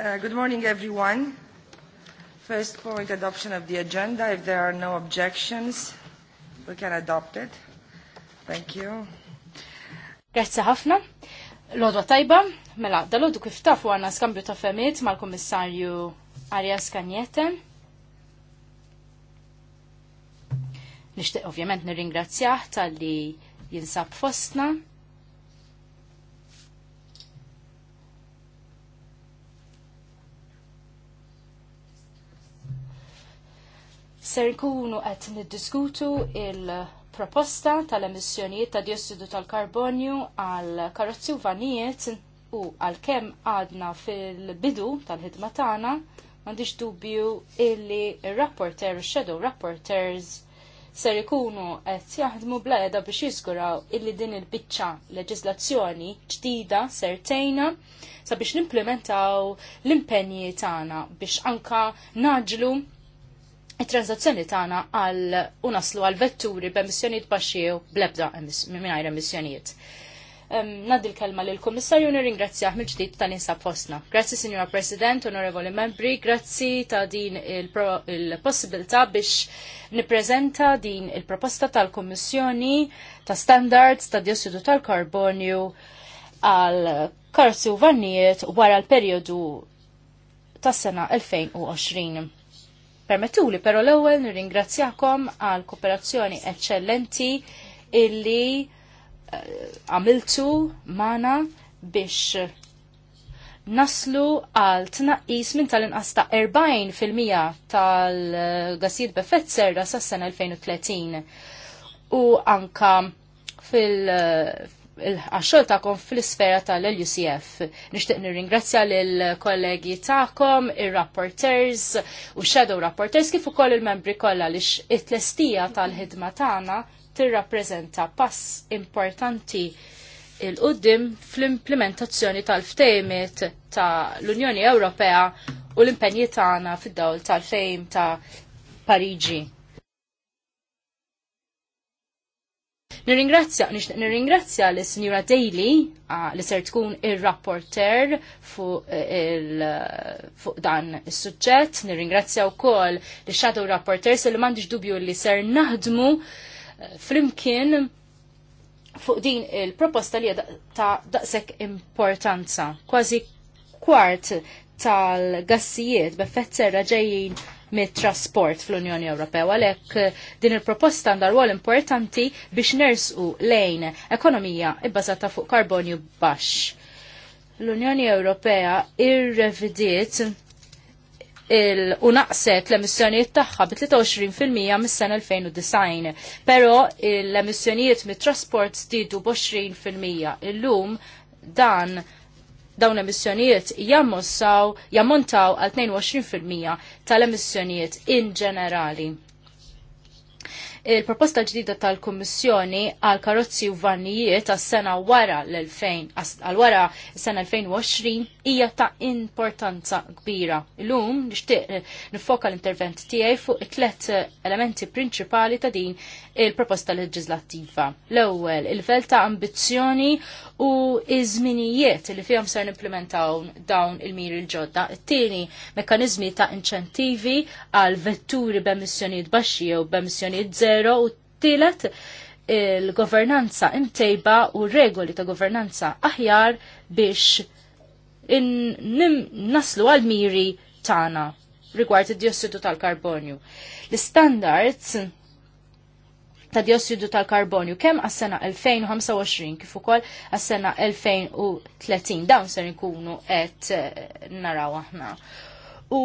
Uh, good morning, everyone. First point, adoption of the agenda. If there are no objections, we can adopt it. Thank you. Grazie ħafna. Lodwa tajba, mela, Da lodu kif tafu skambju ta' femiet mal kommissarju Arias Kanjete. Nishtiq ovvjament nirringrazzjah tal-li jinsab fostna ser ikunu qed niddiskutu il-proposta tal-emissjonijiet ta' diossidu tal-karbonju għal karozzi u vanijiet u għal kemm għadna fil-bidu tal-ħidma tagħna m'għandix dubju illi ir-rapporter, shadow rapporters ser ikunu qed jaħdmu bleda biex jiżguraw illi din il-biċċa leġislazzjoni ġdida ser tejna sabiex nimplementaw l-impenji tagħna biex anka naġlu it-transazzjoni tagħna għal naslu għal vetturi b'emissjonijiet baxxi bl blebda mingħajr emissjonijiet. Naddi l-kelma lill kummissarju nirringrazzjah mill-ġdid ta' insab fostna. Grazzi Sinjora President, Onorevoli Membri, grazzi ta' din il-possibilità biex nippreżenta din il-proposta tal-Kummissjoni ta' standards ta' diossidu tal-karbonju għal karzi u vannijiet wara l-perjodu tas-sena 2020 permettuli, però l-ewwel nirringrazzjakom għal kooperazzjoni eccellenti illi eh, għamiltu mana biex naslu għal tnaqqis minn tal-inqas ta' 40% tal gasid b'effett serra sas sena 2030. U anka fil- għaxol ta'kom fl-sfera tal-LUCF. Nishtiq nir-ringrazzja l-kollegi ta'kom, il-rapporters u shadow rapporters kif ukoll il-membri kollha li it-tlestija tal-ħidma tagħna tirrappreżenta pass importanti il-qoddim fl-implementazzjoni tal-ftejmiet ta' l-Unjoni Ewropea u l-impenji tagħna fid-dawl tal-fejm ta' Pariġi. Nirringrazzja, nirringrazzja l sinjura Daly li ser tkun ir-rapporter fuq fu dan is-suġġett. Nirringrazzja wkoll li shadow rapporters li m'għandix dubju li ser naħdmu eh, flimkien fuq din il-proposta li ta' daqshekk importanza. Kważi kwart tal-gassijiet b'effett serra ġejjin mit-trasport fl-Unjoni Ewropew, Għalhekk eh, din il-proposta għandha rwol importanti biex nersqu lejn ekonomija bbażata fuq karbonju baxx. L-Unjoni Ewropea irrevidiet il-unaqset l-emissjonijiet tagħha bi 23% mis-sena 2009. Però l-emissjonijiet mit-trasport stidu b'20%. Illum dan dawn emissjonijiet jammonsaw, jammontaw għal 22% tal-emissjonijiet in ġenerali. Il-proposta ġdida tal-Kommissjoni għal karozzi u vannijiet għas sena wara l-2000, għal wara sena 2020 hija ta' importanza kbira. Illum nixtieq nifoka l-intervent tiegħi fuq it-tlet elementi prinċipali ta' din il-proposta leġislattiva. L-ewwel, il-vel ta' ambizzjoni u iż-żminijiet li fihom ser nimplementaw dawn il-miri il ġodda It-tieni, mekkaniżmi ta' inċentivi għal vetturi b'emissjonijiet baxxi jew b'emissjonijiet zero u tielet il-governanza imtejba u regoli ta' governanza aħjar biex naslu għal miri tagħna rigward id-diossidu tal-karbonju. L-standards ta' diossidu tal-karbonju kemm għas-sena 2025 kif ukoll għas-sena 2030 dawn ser ikunu qed eh, naraw aħna. U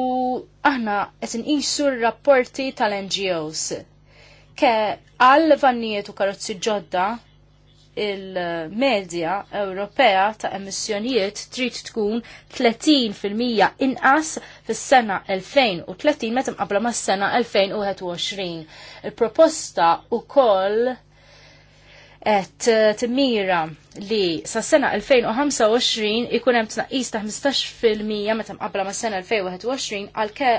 aħna qed inqisu r-rapporti tal-NGOs ke għal vannijiet u karozzi ġodda il-medja Ewropea ta' emissjonijiet trid tkun 30% inqas fis-sena 2030 meta mqabbla mas-sena 2021. Il-proposta wkoll qed timira li sa sena 2025 ikun hemm tnaqqis ta' 15% meta mqabbla ma' sena 2021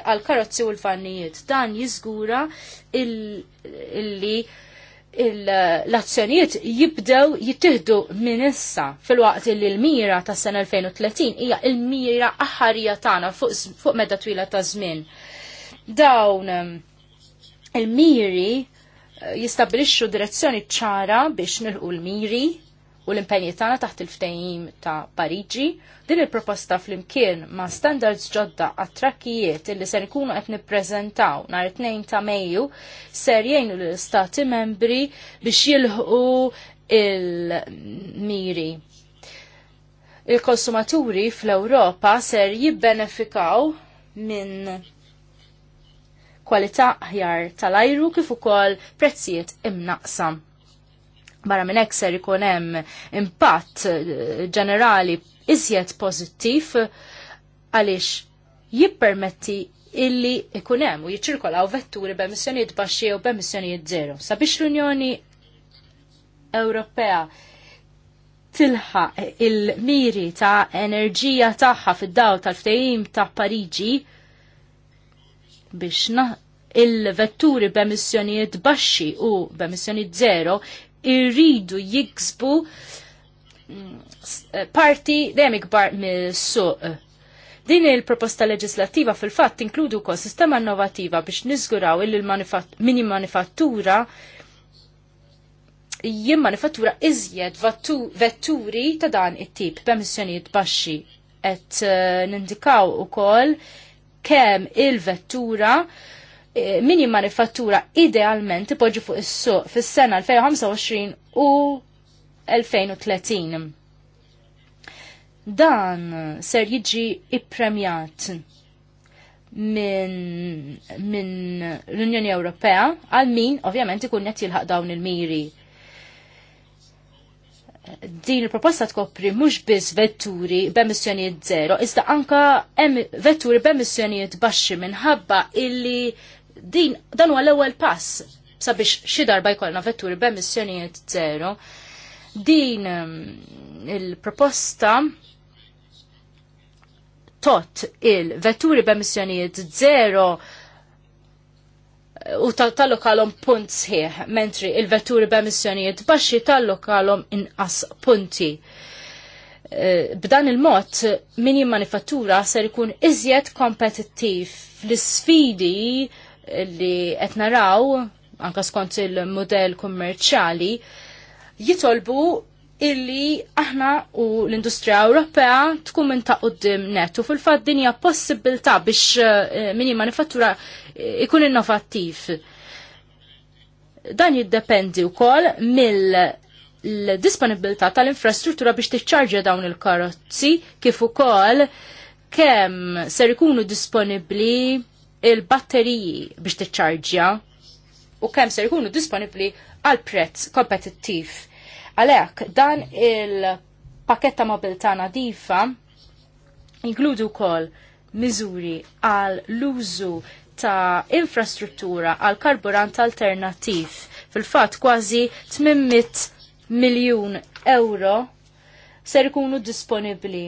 għal karozzi u l-fannijiet. Dan jiżgura illi l-azzjonijiet jibdew jittihdu minn issa fil-waqt li l-mira ta' sena 2030 hija l-mira aħħarija tagħna fuq, fuq medda twila ta' żmien. Dawn um, il-miri uh, jistabilixxu direzzjoni ċara biex nilqu l-miri u l-impenji tagħna taħt il ftejim ta' Pariġi, din il-proposta flimkien ma' standards ġodda għat-trakkijiet li ser ikunu qed nippreżentaw nhar it-tnejn ta' Mejju ser jgħinu l-Stati membri biex jilħu il-miri. Il-konsumaturi fl-Ewropa ser jibbenefikaw minn kwalità ħjar tal-ajru kif ukoll prezzijiet imnaqsam barra minn ekser ikun hemm impatt eh, ġenerali iżjed pożittiv għaliex jippermetti illi ikun hemm u jiċirkolaw vetturi b'emissjonijiet baxxi u b'emissjonijiet żero. Sabiex l-Unjoni Ewropea tilħaq il-miri ta' enerġija tagħha fid-daw tal-ftehim ta' Pariġi biex il-vetturi b'emissjonijiet baxxi u b'emissjonijiet zero irridu jiksbu mm, parti dejjem ikbar mis suq Din il-proposta leġislattiva fil-fatt inkludu kol sistema innovativa biex niżguraw il mini manifattura jien manifattura iżjed vetturi ta' dan it-tip b'emissjonijiet baxxi qed eh, nindikaw ukoll kemm il-vettura E, minim manifattura idealment ipoġġi fuq is-suq fis-sena 2025 u 2030. Dan ser jiġi ippremjat minn min l-Unjoni Ewropea għal min ovvjament ikun qed jilħaq dawn il-miri. Din il-proposta tkopri mhux biss vetturi b'emissjonijiet zero, iżda anka vetturi b'emissjonijiet baxxi minħabba illi din dan huwa l-ewwel pass sabiex xi darba jkollna vetturi b'emissjonijiet zero. Din um, il-proposta tot il-vetturi b'emissjonijiet zero uh, u tal-lokalom punt sħiħ, mentri il-vetturi b'emissjonijiet baxxi tal-lokalom inqas punti. Uh, b'dan il-mod, mini manifattura ser ikun iżjed kompetittiv l-sfidi li qed naraw anka skont il-modell kummerċali jitolbu illi aħna u l-industrija Ewropea tkun minn ta' qudiem net u fil-fatt din hija possibilità biex eh, min manifattura eh, ikun innovattiv. Dan jiddependi wkoll mill l-disponibilità tal-infrastruttura biex tiċċarġa dawn il-karozzi kif ukoll kemm ser ikunu disponibbli il-batteriji biex tiċċarġja u kemm ser jkunu disponibbli għal prezz kompetittiv. Għalhekk dan il-paketta mobilità nadifa jinkludu wkoll miżuri għal l-użu ta' infrastruttura għal karburant alternattiv. Fil-fatt kważi 800 miljun euro ser ikunu disponibbli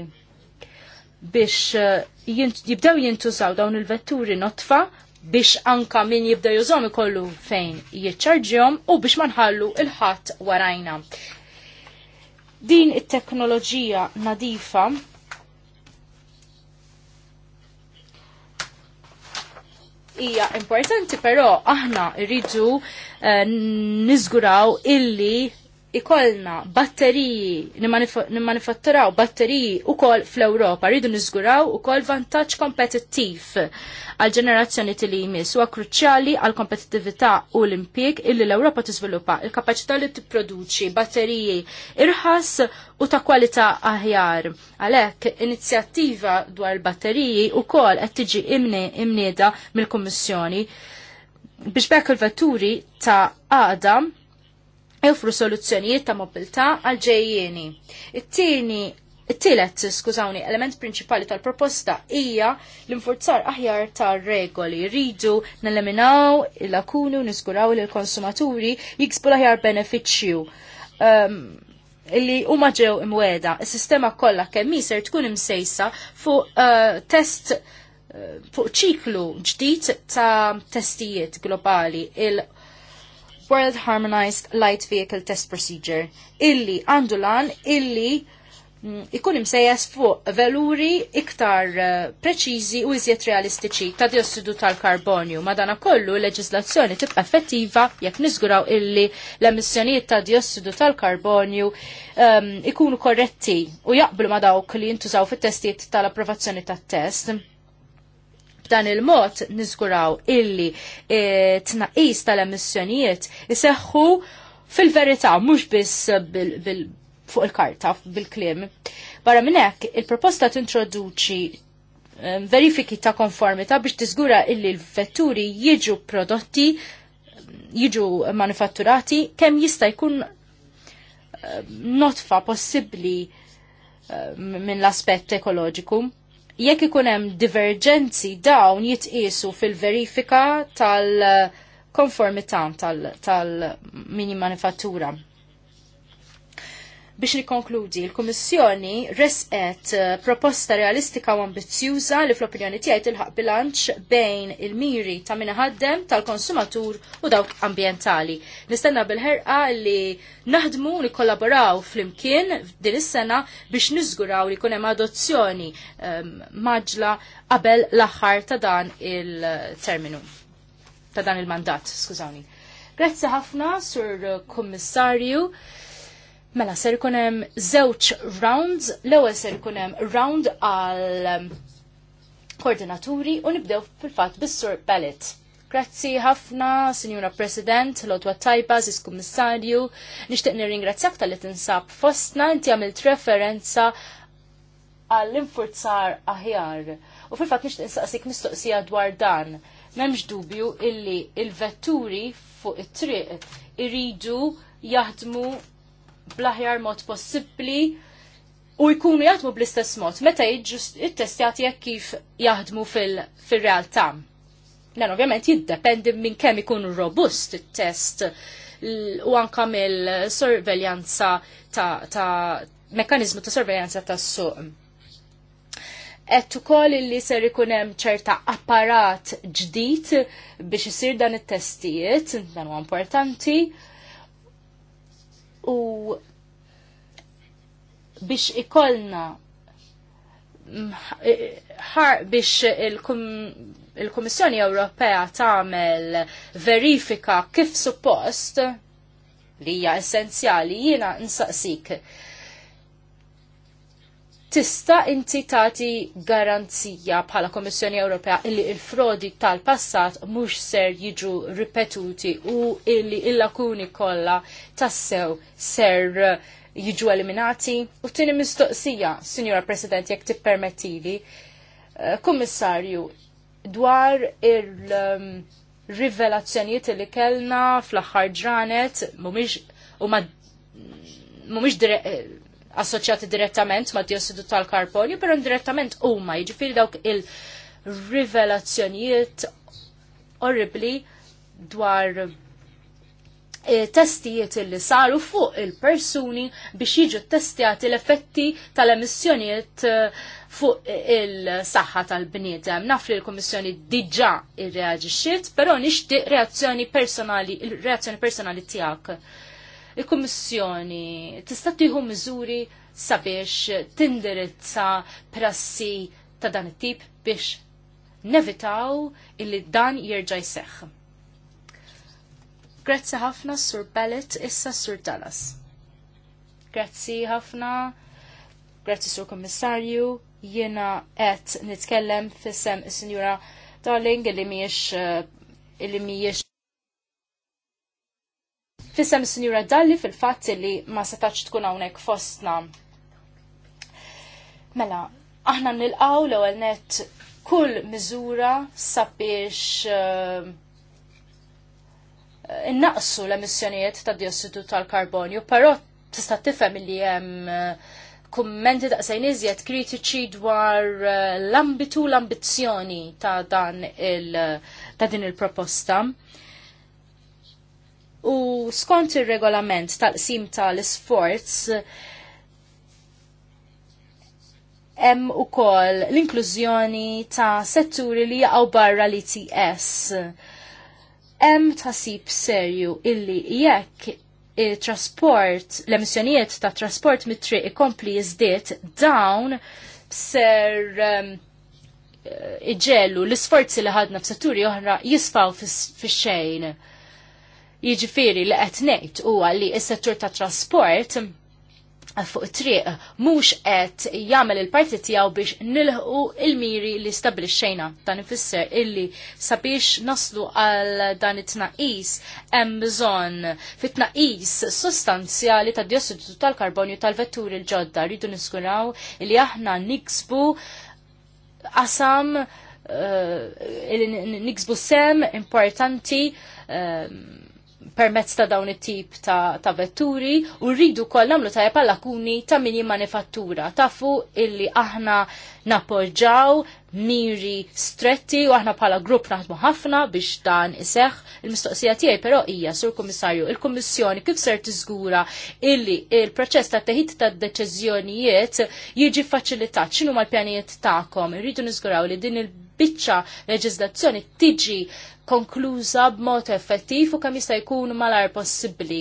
biex eh, jibdew jintużaw dawn il-vetturi notfa biex anka min jibdew jużom ikollu fejn jitċarġjom u biex manħallu il-ħadd warajna. Din it-teknoloġija nadifa hija importanti però aħna rridu uh, niżguraw illi ikollna batteriji nimmanifatturaw batteriji u kol fl-Europa rridu nizguraw u kol vantaċ kompetittiv għal ġenerazzjoni li jmiss u kruċjali għal kompetittività u l impik illi l-Europa tiżviluppa il-kapacità li tipproduċi batteriji irħas u ta' kwalità aħjar. Għalhekk inizjattiva dwar batteriji u kol qed tiġi imnieda mill-Kummissjoni biex bekk il-vetturi ta' għadam jofru soluzzjonijiet ta' mobilità għal ġejjieni. It-tieni It-tielet, skużawni, element prinċipali tal-proposta hija l-infurzar aħjar tar-regoli. Ridu nelleminaw il-lakunu niskuraw li l-konsumaturi jiksbu l-aħjar benefiċċju. Um, illi huma ġew imweda, is-sistema kollha kemm ser tkun imsejsa fuq uh, test uh, fuq ċiklu ġdid ta' testijiet globali il- World Harmonized Light Vehicle Test Procedure illi għandu lan illi mm, ikun imsejjes fuq veluri iktar eh, preċiżi u iżjed realistiċi ta' diossidu tal-karbonju. Madana kollu leġislazzjoni tibqa' effettiva jekk niżguraw illi l-emissjonijiet ta' diossidu tal-karbonju um, ikunu korretti u jaqblu ma' dawk li jintużaw fit-testijiet tal-approvazzjoni tat-test. B'dan il-mod niżguraw illi e, tnaqis tal-emissjonijiet iseħħu fil-verità mhux biss fuq il-karta bil-klim. Barra minn hekk, il-proposta tintroduċi e, verifiki ta' konformità biex tiżgura illi l-vetturi jiġu prodotti, jiġu manifatturati, kemm jista' jkun e, notfa possibbli minn l-aspett ekoloġiku. Jekk ikun hemm divergenzi dawn jitqiesu fil-verifika tal-konformità tal-mini tal manifattura Biex nikonkludi, il-Kummissjoni resqet eh, proposta realistika u ambizzjuża li fl-opinjoni tiegħi tilħaq bilanċ bejn il-miri ta' min ħaddem tal-konsumatur u dawk ambientali. Nistenna bil-ħerqa li naħdmu li kollaboraw fl-imkien din is-sena biex niżguraw li jkun hemm adozzjoni ehm, maġla qabel l-aħħar ta' dan il-terminu ta' dan il-mandat, skużawni. Grazzi ħafna, Sur Kommissarju. Mela, ser ikunem zewċ rounds, l-ewel ser ikunem round għal um, koordinaturi u nibdew fil-fat bis-sur Pellet. Grazzi ħafna, Sinjura President, l-Otwa Tajba, Zis Kummissarju, nishtiq nirringrazzjak tal-li tinsab fostna, inti għamilt referenza għall-infurzar aħjar. U fil-fat nishtiq nsaqsik mistoqsija dwar dan. Memx dubju illi il-vetturi fuq it-triq iridu jaħdmu blaħjar mod possibbli u jkunu jaħdmu bl-istess mod meta it-testjati jekk kif jaħdmu fil-realtà. Fil Nen, ovvjament jiddependi minn kemm ikun robust it-test u anka mill-sorveljanza ta', ta mekkanizmu ta' sorveljanza ta' suq. Et ukoll li ser ikun hemm ċerta apparat ġdid biex isir dan it-testijiet, dan huwa importanti, u biex ikollna e, ħar biex il-Kummissjoni Ewropea tagħmel verifika kif suppost li hija essenzjali jiena nsaqsik tista inti tati garanzija bħala Komissjoni Ewropea illi il-frodi tal-passat mhux ser jiġu ripetuti u illi il-lakuni kollha tassew ser jiġu eliminati. U tini mistoqsija, Sinjora President, jekk tippermettili, eh, Komissarju, dwar il-rivelazzjonijiet um, li kellna fl-aħħar ġranet mhumiex u mumiex eh, assoċjati direttament ma' diossidu tal-karbonju, però indirettament huma jiġifieri dawk il-rivelazzjonijiet orribli dwar e, testijiet li saru fuq il-persuni biex jiġu testjati l-effetti tal-emissjonijiet e, fuq il-saħħa tal-bniedem. Naf li l komissjoni diġa irreaġixiet, però nixtieq reazzjoni personali, il-reazzjoni personali tiegħek il kommissjoni tista' tieħu miżuri sabiex tindirizza prassi ta' dan it-tip biex nevitaw illi dan jerġa' jseħħ. Grazzi ħafna Sur Bellet issa Sur Dallas. Grazzi ħafna, grazzi Sur Kommissarju, jiena qed nitkellem fissem is-Sinjura Darling illi mhijiex eh, illi mhijiex Fissem Sinjura Dalli fil fat li ma setax tkun hawnhekk fostna. Mela, aħna nilqaw l-ewwel net kull miżura sabiex eh, innaqsu l-emissjonijiet ta' diossidu tal-karbonju, però tista' tifhem li hemm eh, kummenti ta' iżjed kritiċi dwar eh, l-ambitu l-ambizzjoni ta' dan il ta' din il-proposta. U skont il-regolament tal-qsim tal sports hemm ukoll l-inklużjoni ta' setturi li jaqgħu barra l TS. Hemm tasib serju illi jekk il-trasport, l-emissjonijiet ta' trasport mit-triq ikompli jiżdiet dawn ser um, iġellu l-isforzi li ħadna f'setturi oħra jisfaw fix-xejn. Fis Jiġifieri li qed ngħid huwa li s-settur tat trasport fuq triq mhux qed jagħmel il-parti tiegħu biex nilħu il-miri li stabbilixxejna. Dan ifisser illi sabiex naslu għal dan it-tnaqis hemm bżonn fit-tnaqis sostanzjali ta' diossidu tal-karbonju tal-vetturi l-ġodda rridu niskuraw li aħna niksbu qasam eh, niksbu sem importanti eh, permezz ta' dawn it-tip ta', ta vetturi u rridu koll nagħmlu tajjeb għal lakuni ta' minim manifattura. Tafu illi aħna napoġġaw miri stretti u aħna bħala grupp naħdmu ħafna biex dan iseħħ. Il-mistoqsija tiegħi però hija sur Kummissarju, il-Kummissjoni kif ser tiżgura illi il-proċess ta' teħid ta' deċiżjonijiet jiġi faċilitat. x'inhuma l-pjanijiet tagħkom? Irridu niżguraw li din il- biċċa leġiżlazzjoni tiġi konkluża b'mod effettiv u kemm jista' jkun malar possibbli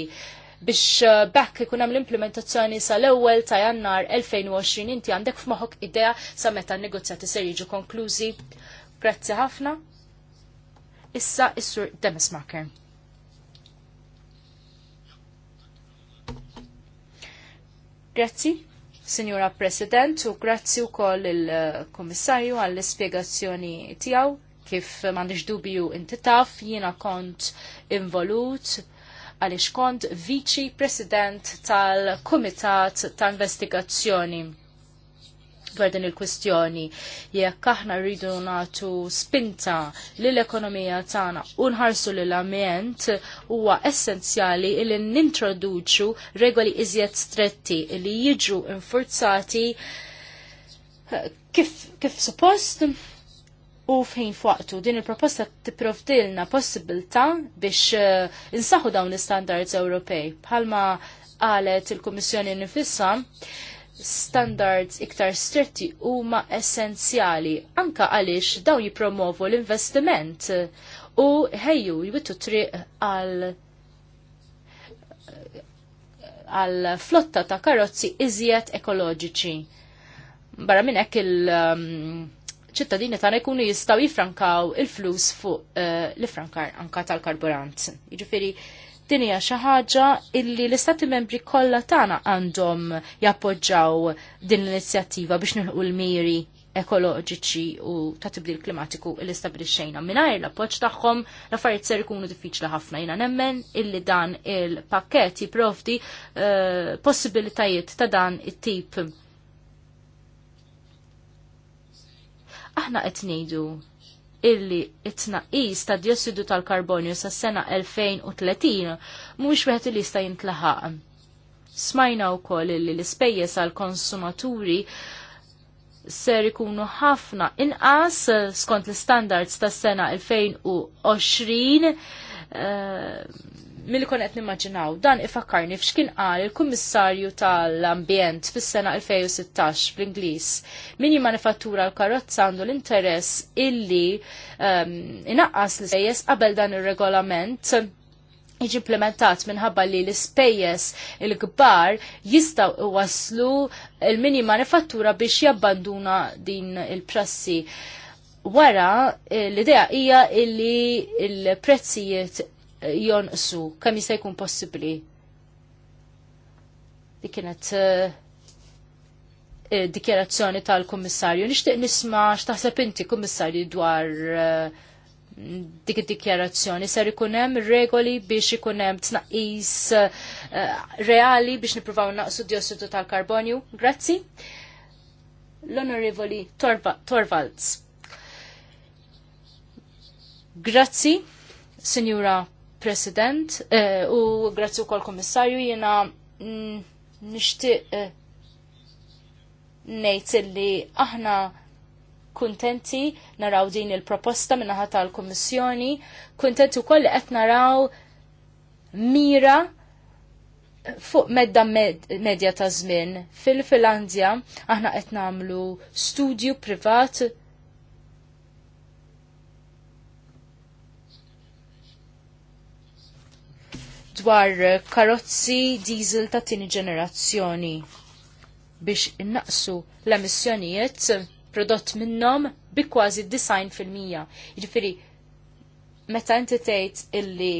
biex eh, bekk ikun hemm l-implementazzjoni sal-ewwel ta' Jannar 2020 inti għandek f'moħħok idea sa meta n-negozjati se jiġu konklużi. Grazzi ħafna. Issa is-sur Marker. Grazzi. Signora President, u grazzi u koll il-Komissarju għall-spiegazzjoni tijaw kif mandiġ dubju inti taf jiena kont involut għalix kont viċi president tal-Komitat tal Investigazzjoni dwar din il-kwistjoni. Jekk aħna rridu nagħtu spinta lill ekonomija tagħna u nħarsu lil ambjent huwa essenzjali li nintroduċu regoli iżjed stretti li jiġu infurzati eh, kif, kif suppost u fejn fuqtu din il-proposta tipprovdilna possibilità biex eh, insaħu dawn l-standards Ewropej. Bħalma qalet il-Kummissjoni nifissa, standards iktar stretti huma essenzjali anka għaliex dawn jipromovu l-investiment u ħejju jwittu triq għal għal flotta ta' karozzi iżjed ekoloġiċi. Barra minn hekk il-ċittadini um, tagħna jkunu jistgħu jifrankaw il-flus fuq uh, l-ifrankar anka tal-karburant. Jiġifieri Din hija xi ħaġa illi l-Istati Membri kollha tagħna għandhom jappoġġaw din l-inizjattiva biex nilħu l-miri ekoloġiċi u ta' tibdil klimatiku li stabrixxejna. Mingħajr l-appoġġ tagħhom l-affarijiet ser ikunu diffiċli ħafna jiena nemmen illi dan il-pakkett jipprovdi eh, possibilitajiet ta' dan it-tip. Aħna qed ngħidu illi it-tnaqis ta' diossidu tal-karbonju sa' sena 2030 mhux wieħed li jista' jintlaħaq. Smajna wkoll illi l-ispejjeż għal konsumaturi ser ikunu ħafna inqas skont l-standards tas sena 2020 uh, mill kon qed nimmaġinaw. Dan ifakkarni f'x'kien qal il-Kummissarju tal-Ambjent fis-sena 2016 bl-Ingliż. Min jimmanifattura l-karozza għandu l-interess illi um, inaqqas l-ispejjeż qabel dan ir-regolament jiġi implementat minħabba li l-spejjes il-kbar jistaw iwaslu il-mini manifattura biex jabbanduna din il-prassi wara l-idea hija illi l-prezzijiet jonqsu kemm jista' jkun possibbli. Dik kienet eh, eh, dikjerazzjoni tal-Kummissarju. Nixtieq nisma' x'taħseb inti kommissarju dwar eh, dik id ser ikun hemm regoli biex ikun hemm tnaqqis reali biex nippruvaw naqsu diossidu tal-karbonju. Grazzi. L-Onorevoli Torvalds. Grazzi, Signora President, eh, u grazzi u kol komissarju jena mm, nishtiq eh, nejt li aħna kuntenti naraw din il-proposta minnaħa tal-Kommissjoni, kuntenti u koll qed naraw mira fuq medda med medja ta' żmien. fil filandja aħna qed nagħmlu studju privat dwar karozzi diesel ta' tini ġenerazzjoni biex innaqsu l-emissjonijiet prodott minnom bi kważi 90%. Ġifiri, meta inti tgħid illi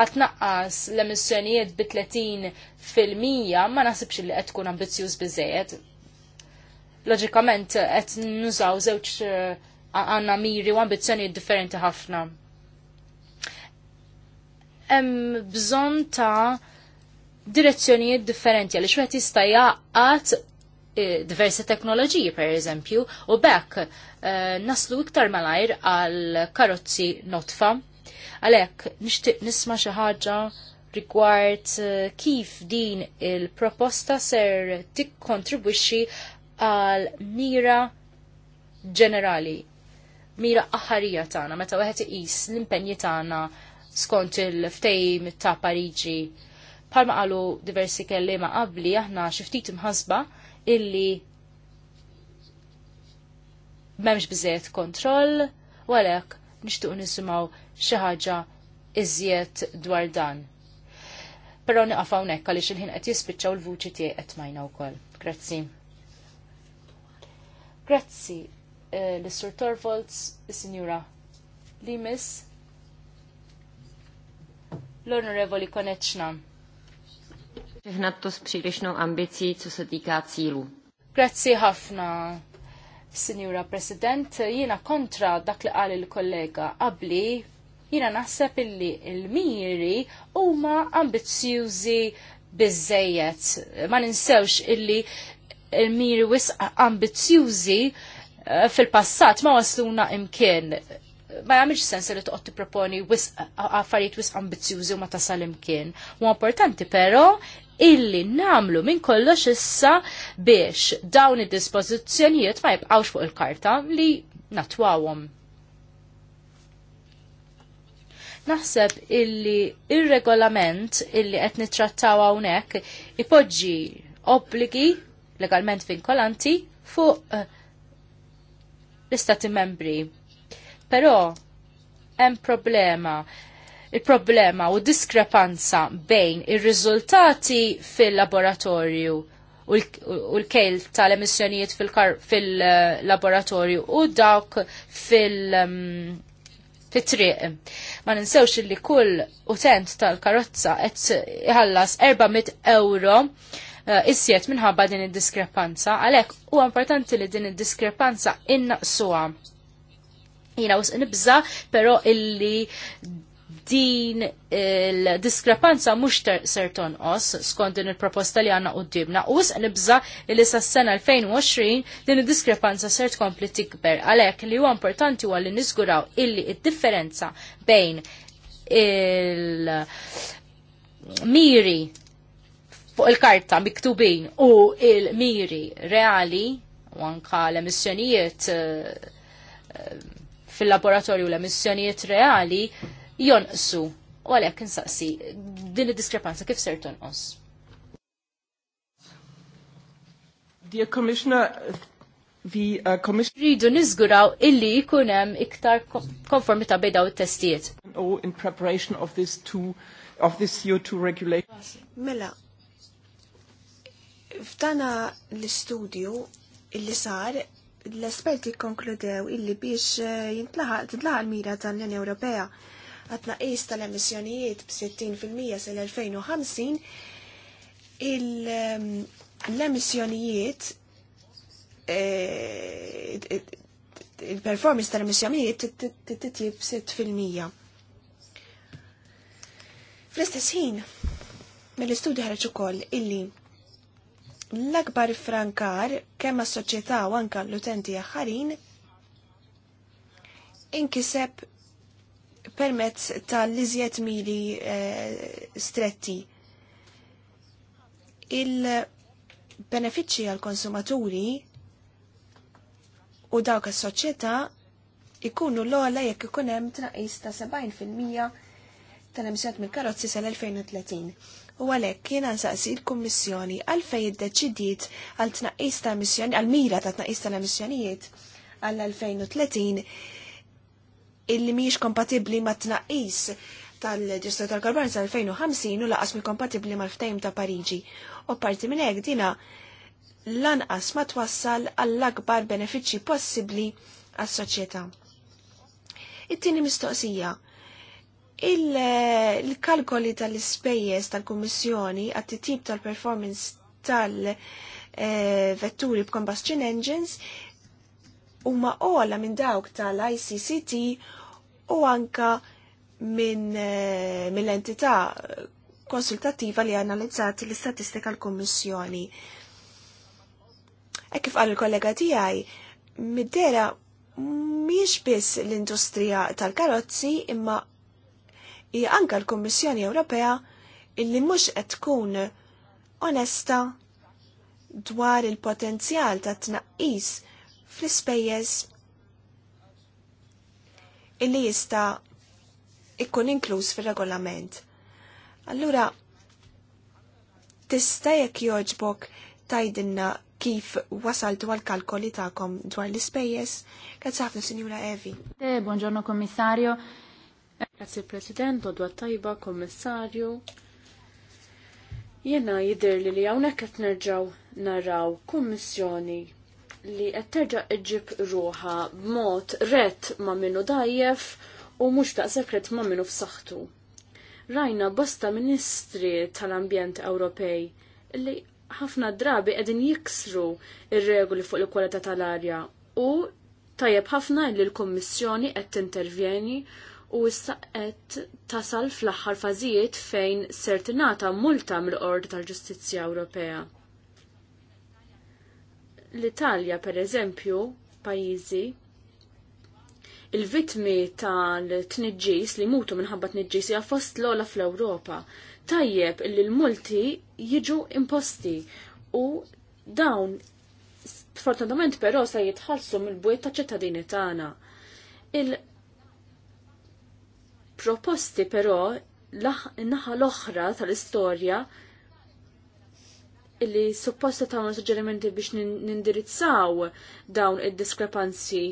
ħatnaqqas l-emissjonijiet bi 30 fil-mija ma naħsibx li qed tkun ambizzjuż biżejjed. Loġikament qed nużaw żewġ eh, għandna miri u ambizzjonijiet differenti ħafna hemm bżonn ta' direzzjonijiet differenti għaliex wieħed jista' jaqgħad eh, diversi teknoloġiji per eżempju u bekk eh, naslu iktar malajr għal karozzi notfa. Għalek, nishtiq nisma xi ħaġa rigward eh, kif din il-proposta ser tikkontribwixxi għal mira ġenerali, mira aħarija tagħna meta wieħed iqis l-impenji tagħna skont il-ftejm ta' Pariġi. Palma qalu diversi kellima qabli aħna xiftit imħasba illi memx bżiet kontroll, u nishtuq nisimaw xaħġa iżjed dwar dan. Pero niqafaw nekka li xilħin qed jispiċċaw l-vuċi tiegħi qed majna wkoll. Grazzi. Grazzi eh, l-Sur Torvalds, is-Sinjura Limis, l-Onorevoli Konečna. Ħnat to s přílišnou ambicí, co cilu. Grazzi ħafna, Signora President. Jiena kontra dak li qal il-kollega qabli jiena naħseb illi il-miri huma ambizjużi biżejjed. Ma ninsewx illi il-miri wisq ambizjużi eh, fil-passat ma wasluna imkien ma jagħmilx sens li toqgħod tipproponi affarijiet wisq ambizzjużi u ma tasal imkien. U importanti però illi namlu minn kollox issa biex dawn id-dispożizzjonijiet ma jibqgħux fuq il-karta li natwawhom. Naħseb illi ir-regolament illi qed nittrattaw hawnhekk ipoġġi obbligi legalment vinkolanti fuq eh, l-istati membri Però hemm problema il-problema u diskrepanza bejn ir-riżultati fil-laboratorju u l-kejl tal-emissjonijiet fil-laboratorju u dawk fil- um, fit-triq. Ma ninsewx li kull utent tal-karozza qed iħallas 400 euro uh, issiet minħabba din id-diskrepanza, għalhekk huwa importanti li din id-diskrepanza innaqsuha Jina us nibza, pero illi din il-diskrepanza mux ser tonqos skont din il-proposta li għanna qoddimna. U wisq nibza li sas-sena 2020 din il-diskrepanza ser tkompli tikber. Għalhekk li huwa importanti huwa li niżguraw illi id-differenza bejn il-miri fuq il-karta miktubin u il-miri reali u anka l-emissjonijiet eh, eh, fil-laboratorju l-emissjonijiet reali jonqsu. U għalek nsaqsi, din id-diskrepanza kif ser tonqos. Dear Commissioner, the uh, Commissioner. Ridu nizguraw illi jikunem iktar konformita bejda u testijiet. in preparation of this, two, of this CO2 regulation. Mela, ftana l-istudju il-li sar l-esperti konkludew illi biex eh, jintlaħaq tidlaħaq l-mira tal-Unjoni Ewropea għat-naqis tal-emissjonijiet b-60% sal-2050 eh, l-emissjonijiet eh, il-performance tal-emissjonijiet titjib 6%. Fl-istess ħin, mill-istudju ħarġ ukoll illi l-akbar frankar kemm as-soċjetà u anke l-utenti aħħarin inkiseb permezz tal iżjed mili eh, stretti. Il-benefiċċji għal konsumaturi u dawk as-soċjetà ikunu l-ogħla jekk ikun hemm tnaqqis ta' 70% tal emissjonijiet mill-karozzi sal-2030 u għalhekk jiena nsaqsi l-Kummissjoni għalfejn iddeċidiet għal tnaqqis ta' emissjoni għal mira ta' tnaqqis ta' emissjonijiet għal 2030 illi mhijiex kompatibbli ma' tnaqqis tal-ġestjoni tal-karbon sa' 2050 u laqas kompatibli kompatibbli mal ftajm ta' Pariġi. U parti minn hekk dina lanqas ma twassal għall-akbar benefiċċji possibbli għas-soċjetà. It-tieni mistoqsija il-kalkoli tal-ispejjeż tal-Kummissjoni għat tip tal-performance tal-vetturi b'combustion engines huma ola minn dawk tal-ICCT u anka minn eh, min l-entità konsultattiva li analizzat l-istatistika l-Kommissjoni. E kif għal il-kollega tijaj, middera miex biss l-industrija tal-karozzi imma hija anka l-Kummissjoni Ewropea illi mhux qed tkun onesta dwar il-potenzjal ta' tnaqqis fl-ispejjeż illi jista' ikkun inkluż fir-regolament. Allura tista' jekk jogħġbok tajdinna kif wasaltu għal kalkoli ta'kom dwar l-ispejjeż, kazz ħafna Sinjura Evi. Eh, buongiorno Kommissarju. Grazie President, Dodwa Tajba, Kommissarju. Jena jidir li li għawnek qed nerġaw naraw kummissjoni li qed terġa' iġib ruħa b'mod ret ma' minnu dajjef u mhux ta' sekret ma' minnu f'saħħtu. Rajna bosta Ministri tal-Ambjent Ewropej li ħafna drabi qegħdin jiksru ir-regoli fuq il-kwalità tal-arja u tajjeb ħafna li l-Kummissjoni qed tintervjeni u issa qed tasal fl-aħħar fażijiet fejn ser tingħata multa mill-Qorti tal-Ġustizzja Ewropea. L-Italja pereżempju pajjiżi il-vitmi tal-tniġġis li mutu minħabba tniġġis hija fost l-ola fl-Ewropa. Tajjeb li l-multi jiġu imposti u dawn sfortunatament però se jitħallsu mill-bwiet ta' ċittadini tagħna proposti però naħa l-oħra tal-istorja illi supposta ta' suġġerimenti biex nindirizzaw dawn id-diskrepanzi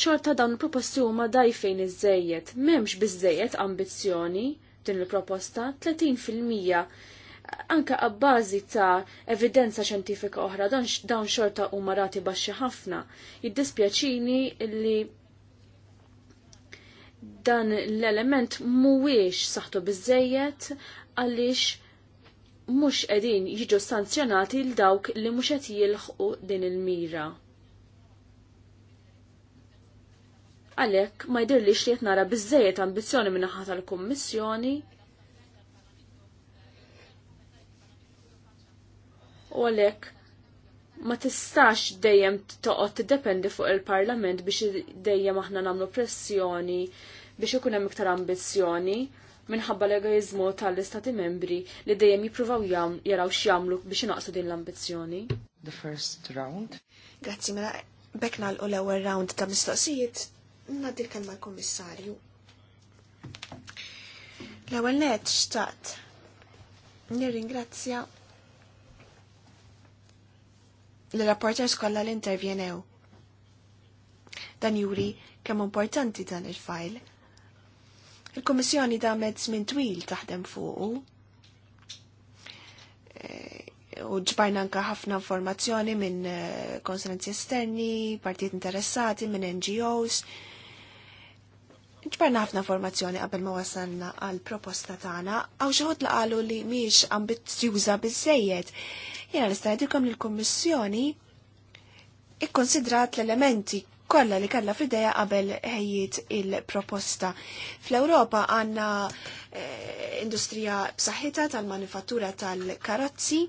xorta dawn il-proposti huma dajfejn iż-żejjed, m'hemmx biżżejjed ambizzjoni din il-proposta 30% anka għabbażi ta' evidenza xjentifika oħra dawn xorta huma rati baxxi ħafna. Jiddispjaċini illi dan l-element mhuwiex saħtu biżejjed għaliex mhux qegħdin jiġu sanzjonati l dawk li mhux qed jilħqu din il-mira. Għalhekk ma jdirlix li qed nara biżejjed ambizzjoni minn naħa tal-Kummissjoni u għalhekk ma tistax dejjem toqgħod tiddependi fuq il-Parlament biex dejjem aħna nagħmlu pressjoni biex ikun hemm iktar ambizzjoni minħabba l-egoizmu tal-istati membri li dejjem jippruvaw jaraw x'jagħmlu biex inaqsu din l-ambizzjoni. The first round. Grazzi mela bekk nagħlqu l-ewwel round ta' mistoqsijiet ngħaddi l-kelma l-Kummissarju. L-ewwel net xtaqt nirringrazzja l-rapporters kollha li intervjenew. Dan juri kemm importanti dan il-fajl. Il-Kummissjoni damet żmien twil taħdem fuqu. Eh, u ġbajna anka ħafna informazzjoni minn eh, konsulenzi esterni, partijiet interessati, minn NGOs, Ġbarna ħafna formazzjoni qabel ma wasalna għal proposta tagħna, għaw xi ħodd qalu li mhix ambizzjuża biżejjed. Jiena nista' jgħidilkom li l-Kummissjoni ikkonsidrat l-elementi kollha li kellha f'idea qabel ħejjiet il-proposta. Fl-Ewropa għandna eh, industrija b'saħħitha tal-manifattura tal-karozzi,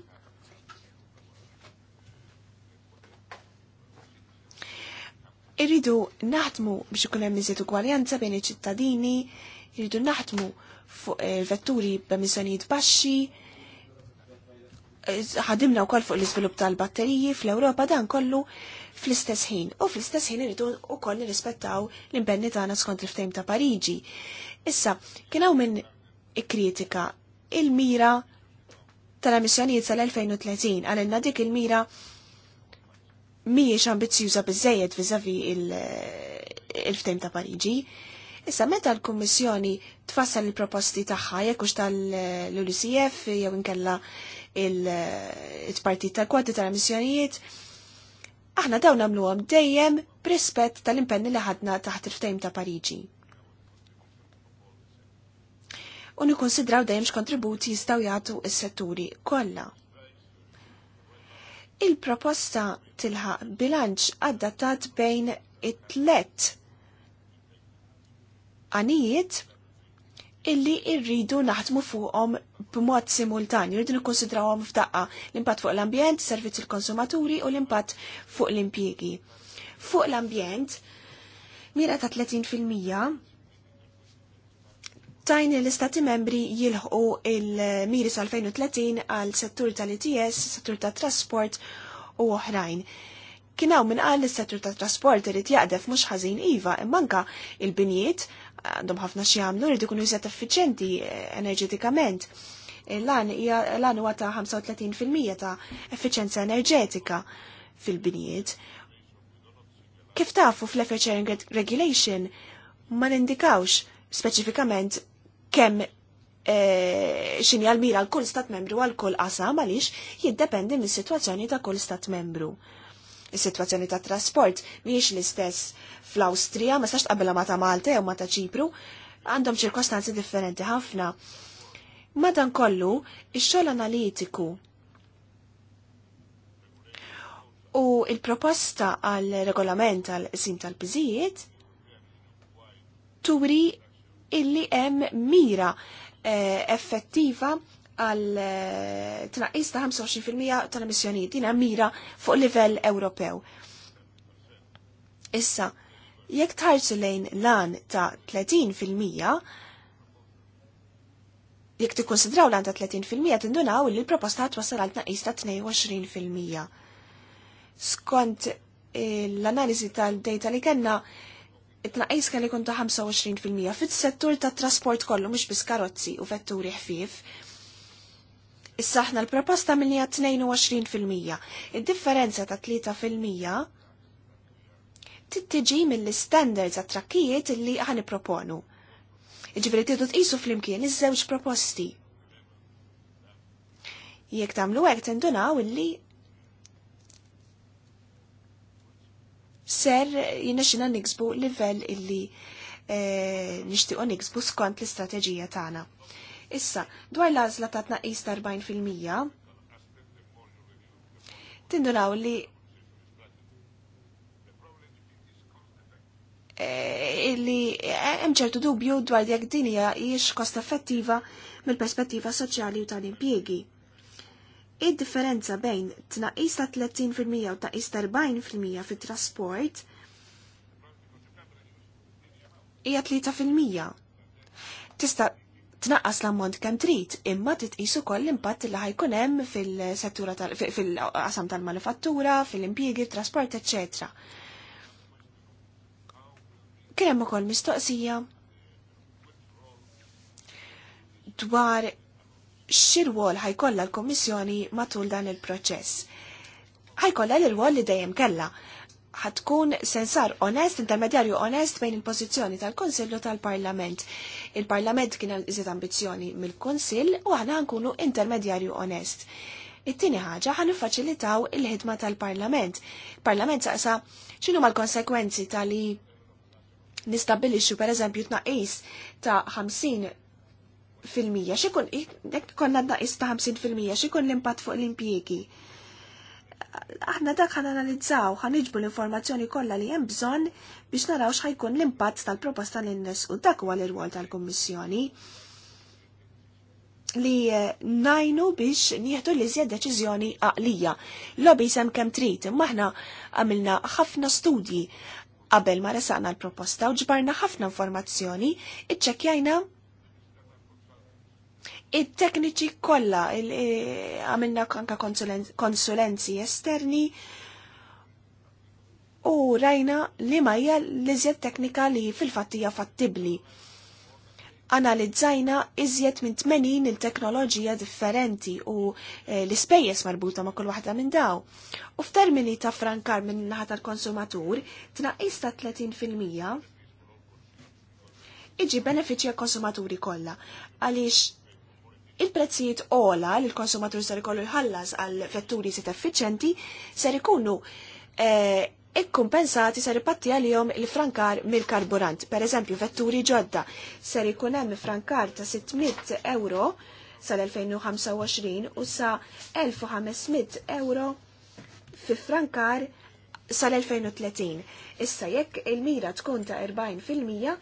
Irridu naħdmu biex ikun hemm iżjed ugwaljanza bejn iċ-ċittadini, irridu naħdmu fuq il-vetturi eh, b'emissjonijiet baxxi, eh, ħadimna wkoll fuq l-iżvilupp tal-batteriji fl-Ewropa dan kollu fl-istess ħin. U fl-istess ħin irridu wkoll nirrispettaw l-impenni tagħna skont il-ftehim ta' Pariġi. Issa, kien hawn minn ikkritika il-mira tal-emissjonijiet sal-2030 għalenna dik il-mira miex ambizjuża bizzejed vizavi il-ftejm ta' Pariġi. Issa meta l-Kummissjoni tfassal il-proposti tagħha jekk hux tal-UCF jew inkella il-partit tal-kwadi tal missjonijiet aħna dawn nagħmluhom dejjem b'rispett tal-impenni li ħadna taħt il-ftejm ta' Pariġi. U nikkonsidraw dejjem x'kontributi jistgħu jagħtu s-setturi kollha. Il-proposta tilħaq bilanċ adattat bejn it-tlet għanijiet illi irridu naħdmu fuqhom b'mod simultanju, irridu nikkonsidrawhom f'daqqa l-impatt fuq l-ambjent, servizz il-konsumaturi u l-impatt fuq l-impjiegi. Fuq l-ambjent, mira ta' 30% stajni l-istati membri jilħu il-miri 2030 għal settur tal-ITS, settur tal-trasport u oħrajn. Kinaw minn għal l-settur tal-trasport irrit jaqdef mux ħażin iva, immanka il-binijiet għandhom ħafna jagħmlu rridu ikunu jizet effiċenti eh, enerġetikament eh, l-għan l huwa ta' 35% ta' effiċenza enerġetika fil-binijiet. Kif tafu fl-Efficient Regulation ma nindikawx speċifikament kemm eh, xini għal-mira għal-kull stat membru għal-kull qasam għaliex jiddependi mis situazzjoni ta' kull stat membru. Is-situazzjoni ta' trasport miex l-istess fl-Awstrija, ma sax tqabbilha ma ta' Malta jew ma ta' Ċipru, għandhom ċirkostanzi differenti ħafna. Madan kollu, ix-xogħol analitiku u il-proposta għal regolament għal sim tal-biżijiet turi illi hemm mira eh, effettiva għal eh, tnaqqis ta' 25% tal emissjoni din mira fuq livell Ewropew. Issa, jekk tħarsu lejn lan ta' 30% jekk tikkonsidraw lan ta' 30% tindunaw li l-proposta twassal għal tnaqqis ta' 22%. Skont eh, l-analiżi tal-data li kellna it-naqis kelli kun ta' 25% fit-settur ta' trasport kollu mhux biss karozzi u vetturi ħfief. Issa aħna l-proposta milli hija 22%. Id-differenza ta' 3% tittiġi mill-standards attrakkijiet trakkijiet li ħan proponu. Iġifieri tiddu tqisu flimkien iż-żewġ proposti. Jekk tagħmlu hekk tindunaw illi ser xina niksbu livell illi e, nishtiqo niksbu skont l-istrateġija tagħna. Issa, dwar l-għażla ta' tnaqqis ta' 40%, tindunaw li eh, illi eh, hemm ċertu dubju dwar jekk din hija hijiex kost effettiva mill-perspettiva soċjali u tal-impjiegi id-differenza bejn tnaqis ta' 30% u tnaqis ta' 40% fit-trasport hija 3%. Tista' tnaqqas l-ammont kemm trid, imma titqis ukoll l-impatt li ħajkun hemm fil-settura fil-qasam tal-manifattura, fil-impjiegi, trasport, etc. Kien hemm ukoll mistoqsija dwar xirwol ħajkolla l komissjoni matul dan il-proċess. ħajkolla l-rwol li dejjem kella. ħatkun sensar onest, intermedjarju onest bejn il-pozizjoni tal-Konsillu tal-Parlament. Il-Parlament kien iżid ambizjoni mill-Konsill u aħna nkunu intermedjarju onest. It-tieni ħaġa ħan faċilitaw il-ħidma tal-Parlament. Parlament saqsa x'inhu mal-konsekwenzi tal-li nistabilixxu pereżempju tnaqqis ta' 50 fil-mija, xikun, jek konna naqis ta' 50 fil-mija, xikun l-impat fuq l impiegi Aħna dak ħan analizzaw, ħan iġbu l-informazzjoni kollha li hemm bżonn biex naraw x'ħajkun l-impatt tal-proposta l innes u dak huwa l-irwol tal-Kummissjoni li eh, najnu biex nieħdu li żjed deċiżjoni għaqlija. Lobby sem kemm trid, imma aħna għamilna ħafna studji qabel ma resaqna l-proposta u ġbarna ħafna informazzjoni, iċċekkjajna it-tekniċi kollha eh, għamilna anka konsulenzi esterni u rajna li ma hija l-iżjed teknika li fil-fattija fattibli. Analizzajna iżjed minn 80 il-teknoloġija differenti u eh, l-ispejjeż marbuta ma' kull waħda minn daw. U f'termini ta' frankar minn naħa tal-konsumatur, tnaqqis ta' 30% iġi benefiċja konsumaturi kollha għaliex il-prezzijiet ola li l-konsumatur ser ikollu jħallas għal vetturi sit effiċenti ser ikunu eh, ikkumpensati ser ipatti għalihom il-frankar mill-karburant. Per eżempju, vetturi ġodda ser ikun hemm frankar ta' 600 euro sal-2025 u sa 1500 euro fi frankar sal-2030. Issa jekk il-mira tkun ta' 40%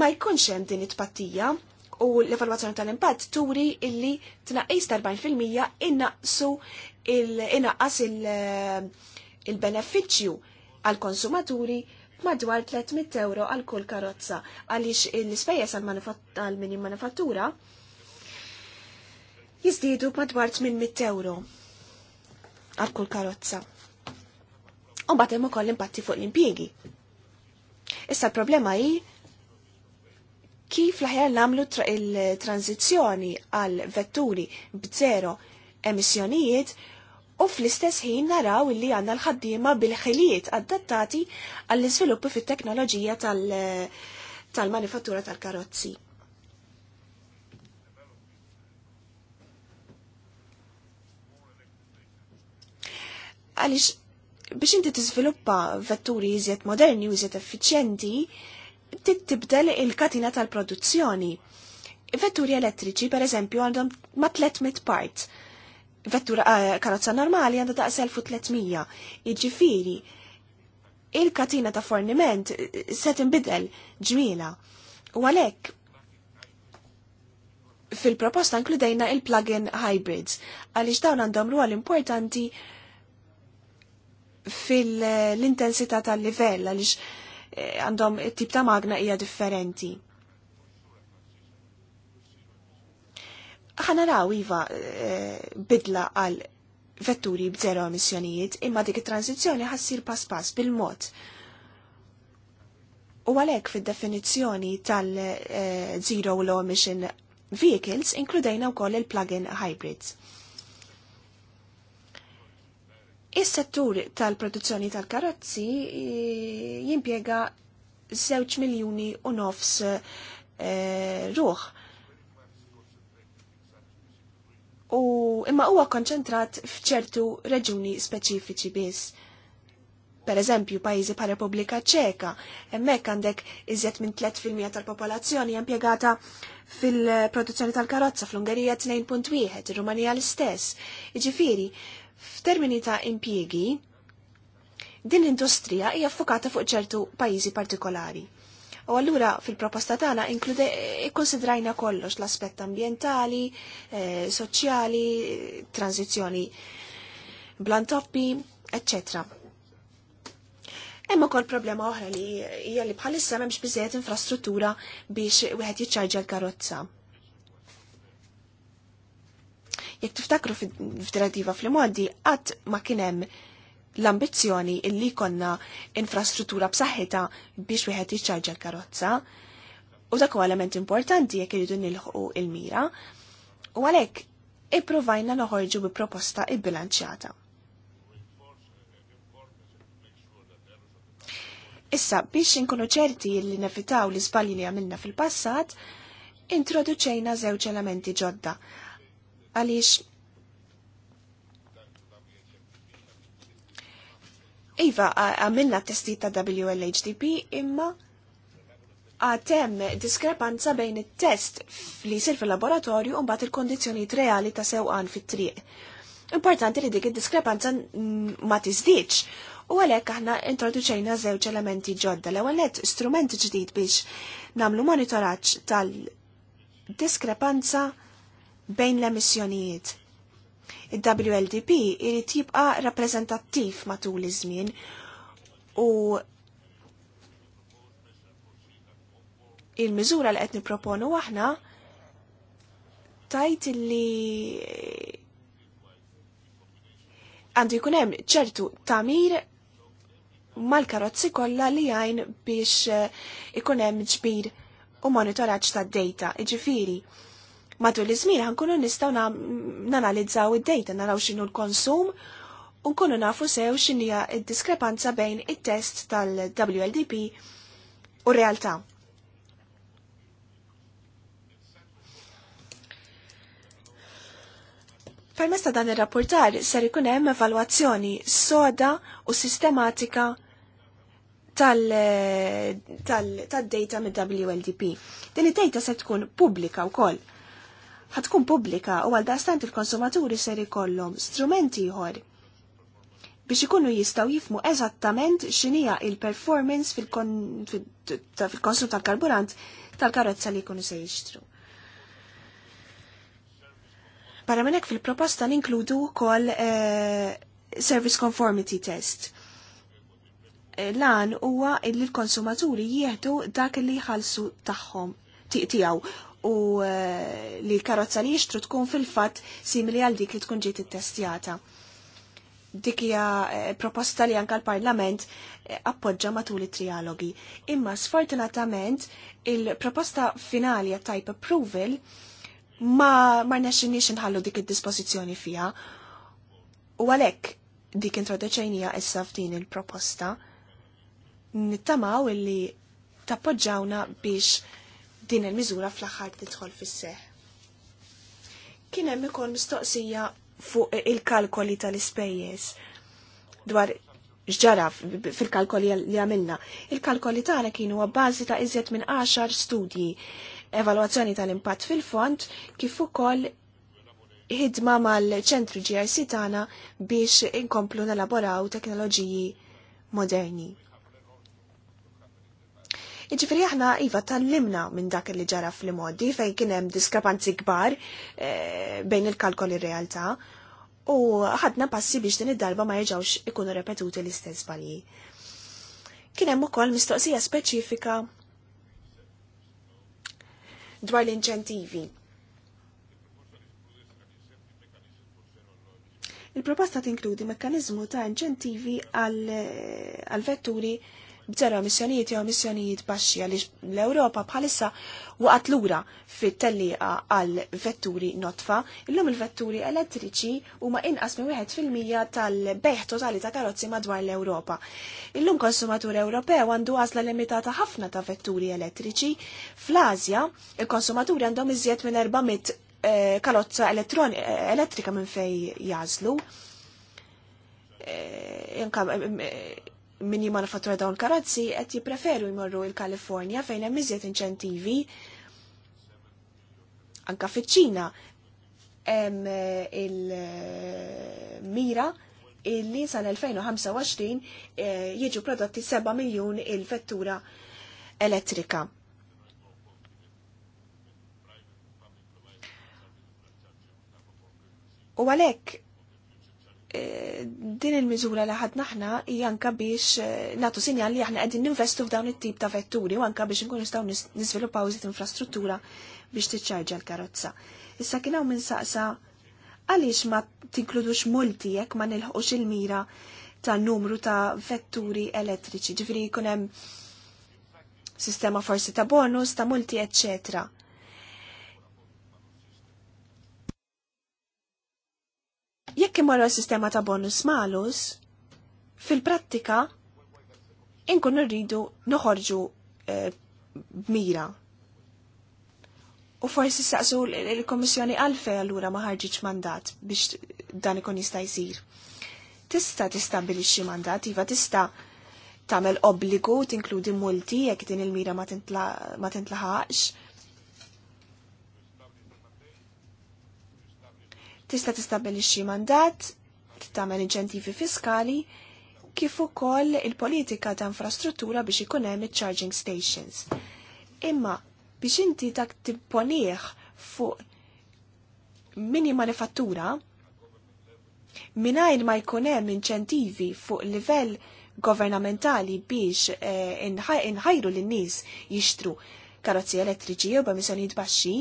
ma jkunx hemm din it-tpattija u l evaluazzjoni tal-impatt turi illi tnaqqis tal-40% innaqsu innaqqas il-benefiċċju għal konsumaturi madwar 300 euro għal kull karozza għaliex l-ispejjeż għal mini manifattura jizdidu madwar 800 euro għal kull karozza. U mbagħad hemm ukoll impatti fuq l-impjiegi. Issa l-problema hi kif laħjar namlu il-tranzizjoni għal vetturi b'zero emissjonijiet u fl-istess ħin naraw illi għanna l-ħaddima bil-ħiliet adattati għall-iżviluppi fit-teknoloġija tal-manifattura tal-karozzi. Għalix, biex inti tiżviluppa vetturi jizjet moderni u iżjed effiċjenti, tibdel il-katina tal-produzzjoni. Vetturi elettriċi, per eżempju, għandhom ma 300 part. Vettura eh, karozza normali għandha daqs 1300. Iġifiri, il-katina ta' forniment eh, se tinbidel ġmiela. U għalhekk fil-proposta inkludejna il-plug-in hybrids, għaliex dawn għandhom ruol importanti fil-intensità tal-livell, għaliex Eh, għandhom tip ta' magna hija differenti. ħana raw iva eh, bidla għal vetturi b'zero emissjonijiet imma dik it-tranzizzjoni ħassir pass pass bil-mod. U għalhekk fid-definizzjoni tal-zero eh, low emission vehicles inkludejna wkoll il-plug-in hybrids. Is-settur tal-produzzjoni tal-karozzi e, jimpiega żewġ miljuni u nofs e, ruħ. U imma huwa konċentrat f'ċertu reġuni speċifiċi biss. Per eżempju, pajjiżi pa' Repubblika Ċeka, hemmhekk għandek iżjed minn 3% tal-popolazzjoni impjegata fil-produzzjoni tal-karozza fl-Ungerija 2.1, ir-Rumanija l-istess. Jiġifieri, F'termini ta' impjiegi, din l-industrija hija fokata fuq ċertu pajjiżi partikolari. U allura fil-proposta tagħna inklude ikkonsidrajna kollox l-aspett ambjentali, eh, soċjali, tranzizzjoni blantoppi, etc. Hemm ukoll problema oħra li hija li bħalissa m'hemmx biżejjed infrastruttura biex wieħed jiċċarġa l-karozza. Jek tiftakru f'direttiva fl-modi, għat ma kienem l-ambizjoni illi konna infrastruttura b'saħħita biex wieħed jiċċarġa l-karozza. U dak huwa element importanti jekk iridu nilħu il-mira. U għalhekk ippruvajna noħorġu bi proposta ibbilanċjata. Issa, biex inkunu ċerti li nefitaw l iżbalji li għamilna fil-passat, introduċejna żewġ elementi ġodda Għaliex Iva, għamilna testi ta' WLHDP imma għatem diskrepanza bejn it-test li jisir fil-laboratorju un bat il-kondizjoniet reali ta' sewqan fit-triq. Importanti li dik id-diskrepanza ma tizdiċ u għalek aħna introduċejna żewġ elementi ġodda. L-ewwel net strument ġdid biex namlu monitoraġġ tal-diskrepanza bejn l-emissjonijiet. Il-WLDP irrit jibqa' rappreżentattiv matul iż-żmien u il-miżura li qed nipproponu aħna tajt li għandu jkun hemm ċertu tamir mal-karozzi kollha li jgħin biex ikun hemm ġbir u monitoraġġ tad-data. Iġifieri, matul iż-żmien ħankunu nistgħu nanalizzaw id-dejta naraw x'inhu l-konsum u nkunu nafu sew x'inhija d-diskrepanza bejn it-test tal-WLDP u realtà. Permess ta' dan ir-rapportar ser ikun hemm evalwazzjoni soda u sistematika tal-data tal, tal mid-WLDP. Din id-data se tkun pubblika wkoll ħatkun pubblika u għal dastant il-konsumaturi ser ikollhom strumenti ieħor biex ikunu jistaw jifmu eżattament xinija il-performance fil-konsum tal-karburant tal-karozza li jkunu se jixtru. Para minnek fil-proposta ninkludu kol eh, service conformity test. Eh, lan huwa il l-konsumaturi jieħdu dak li jħalsu tagħhom tiegħu u eh, li l-karozza li jixtru tkun fil-fat simili għal dik li tkun ġiet it-testjata. Dik hija eh, proposta li anka l-Parlament eh, appoġġa matul it-trialogi. Imma sfortunatament il-proposta finali għat type approval ma marnexxinix inħallu dik id-dispożizzjoni fiha. U għalhekk dik introduċejnija issa f'din il-proposta. Nittamaw illi tappoġġawna biex din il-miżura fl-aħħar titħol fis-seħ. Kien hemm mistoqsija fuq il-kalkoli tal-ispejjeż dwar ġara fil-kalkoli li għamilna. Il-kalkoli tagħna kienu għabbazi ta' iżjed minn 10 studji, evalwazzjoni tal-impatt fil-font kif ukoll ħidma mal-ċentru GIC tagħna biex inkomplu nelaboraw teknoloġiji moderni. Iġifiri aħna iva tal-limna minn dak li ġara fl-modi fejn kien hemm diskrepanzi kbar eh, bejn il kalkoli realtà u ħadna passi biex din id-darba ma jġawx ikunu repetuti l-istess bali. Kien hemm ukoll mistoqsija speċifika dwar l-inċentivi. Il-proposta tinkludi mekkaniżmu ta' inċentivi għal eh, vetturi bżera missjonijiet jew missjonijiet baxxi għaliex l-Ewropa bħalissa waqgħet lura fit-tellieqa għal vetturi notfa, illum il-vetturi elettriċi huma inqas minn wieħed fil-mija tal-bejħ totali ta' karozzi madwar l-Ewropa. Illum konsumatur Ewropew għandu għażla limitata ħafna ta' vetturi elettriċi. Fl-Asja, il-konsumaturi għandhom iżjed minn 400 eh, kalozza eh, elettrika minn fej jażlu. Eh, min manufattura dawn karozzi qed jippreferu jmorru il-Kalifornja fejn hemm iżjed inċentivi anka fiċ-Ċina hemm eh, il-mira illi sal-2025 eh, jiġu prodotti 7 miljun il-vettura elettrika. U għalhekk Eh, din il-miżura li ħadna ħna hija anke biex eh, nagħtu sinjal li aħna qegħdin ninvestu f'dawn it-tip ta' vetturi u anke biex nkunu nistgħu niżviluppaw iżid infrastruttura biex tiċċarġa l-karozza. Issa kien hawn saqsa għaliex ma tinkludux multi jekk ma nilħqux il-mira ta' numru ta' vetturi elettriċi, ġifieri jkun hemm sistema forsi ta' bonus, ta' multi, eccetera kim imorru sistema ta' bonus malus, fil-prattika inkun rridu noħorġu e, b'mira. U forsi saqsu l-Komissjoni għalfej allura ma ħarġitx mandat biex dan ikun jista' jsir. Tista' tistabilixxi mandat, iva tista' tagħmel obbligu tinkludi multi jekk din il-mira ma Tintla tista' tistabilixxi mandat, tagħmel inċentivi fiskali, kif ukoll il-politika ta' infrastruttura biex ikun hemm charging stations. Imma biex inti tak tipponieħ fuq mini manifattura mingħajr ma jkun hemm inċentivi fuq livell governamentali biex eh, inħajru lin-nies jixtru karozzi elettriċi u b'emissjonijiet baxxi.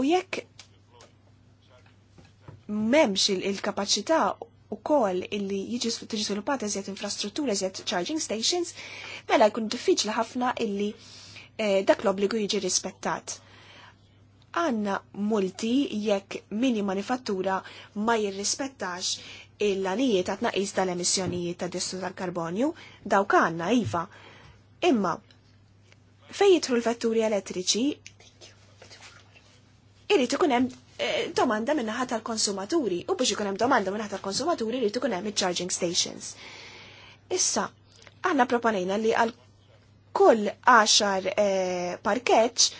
U jekk memx il-kapacità u kol illi jiġi sviluppata eżiet infrastruttura, eżiet charging stations, mela jkun diffiċli ħafna illi eh, dak l-obbligu jiġi rispettat. Għanna multi jekk mini manifattura ma jirrispettax il-lanijiet għatna naqis tal-emissjonijiet ta' dissu tal-karbonju, dawk għanna, iva. Imma, fej jitru l-vetturi elettriċi, irrid ikun hemm eh, domanda min-naħa tal-konsumaturi u biex ikun hemm domanda minnaħa tal-konsumaturi irrid ikun hemm charging stations. Issa, aħna proponejna li għal kull 10 eh, parkeċ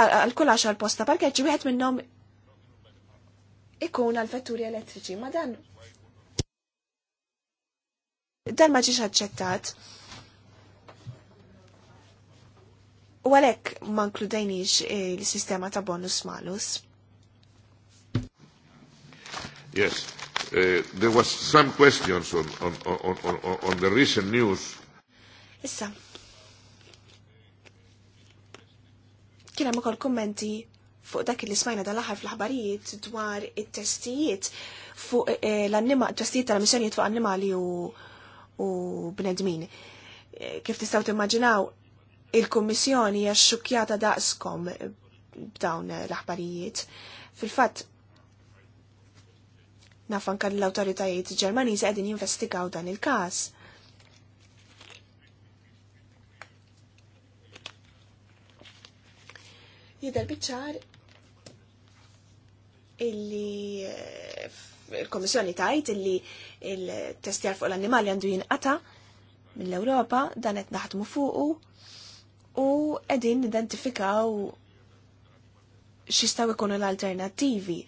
għal kull 10 posta parkeċ wieħed minnhom ikun għal vetturi elettriċi, ma dan dan ma ġiex aċċettat U għalek ma nkludajniex eh, il-sistema ta' bonus malus. Yes, uh, there was some questions on, on, on, on, on the recent news. Issa. Kien hemm ukoll kommenti fuq dak li smajna dal-aħħar fl-aħbarijiet dwar it-testijiet fuq eh, l-annima, testijiet fuq l annima testijiet tal missjoniet fuq annimali u, u bnedmin. Kif tistaw timmaġinaw, il-Kummissjoni hija xukjata daqskom b'dawn l-aħbarijiet. Fil-fatt, nafan kan l-autoritajiet ġermaniż qegħdin jinvestigaw dan il-każ. Jidher biċċar illi eh, il kommissjoni tajt illi il-testjar fuq l-annimali għandu jinqata mill-Ewropa dan qed naħdmu fuqu u edin identifikaw xistaw ikunu l-alternativi.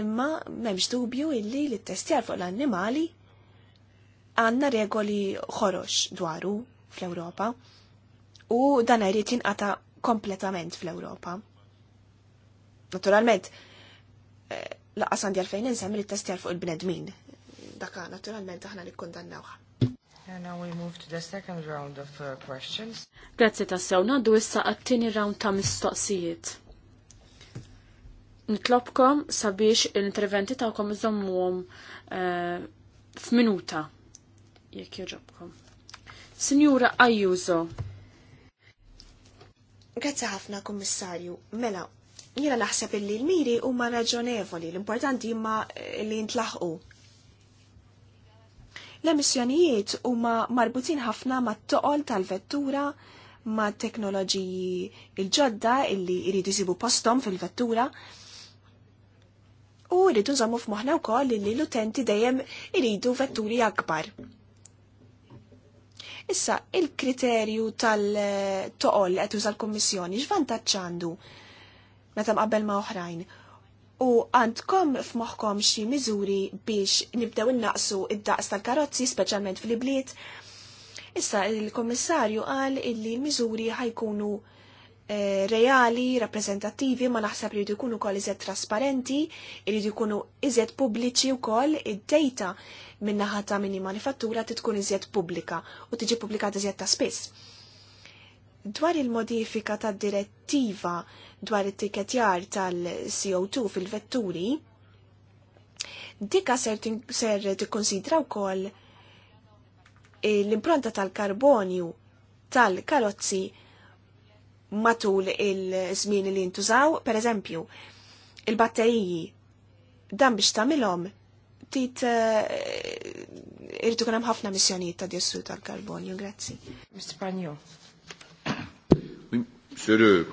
Imma memx dubju illi li t-testjar fuq l-annimali għanna regoli ħorox dwaru fl-Europa u dan jrid jinqata kompletament fl-Europa. Naturalment, eh, laqqas għandi għalfejn insemmi li t-testjar fuq il-bnedmin. Daka, naturalment, aħna li kondannawħa. And now we move to the second round of uh, questions. Grazzi tassew, naddu issa għattini round ta' mistoqsijiet. Nitlobkom sabiex l-interventi ta'kom iżommuhom uh, f'minuta jekk joġobkom. Sinjura Ayuso. Grazzi ħafna, kommissarju. Mela, jiena naħseb illi l-miri huma raġonevoli, l-importanti imma eh, li jintlaħqu. L-emissjonijiet huma marbutin ħafna mat-toqol tal-vettura, ma' teknoloġiji il-ġodda illi jridu jisibu postom fil-vettura. U jridu nżommu f'moħħna wkoll li l-utenti dejjem iridu vetturi akbar. Issa, il-kriterju tal-toqol qed tuża l-Kummissjoni x'vantaġġ għandu meta mqabbel ma' oħrajn u għandkom f'moħħkom xi miżuri biex nibdew innaqsu id-daqs tal-karozzi, speċjalment fl-ibliet. Issa il-Kommissarju qal illi l-miżuri ħajkunu eh, reali, rappresentativi, ma naħseb li jkunu kol iżed trasparenti, jridu jkunu iżed pubbliċi wkoll id-data minnaħa ta' minni manifattura titkun iżjed pubblika u tiġi pubblikata iżed ta' spiss. Dwar il-modifika ta' direttiva dwar it-tiketjar tal-CO2 fil-vetturi, dika ser u wkoll eh, l-impronta tal-karbonju tal-karozzi matul il-żmien li jintużaw, per eżempju, il-batteriji dan biex tagħmilhom tit eh, irridu kien hemm ħafna missjonijiet ta' diossu tal-karbonju. Grazzi. Mr. Panjo. Monsieur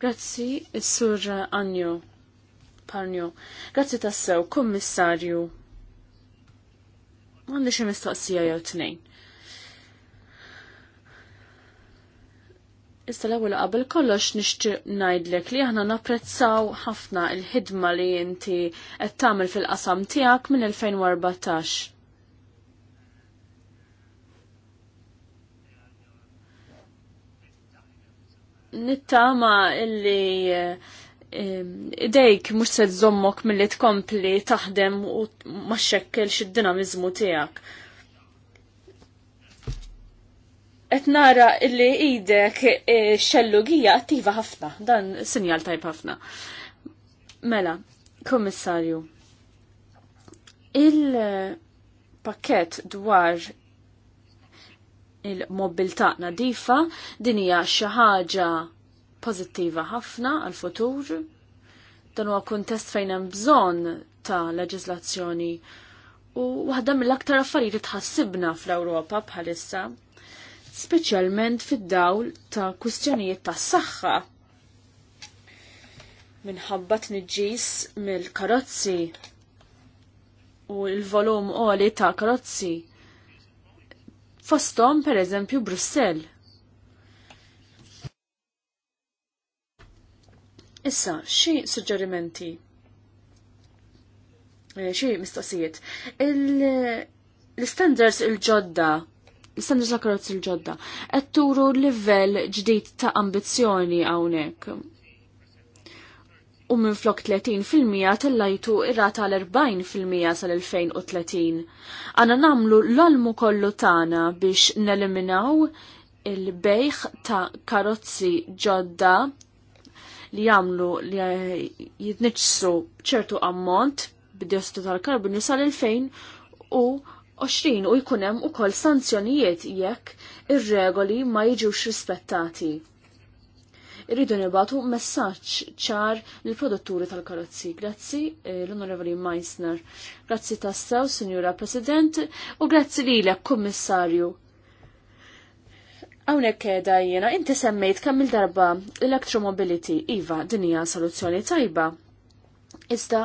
Grazzi, Sur Anjo. Parnjo. Grazzi tassew, Kummissarju. Għandi xe mistoqsija jew tnejn. Issa l-ewwel qabel kollox nixtieq ngħidlek li aħna napprezzaw ħafna l ħidma li inti qed tagħmel fil-qasam tiegħek minn 2014 nittama illi idejk eh, eh, mux se tżommok mill-li tkompli taħdem u ma xekkel xid dinamizmu tijak. Et nara illi idek eh, xellugija attiva ħafna, dan sinjal tajb ħafna. Mela, kommissarju, il-pakket dwar il-mobilità nadifa din hija xi ħaġa pożittiva ħafna għal futur dan huwa kuntest fejn hemm bżonn ta' leġislazzjoni u waħda mill-aktar affarijiet tħassibna fl-Ewropa bħalissa speċjalment fid-dawl ta' kwistjonijiet tas saħħa minħabba tniġġis mill-karozzi u l-volum qoli ta' karozzi fostom per eżempju Brussell. Issa, xi suġġerimenti? Eh, xi mistoqsijiet? L-standards il ġodda l-standards la karozzi il-ġodda, qed turu livell ġdid ta' ambizzjoni hawnhekk u minn flok 30% tal-lajtu irrata l-40% sal-2030. Għana namlu l olmu kollu tana biex neliminaw il-bejħ ta' karozzi ġodda li jamlu li jidniċsu ċertu ammont b'diostu tal-karbonju sal-2020 u jkunem u kol sanzjonijiet jekk ir-regoli ma jiġux rispettati Irridu nibatu messaġġ ċar lill produtturi tal-karozzi. Grazzi eh, l-Onorevoli Meissner. Grazzi tassaw, Signora President, u grazzi lilek, kommissarju. Hawnhekk keda jiena, inti semmejt kemm il-darba electromobility iva din hija soluzzjoni tajba. Iżda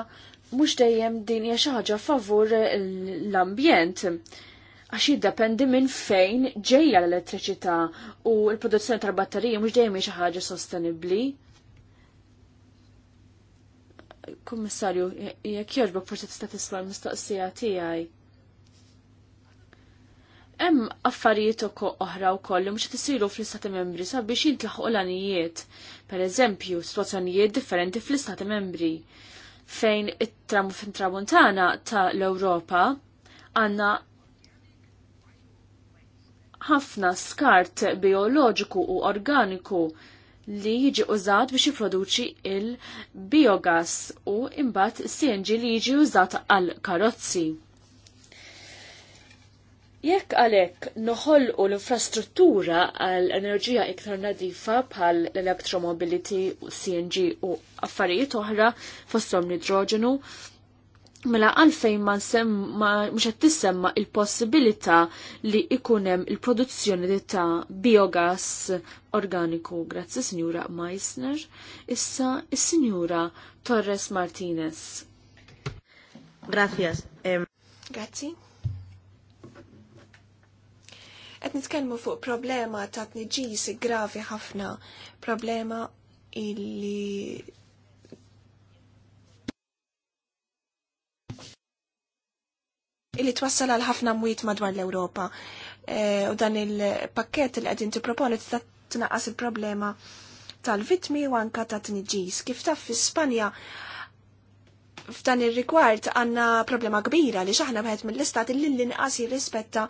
mhux dejjem din hija xi ħaġa favur l-ambjent għax jiddependi minn fejn ġejja l-elettriċità u l-produzzjoni tal-batterija mhux dejjem xi ħaġa sostenibbli. Kummissarju, jekk jogħġbok forsi tista' tisla' l-mistoqsija tiegħi. Hemm affarijiet oħra wkoll li mhux qed isiru fl-istati membri sabiex jintlaħħu l-anijiet, pereżempju sitwazzjonijiet differenti fl-istati membri fejn it-tramu fin tramuntana ta' l-Ewropa għandna ħafna skart bioloġiku u organiku li jiġi użat biex jipproduċi il-biogas u imbagħad CNG li jiġi użat għal karozzi. Jekk għalek u l-infrastruttura għal enerġija iktar nadifa bħal l u CNG u affarijiet oħra fossom nitrogenu. Mela għalfejn ma nsemma mhux qed tissemma il-possibilità li ikun hemm il-produzzjoni ta' biogas organiku. Grazzi signora Meissner. Issa signora sinjura Torres Martinez. Grazzjas. Grazzi. Qed nitkellmu fuq problema ta' tniġis gravi ħafna, problema illi illi twassal għal ħafna mwiet madwar l-Ewropa. E, u dan il-pakket li qegħdin tipproponi tnaqqas il-problema tal-vitmi u anka ta' tniġis. Kif taf fi Spanja f'dan ir-rigward għandna problema kbira li xaħna bħed mill-istat li l-inqas jirrispetta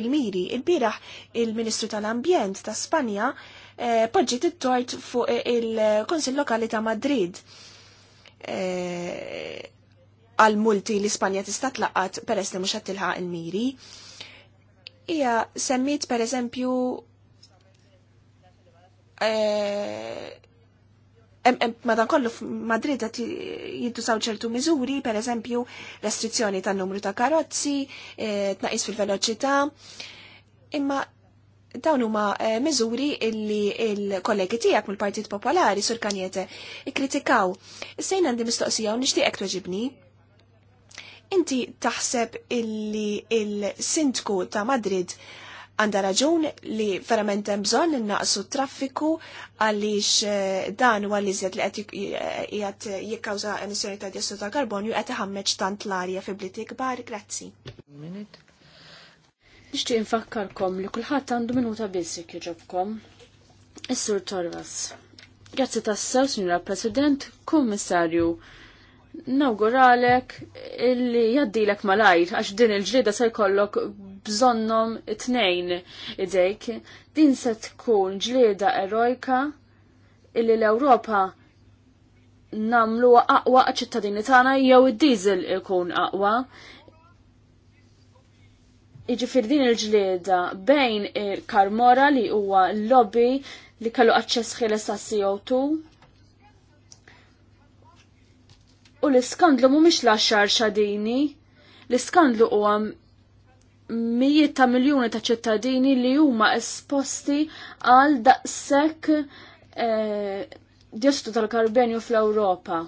il-miri. Il-biraħ il-Ministru tal-Ambjent ta' Spanja e, poġġiet it-tort fuq il-Konsil Lokali ta' Madrid e, għal-multi li Spanja tista' tlaqqat peress li mhux qed tilħaq il-miri. Hija semmit pereżempju eh, madankollu f'Madrid qed jintużaw ċertu miżuri, pereżempju restrizzjoni tan-numru ta' karozzi, eh, tnaqis fil-veloċità, imma dawn huma eh, miżuri illi il-kollegi tiegħek mill-Partit Popolari sur kanjete ikkritikaw. Sejn għandi mistoqsija u nixtieqek tweġibni. Inti taħseb illi il-sindku ta' Madrid għanda raġun li verament hemm bżonn innaqsu traffiku għaliex eh, dan huwa li li qed eh, jikkawża emissjoni ta' diossu ta' karbonju qed iħammeġ tant l-arja fi bliti kbar. Grazzi. Nixtieq infakkarkom li kulħadd għandu minuta biss jekk jġobkom. Is-Sur Torvas. Grazzi tas-sew, Sinjora President, Kummissarju nawguralek illi jaddilek malajr, għax din il-ġlida se jkollok bżonnom it-tnejn idejk. Din se tkun ġlida erojka illi l-Ewropa namlu aqwa ċittadini tagħna jew id dizel ikun aqwa. Iġifir din il-ġlieda bejn il-Karmora li huwa lobby li kellu aċċess ħieles ta' CO2 U l-iskandlu mhumiex l-axar xadini, l-iskandlu huwa mijiet ta' miljoni ta' ċittadini li huma esposti għal daqshekk eh, tal karbenju fl-Ewropa.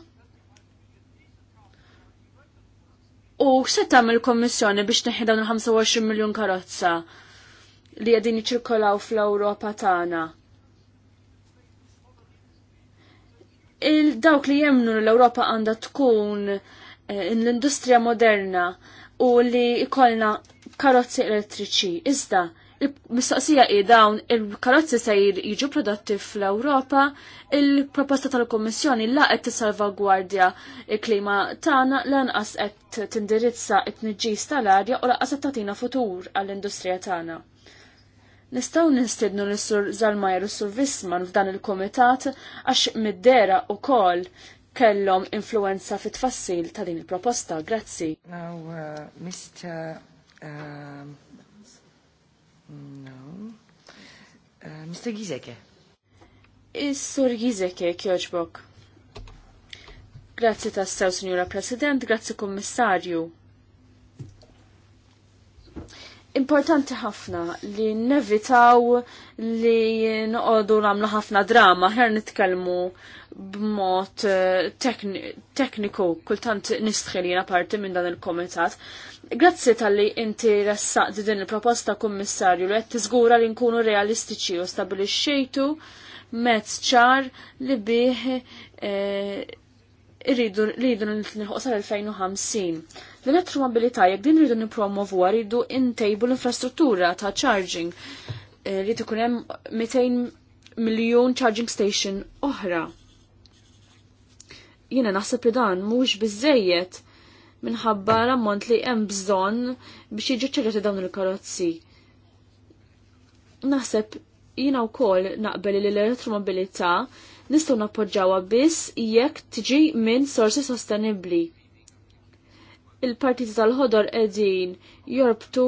U x'se tagħmel il komissjoni biex neħi il-25 miljun karozza li qegħdin ċirkolaw fl-Ewropa tagħna? il-dawk li jemnu l-Europa għanda tkun eh, l-industrija moderna u li ikolna karozzi elettriċi. Iżda, mistoqsija i dawn il-karozzi se jiġu prodotti fl-Europa, il-proposta tal-Kommissjoni la qed tissalvagwardja il-klima tagħna lanqas qed tindirizza t-tniġġis tal-arja u laqas qed tagħtina futur għall-industrija tagħna. Nistaw nistidnu l-sur Zalmajer u sur Visman f'dan il-komitat għax middera u kol kellom influenza fit tfassil ta' din il-proposta. Grazzi. Now, uh, Mr. Uh, um, no. Uh, Mr. Gizeke. Is-sur Gizeke kjoġbok. Grazzi ta' sew, Signora President, grazzi Kommissarju importanti ħafna li nevitaw li noqodu nagħmlu ħafna drama ħer nitkellmu b'mod eh, tekniku kultant nistħilina parti minn dan il-komitat. Grazzi tal-li inti ressaqt din il-proposta kummissarju li qed tiżgura li nkunu realistiċi u stabilixxejtu mezz ċar li bih eh, irridu rridu nilħu sal-2050. L-elettromobilità jekk din rridu nipromovu rridu intejbu l-infrastruttura ta' charging li eh, tkun hemm 200 miljun charging station oħra. Jiena naħseb li dan mhux biżejjed minħabba l-ammont li hemm bżonn biex jiġu ċerrati dawn il-karozzi. Naħseb jiena wkoll naqbel li l-elettromobilità nistgħu nappoġġawha biss jekk tiġi minn sorsi sostenibbli. Il-partiti tal-ħodor qegħdin jorbtu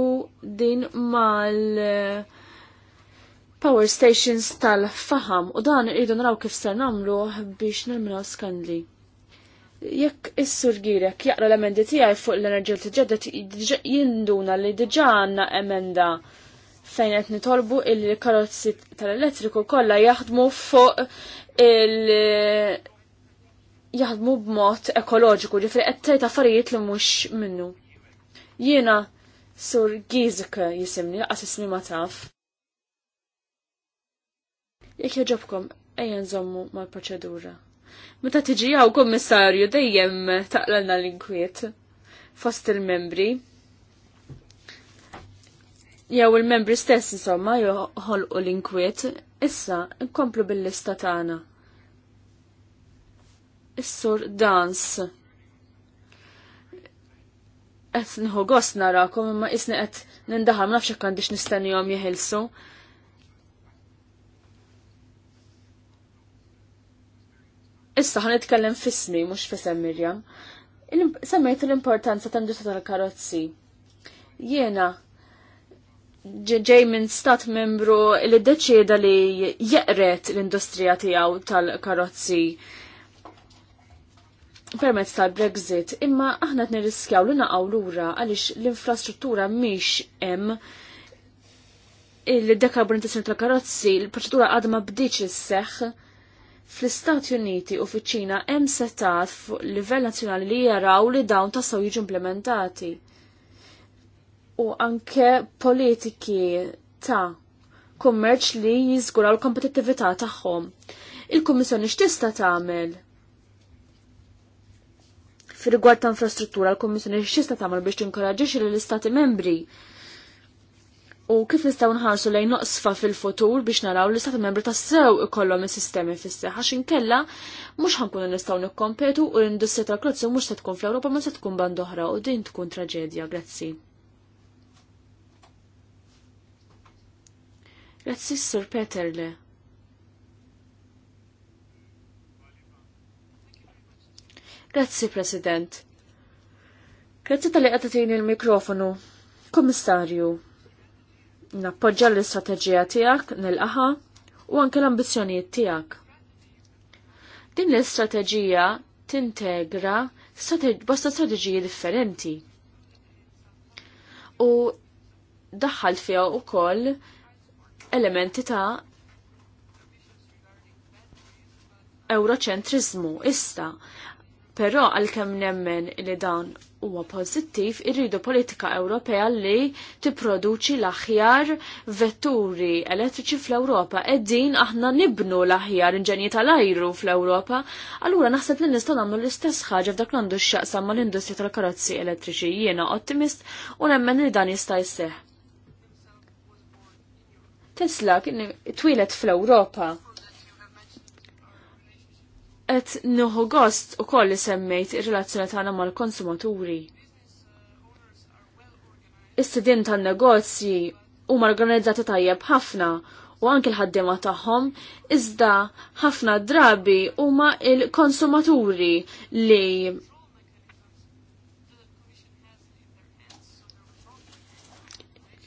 din mal eh, power stations tal-faham u dan irridu naraw kif ser nagħmlu biex nilminaw skandli jekk is-sur girek jaqra l-emendi tiegħi fuq l-enerġija tiġedet jinduna li diġà għandna emenda fejn qed nitolbu il-karozzi tal-elettriku kollha jaħdmu fuq il- jaħdmu b'mod ekoloġiku, ġifri qed tgħid affarijiet li mhux minnu. Jiena sur Gizik jisimni, laqas ismi ma taf. Jekk jogħġobkom, ejja nżommu mal-proċedura. Meta tiġi jaw kommissarju dejjem taqlalna l-inkwiet fost il-membri jew il-membri stess insomma joħolqu l-inkwiet, issa nkomplu bil-lista tagħna. Is-sur dans. Qed nħu gost narakom imma isni qed nindaħam nafx hekk għandix nistennihom jeħilsu. Issa ħan nitkellem fismi mhux fisem Mirjam. Semmejt l-importanza tal-karozzi. Jiena ġej minn stat membru li deċieda li jeqret l-industrija tiegħu tal-karozzi permezz tal-Brexit, imma aħna nirriskjaw li naqgħu lura għaliex l-infrastruttura mhix hemm il-dekarbonizzazzjoni tal-karozzi, l-proċedura għadma bdiċ il-seħ fl-Istati Uniti u fiċ-Ċina hemm setat fuq livell nazzjonali li jaraw li dawn tasaw jiġu implementati u anke politiki ta' kummerċ li jiżguraw l-kompetittività tagħhom. Il-Kummissjoni x'tista' tagħmel? fir ta' infrastruttura, l-Kummissjoni x'tista' tagħmel biex tinkoraġġixxi lill-Istati membri u kif nistgħu nħarsu lejn noqsfa fil-futur biex naraw li istati membri tassew ikollhom is-sistemi fis-seħħ għax inkella mhux ħankunu nistgħu nikkompetu u l-industrija tal-klozzi mhux se tkun fl-Ewropa ma se tkun band oħra u din tkun traġedja, grazzi. Grazzi Sur Peterle. Grazzi President. Grazzi tal-li għatatini il-mikrofonu. Komissarju, nappoġġa l-istrateġija tijak nil-qaħa u anke l ambizjoniet tijak. Din l-istrateġija tintegra bosta strateġiji differenti. U daħħal fija u koll elementi ta' eurocentrizmu issa. Però għalkemm nemmen li dan huwa pożittiv, irridu politika Ewropea li tipproduċi l-aħjar vetturi elettriċi fl-Ewropa. Eddin aħna nibnu l-aħjar inġenji tal-ajru fl-Ewropa, allura naħseb li nistgħu nagħmlu l-istess ħaġa f'dak l-għandu x'jaqsam mal-industrija tal-karozzi elettriċi. Jiena ottimist u nemmen li dan jista' jseħħ. Tesla kien twilet fl-Ewropa. Et nuħu gost u koll li semmejt ir-relazzjoni tagħna mal-konsumaturi. Is-sidin tan-negozji huma organizzati tajjeb ħafna u anke l ħaddiema tagħhom, iżda ħafna drabi huma il-konsumaturi li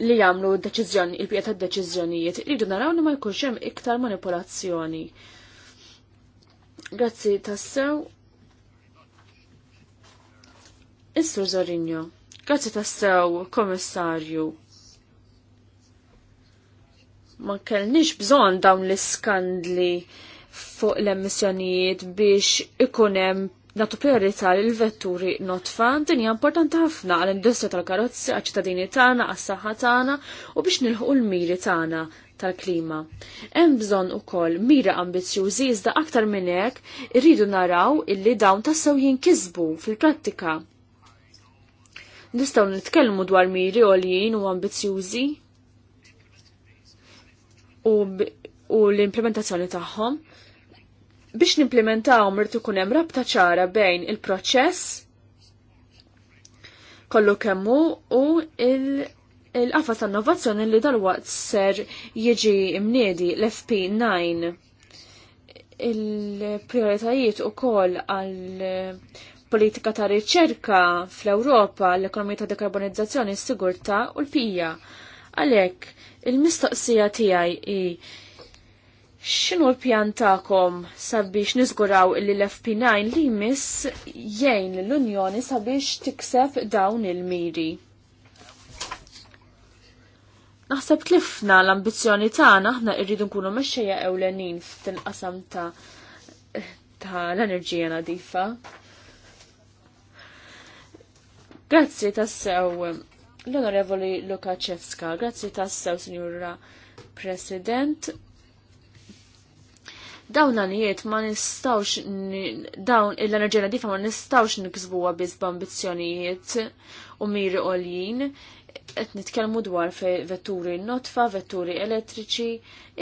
li jagħmlu deċiżjoni il pieta deċiżjonijiet li naraw li ma jkunx hemm iktar manipolazzjoni. Grazzi tassew. Issu Zorinjo, grazzi tassew, komissarju. Ma kellniex bżonn dawn l-iskandli fuq l-emissjonijiet biex ikun hemm natu priorità l vetturi notfan din hija importanti ħafna għall industrija tal-karozzi għaċ-ċittadini tagħna għas-saħħa tagħna u biex nilħu l-miri tagħna tal-klima. Hemm bżonn ukoll mira ambizzjużi iżda aktar minn hekk irridu naraw illi dawn tassew jinkisbu fil-prattika. Nistgħu nitkellmu dwar miri għoljin u ambizzjużi u l-implementazzjoni tagħhom biex nimplementaw mirtu kunem rabta ċara bejn il-proċess kollu kemmu u il-qafas il innovazzjoni li dal-waqt ser jiġi imniedi l-FP9 il-prioritajiet u koll għal politika ta' riċerka fl-Europa, l-ekonomija ta' dekarbonizzazzjoni, s-sigurta u l-pija. Għalek, il-mistoqsija tijaj i X'inhu l-pjan tagħkom sabiex niżguraw li l-FP9 li jmiss jgħin l-Unjoni sabiex tikseb dawn il-miri? Naħseb tlifna l-ambizzjoni tagħna aħna rridu nkunu mexxejja ewlenin f'tinqasam ta' ta' l-enerġija nadifa. Grazzi tassew l-Onorevoli Lukaczewska, grazzi tassew, Signora President Dawn għanijiet ma nistawx, dawn l-enerġija nadifa ma nistawx nikzbuwa biz b'ambizzjonijiet u miri għoljien, qed nitkellmu dwar fe vetturi notfa, vetturi elettriċi,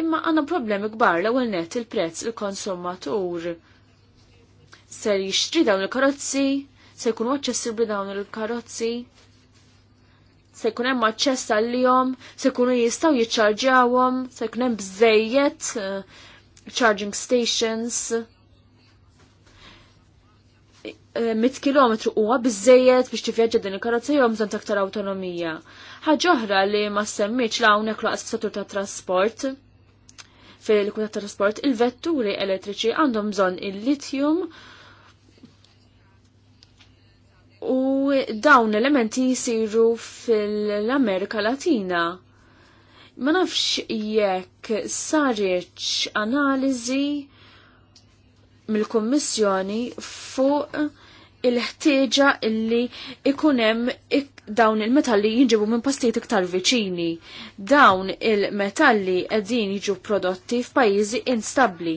imma għanna problemi kbar l-ewwel net il-prezz il-konsumatur. Ser jixtri dawn il-karozzi, se jkunu aċċessibbli dawn il-karozzi, se jkun hemm aċċess għalihom, se jkunu jistgħu jiċċarġjawhom, se jkun hemm bżejjed eh, charging stations, 100 eh, km huwa biżejjed biex tivvjaġġa din il-karozza jew bżonn aktar awtonomija. Ħaġa oħra li ma semmitx la hawnhekk laqas settur ta' trasport fil kuta trasport il-vetturi elettriċi għandhom bżonn il-litjum u dawn elementi jisiru fil-Amerika Latina Ma nafx jekk sarriċ analiżi mill-Kummissjoni fuq il-ħtieġa illi ikunem ik dawn il-metalli jinġibu minn pastijiet iktar viċini. Dawn il-metalli qegħdin jiġu prodotti f'pajjiżi instabbli.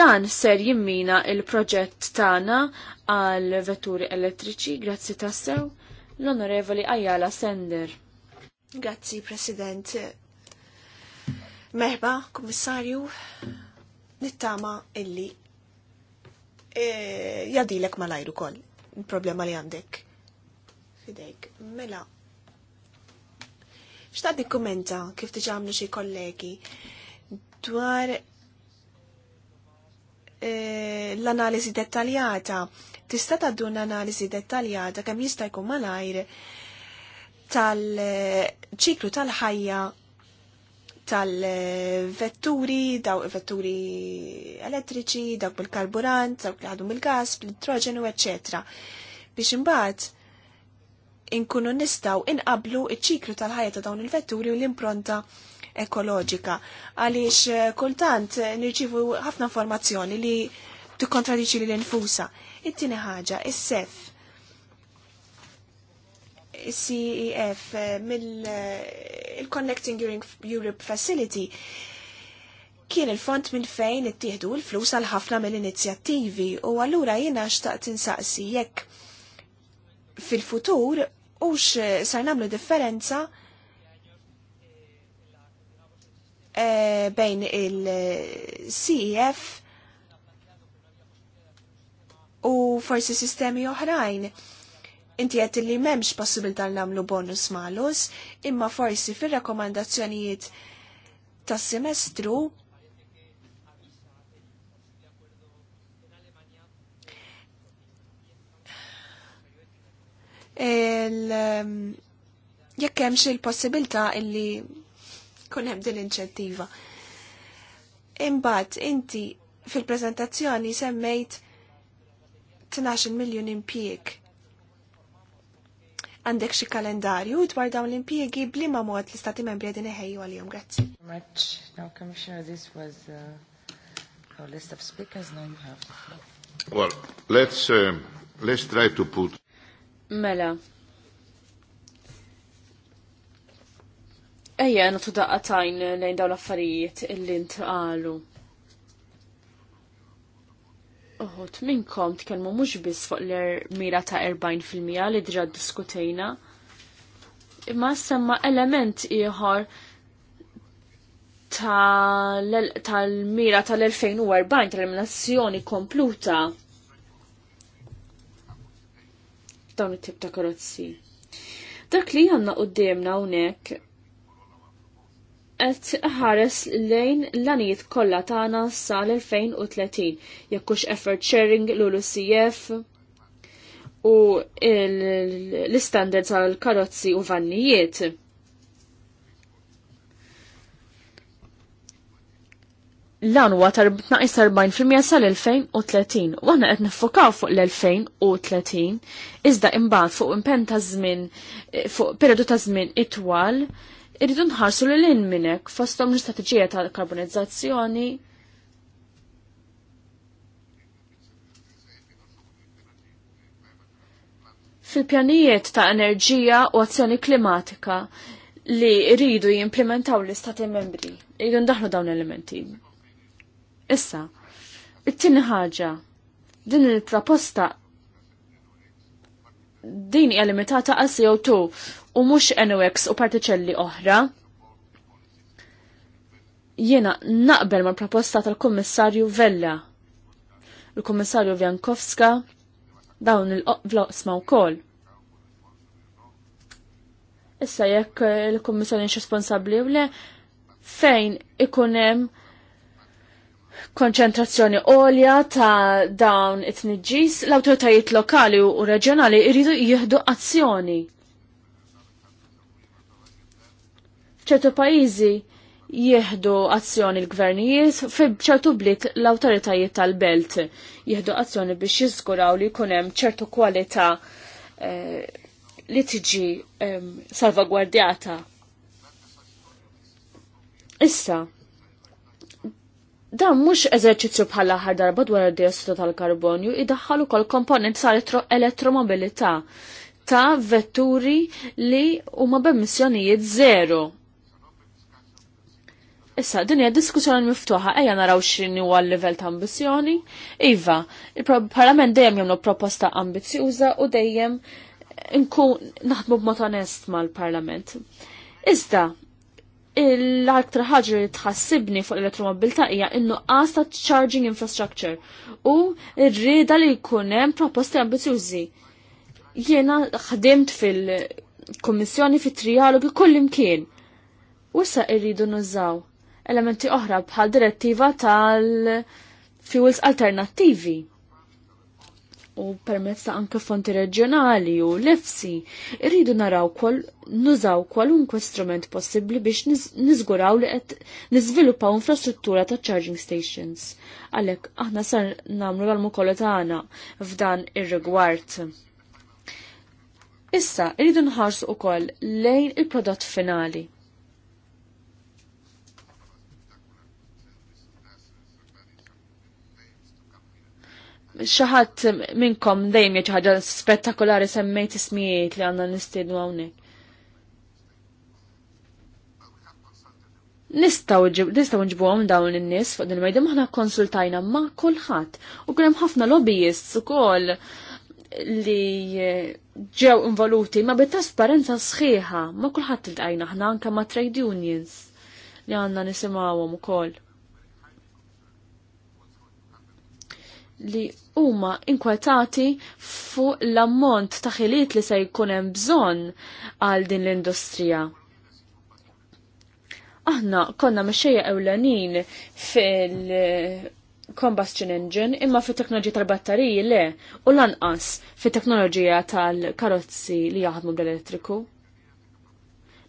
Dan ser jimmina il-proġett tagħna għal vetturi elettriċi grazzi tassew l-Onorevoli Ajala Sender. Grazzi, President. Merba, Kummissarju, nittama illi e, jadilek malajru kol, il-problema li għandek. Fidejk, mela. Xtad kommenta kif tiġamlu xie kollegi dwar e, l-analizi dettaljata. Tista' dun analizi dettaljata kemm jista' jkun malajr tal-ċiklu tal-ħajja tal-vetturi, daw vetturi elettriċi, dawk bil-karburant, dawk li ħadu mill-gas, bil-idroġenu, ecc. Biex imbagħad inkunu nistaw inqablu iċ-ċiklu tal-ħajja ta' dawn il-vetturi u l-impronta ekoloġika. Għaliex eh, kultant eh, nirċivu ħafna informazzjoni li tikkontradiċi li l-infusa. It-tieni ħaġa, is-sef CEF eh, mill-Connecting eh, Europe Facility kien il-font minn fejn ittieħdu l-flus għal ħafna mill-inizjattivi u allura jiena xtaqt insaqsi jekk fil-futur ux eh, sar namlu differenza bejn il-CEF u forsi sistemi oħrajn Inti għed li memx possibilta namlu bonus malus, imma forsi fir rakomandazzjonijiet tas semestru il- ehm, jekk hemm xi l-possibilità illi kun hemm din l Imbagħad inti fil-preżentazzjoni semmejt 12 miljun impjieg għandek xi kalendarju dwar dawn l-impjiegi bliema mod l-istati membri qegħdin iħejju għalihom. Grazzi. Much. Now, Commissioner, this was uh, our list of speakers. Now you have. Well, let's uh, let's try to put. Mela. Ejja, natu tudaqqa tajn lejn dawn l-affarijiet illi ntqalu uħut minnkom tkellmu mhux biss fuq l-mira ta' 40% li diġà diskutejna, imma semma element ieħor tal-mira tal-2040 tal-eliminazzjoni kompluta dawn it-tip ta' karozzi. Dak li għanna qoddimna hawnhekk qed ħares lejn l-anijiet kollha tagħna sal-2030 jekk hux effort sharing l ucf u l-istandards għal karozzi u vannijiet. Lan huwa tarbtnaqis 40% sal-2030 u aħna qed niffokaw fuq l-2030 iżda imbagħad fuq impen ta' żmien fuq periodu ta' żmien itwal irridu nħarsu li l-in minnek fostom l-istrateġija ta' karbonizzazzjoni fil-pjanijiet ta' enerġija u azzjoni klimatika li rridu jimplementaw l-istati membri. Rridu ndaħlu dawn elementi. Issa, it-tini ħaġa, din il-proposta din hija limitata għal CO2 u mhux NOx u partiċelli oħra. Jiena naqbel mal proposta tal-Kummissarju Vella. Il-Kummissarju Vjankowska dawn il-oqvloqsma wkoll. Issa jekk il-Kummissarju responsabbli u le fejn ikun hemm konċentrazzjoni olja ta' dawn it-tniġġis, l-autoritajiet lokali u reġjonali jridu jieħdu azzjoni. ċertu pajizi jieħdu azzjoni l-gvernijiet fi ċertu blit l-autoritajiet tal-belt jieħdu azzjoni biex jiżguraw li jkun hemm ċertu kwalità eh, li tiġi salvagwardjata. Issa, dan mhux eżerċizzju bħala aħħar darba dwar id-diossidu tal-karbonju idaħħal ukoll komponent sa elettromobilità ta' vetturi li huma b'emissjonijiet zero Issa, din hija diskussjoni miftuħa, ejja naraw x'inhi huwa l-livell ta' ambizzjoni. Iva, il-Parlament dejjem jagħmlu proposta ambizzjuża u dejjem nkun naħdmu b'mod onest mal-Parlament. Iżda, l-aktar ħaġa li tħassibni fuq l-elettromobilta hija innuqqas ta' charging infrastructure u rrida li jkun hemm proposti ambizzjużi. Jiena ħdimt fil-Kummissjoni fit-trialogi kull imkien. U issa irridu nużaw elementi oħra bħal direttiva tal-fuels alternattivi u permezz ta' anke fonti reġjonali u l-efsi, irridu naraw kol, nużaw kwalunkwe strument possibbli biex niżguraw li qed niżviluppaw infrastruttura ta' charging stations. Għalhekk aħna sar nagħmlu l-almu tagħna f'dan ir-rigward. Issa, irridu nħarsu ukoll lejn il-prodott finali xaħat minnkom dejjem jgħid ħaġa spettakolari semmejt ismijiet li għandna nistiednu hawnhekk. Nistaw nġibu għom dawn in-nies fuq din il majdim ħana konsultajna ma' kulħadd u kunem hemm ħafna lobbyists ukoll li eh, ġew involuti ma bi trasparenza sħiħa ma kulħadd dajna aħna anke ma' trade unions li għandna nisimgħuhom ukoll. li huma inkwetati fuq l-ammont ta' ħiliet li se jkun hemm bżonn għal din l-industrija. Aħna konna mexxejja ewlenin fil-combustion engine imma fit teknoloġija tal-battariji le u lanqas fit teknoloġija tal-karozzi li jaħdmu bl-elettriku.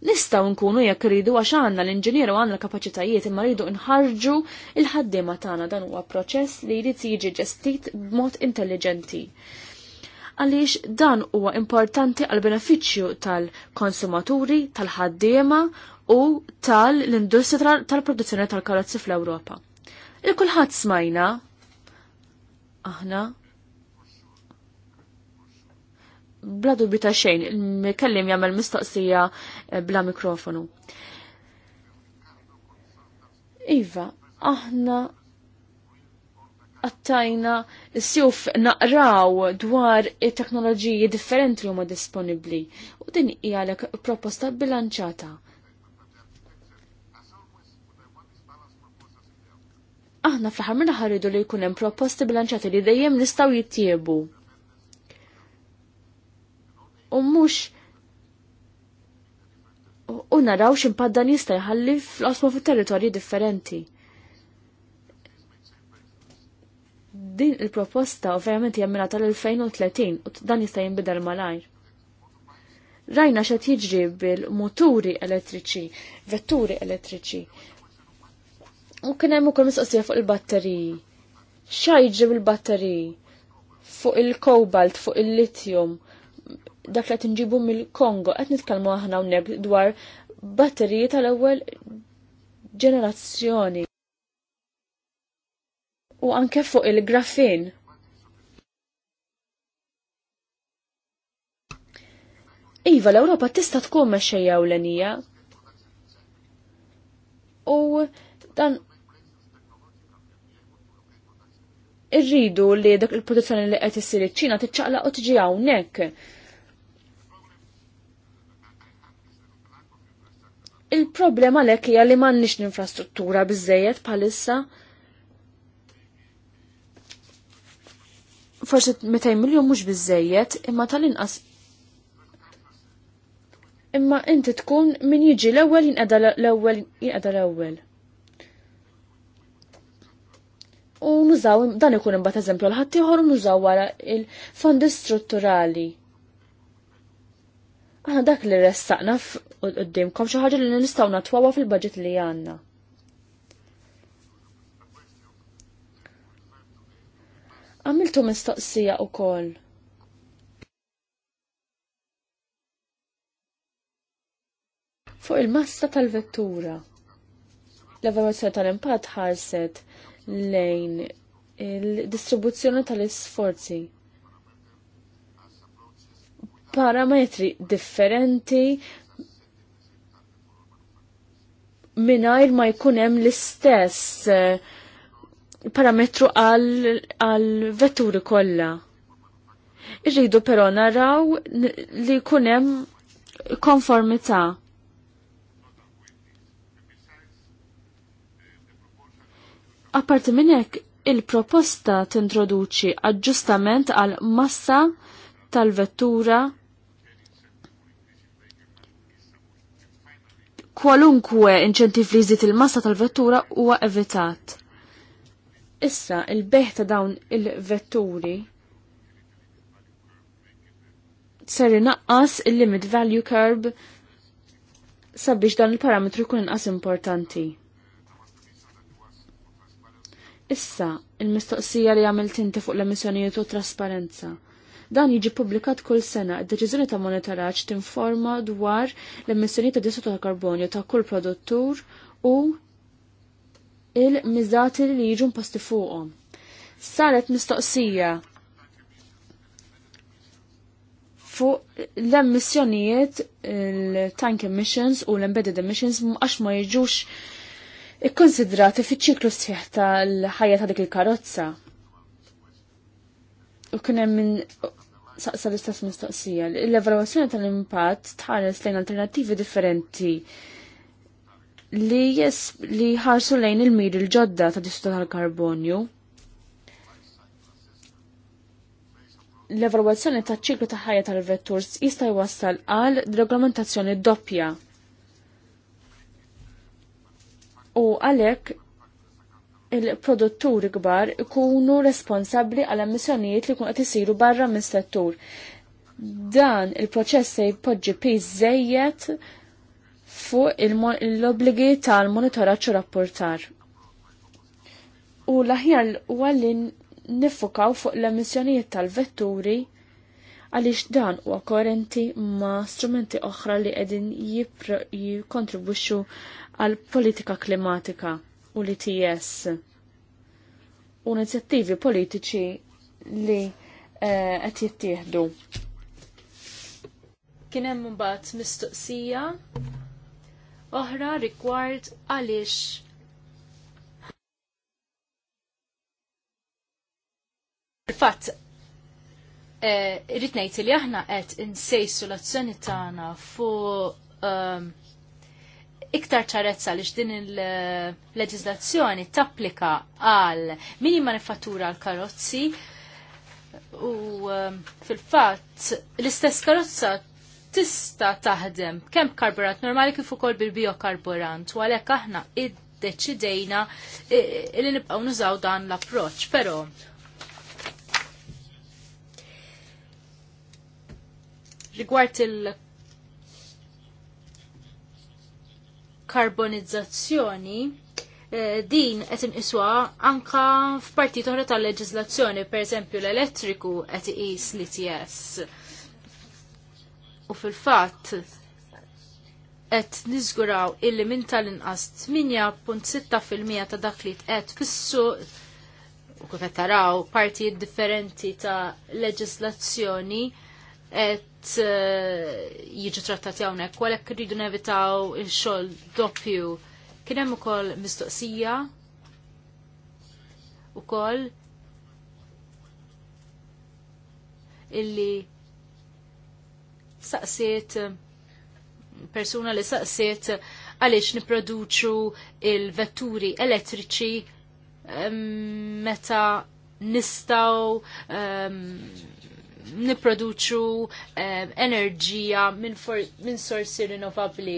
Nistaw nkunu jekk rridu għax għandna l u għandna l-kapaċitajiet imma rridu nħarġu il-ħaddiema tagħna dan huwa proċess li jrid jiġi ġestit b'mod intelligenti għaliex dan huwa importanti għal benefiċċju tal-konsumaturi, tal-ħaddiema u tal-industrija tal-produzzjoni tal-karozzi fl-Ewropa. Il-kulħadd smajna aħna bla dubju ta' xejn, il-kellim jagħmel mistoqsija eh, bla mikrofonu. Iva, aħna għattajna s-sjuf naqraw dwar teknoloġiji differenti li huma disponibli u din hija għalek proposta bilanċata. Aħna fl-ħar minna ħarridu li jkun hemm proposti bilanċati li dejjem nistgħu jittiebu u mhux u naraw x'impatt dan jista' jħalli fl-qosma fit-territorji differenti. Din il-proposta ovvjament hija tal-2030 u dan jista' jinbidel malajr. Rajna xa jiġri bil-muturi elettriċi, vetturi elettriċi. U kien hemm ukoll mistoqsija fuq il-batteriji. Xa jiġri bil-batteriji? Fuq il-kobalt, fuq il-litjum, dak li tinġibu mill-Kongo. Qed nitkellmu aħna hawnhekk dwar batteriji tal-ewwel ġenerazzjoni. U anke fuq il-grafin. Iva, l-Ewropa tista' tkun mexxejja ewlenija. U dan irridu li dak il-produzzjoni li qed issir iċ-Ċina tiċċaqlaq u tiġi hawnhekk Il-problema lek hija li m'għandniex l-infrastruttura biżejjed bħalissa. Forsi 200 miljon mhux biżejjed, imma tal-inqas imma inti tkun min jiġi l-ewwel jinqeda l-ewwel jinqeda l-ewwel. U nużaw dan ikun imbagħad eżempju l ħadd ieħor nużaw wara il-fondi strutturali. Aħna dak li ressaqna qoddimkom xi ħaġa li nistgħu natwawa fil-budget li għandna. Għamiltu mistoqsija wkoll. Fuq il-massa tal-vettura. l evoluzzjoni tal-impatt ħarset lejn il-distribuzzjoni tal-isforzi parametri differenti minajr ma jkunem l-istess eh, parametru għal vetturi kollha. Irridu però naraw li jkunem konformità. Apparti minn hekk, il-proposta tintroduċi aġġustament għal massa tal-vettura kwalunkwe inċentiv li jżid il-massa tal-vettura huwa evitat. Issa, il-beħ ta' dawn il-vetturi ser inaqqas il-limit value curb sabiex dan il-parametru jkun inqas importanti. Issa, il-mistoqsija li għamilt inti fuq l-emissjonijiet u trasparenza. Dan jiġi publikat kull sena. Id-deċiżjoni ta' monitoraġġ tinforma dwar l-emissjoni ta' dissotu ta' karbonju ta' kull produttur u il-miżati li jiġu mposti fuqhom. Saret mistoqsija fuq l-emissjonijiet, il-tank emissions u l-embedded emissions għax ma jiġux ikkonsidrati fi ċiklu sħiħ tal-ħajja ta' dik il-karozza. U kien hemm saqsa l-istess mistoqsija. L-evaluazzjoni tal-impatt tħares lejn alternattivi differenti li jes li ħarsu lejn il-mir il-ġodda ta' distu tal-karbonju. L-evaluazzjoni ta' ċiklu ta' ħajja tal-vettur jista' jwassal għal regolamentazzjoni doppja. U għalhekk il-produtturi kbar ikunu responsabli għal emissjonijiet li kun qed isiru barra minn settur. Dan il-proċess se jpoġġi piżejjed fuq l-obligi tal-monitoraġġ u rapportar. U l-aħjar huwa li nifokaw fuq l-emissjonijiet tal-vetturi għaliex dan huwa koerenti ma' strumenti oħra li qegħdin jikontribwixxu għal politika klimatika u l ts u inizjattivi politiċi li eh, qed jittieħdu. Kien hemm imbagħad mistoqsija oħra rigward għaliex Il-fatt eh, irrid ngħid li aħna qed insejsu l-azzjoni tagħna fuq ehm, iktar ċarezza li din il-leġizlazzjoni tapplika għal min manifattura għal karozzi u um, fil-fatt l-istess karozza tista taħdem kemm karburant normali kif ukoll bil-biokarburant u għalhekk aħna iddeċidejna e, e, li nibqgħu nużaw dan l-approċċ, però rigward il karbonizzazzjoni eh, din qed inqiswa anka f'parti oħra tal-leġiżlazzjoni, pereżempju l-elettriku qed iqis l-ITS. U fil-fatt qed niżguraw illi minn tal-inqas 8.6% ta' dak li tqed fis-suq u kif qed taraw partijiet differenti ta' leġiżlazzjoni et eh, jiġu trattati hawnhekk, għalhekk rridu nevitaw il xol doppju. Kien hemm ukoll mistoqsija ukoll illi saqsiet persuna li saqsiet għaliex niproduċu il-vetturi elettriċi meta nistaw um, niproduċu eh, enerġija minn min sorsi rinnovabli.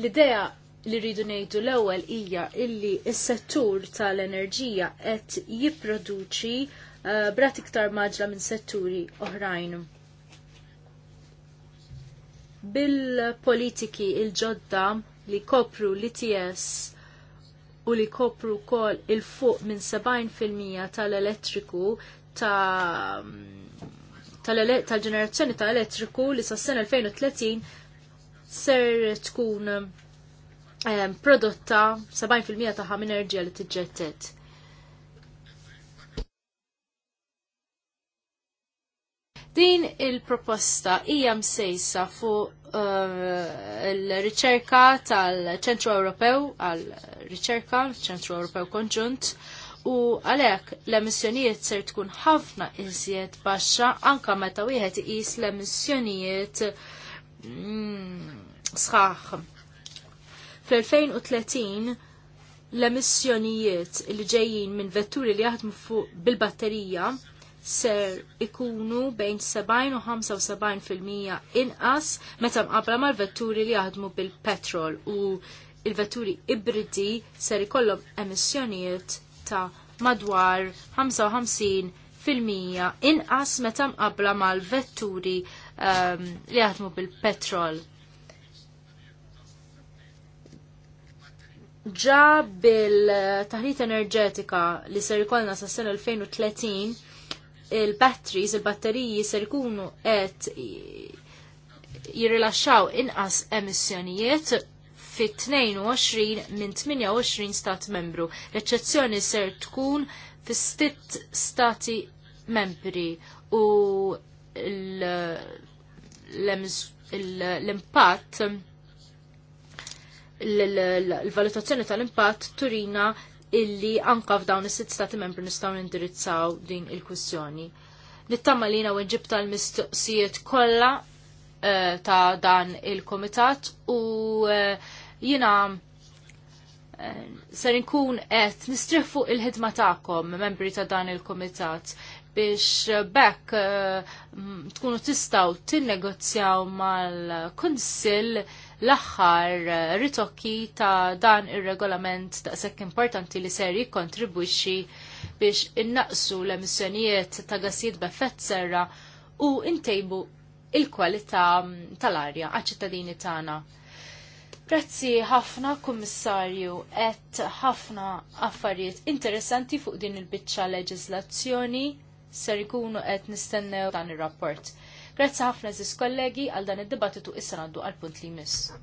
L-idea li rridu ngħidu l-ewwel hija illi s-settur tal-enerġija qed jipproduċi eh, brat iktar maġla minn setturi oħrajn. Bil-politiki il-ġodda li kopru l-ITS u li kopru kol il-fuq minn 70% tal-elettriku ta' tal-ġenerazzjoni ta' elettriku li sa' sena 2030 ser tkun ehm, prodotta 70% ta' ħam enerġija li t-ġettet. Din il-proposta hija msejsa fuq eh, il-riċerka tal-Ċentru Ewropew għal riċerka ċentru Ewropew Konġunt u għalhekk l-emissjonijiet ser tkun ħafna iżjed baxxa anka meta wieħed iqis l-emissjonijiet mm, sħaħ. Fl-2030 l-emissjonijiet li ġejjin minn vetturi li jaħdmu fuq bil-batterija ser ikunu bejn 70 u 75% inqas meta mqabla mal-vetturi li jaħdmu bil-petrol u il-vetturi ibridi ser ikollhom emissjonijiet ta' madwar 55 fil-mija inqas meta mqabla mal-vetturi um, li jaħdmu bil-petrol. Ġa bil taħrit enerġetika li ser ikolna sa' sena 2030, il-batteries, il-batteriji ser ikunu qed jirrilaxxaw inqas emissjonijiet fit-22 minn 28 stat membru. l eċezzjoni ser tkun fi stitt stati membri u l-impatt l-valutazzjoni tal-impatt turina illi anka f'dawn is-sitt stati membri nistgħu nindirizzaw din il-kwistjoni. Nittama li u ġib tal-mistoqsijiet kollha eh, ta' dan il-komitat u eh, Jina eh, ser nkun qed nistrih fuq il-ħidma tagħkom, membri ta' dan il-kumitat, biex bekk eh, tkunu tistaw tinnegozjaw mal-Kunsill l-aħħar eh, ritokki ta' dan ir-regolament ta' sekk importanti li ser jikkontribwixxi biex innaqsu l-emissjonijiet ta' gassijiet b'effett serra u ntejbu il-kwalità mm, tal-arja għaċ-ċittadini tagħna. Grazzi ħafna kummissarju et ħafna affarijiet interessanti fuq din il-biċċa leġislazzjoni ser ikunu qed nistennew dan ir-rapport. Grazzi ħafna ziz kollegi għal dan id-dibattitu issa għaddu għal punt li jmiss.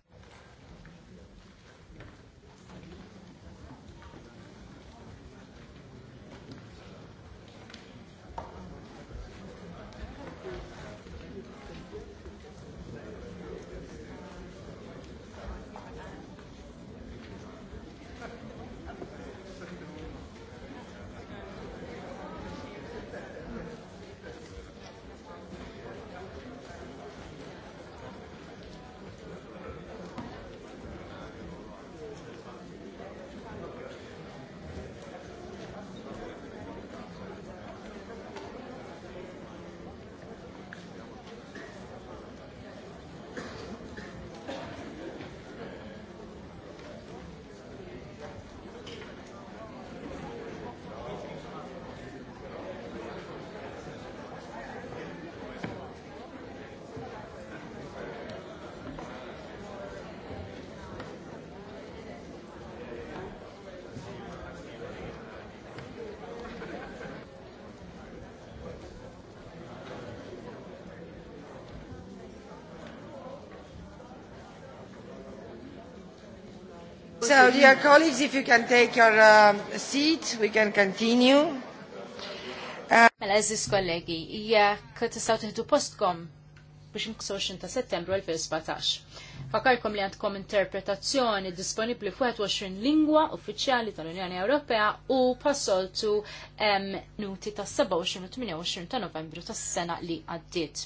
So, dear colleagues, if you can take your uh, seat, we can continue. Uh, mela, eżis kollegi, jekk tistaw tiħdu postkom biex nqsowx ta' settembru 2017. Fakarkom li għandkom interpretazzjoni disponibli f'21 lingwa uffiċjali tal-Unjoni Ewropea u passoltu nuti ta' 27 u 28 ta' novembru tas sena li għaddiet.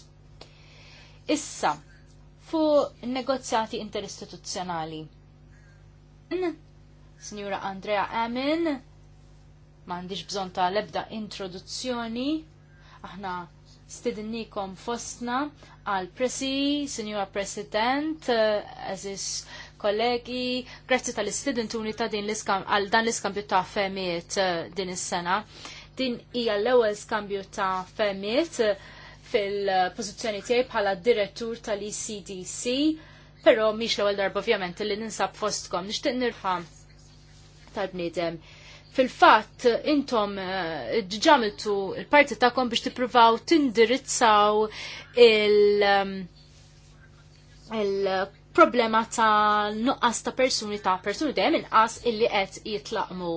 Issa, fu negozjati interistituzzjonali Signora Andrea Amin, m'għandix bżon ta' lebda introduzzjoni, aħna stidinnikom fostna għal presi, Signora President, eżis kollegi, grazzi tal-istidentuni ta' din l-iskam, għal dan l-iskambju ta' femiet eh, din is-sena. Din hija l-ewwel skambju ta' femiet eh, fil-pożizzjoni eh, tiegħi bħala direttur tal-ECDC Però miex l-ewwel darba ovvjament li ninsab fostkom nixtieq nirħam tal-bniedem. Fil-fatt intom eh, ġġamiltu il-parti tagħkom biex tippruvaw tindirizzaw il- ehm, il-problema ta' nuqqas ta' persuni ta' persuni dejjem inqas illi qed jitlaqmu.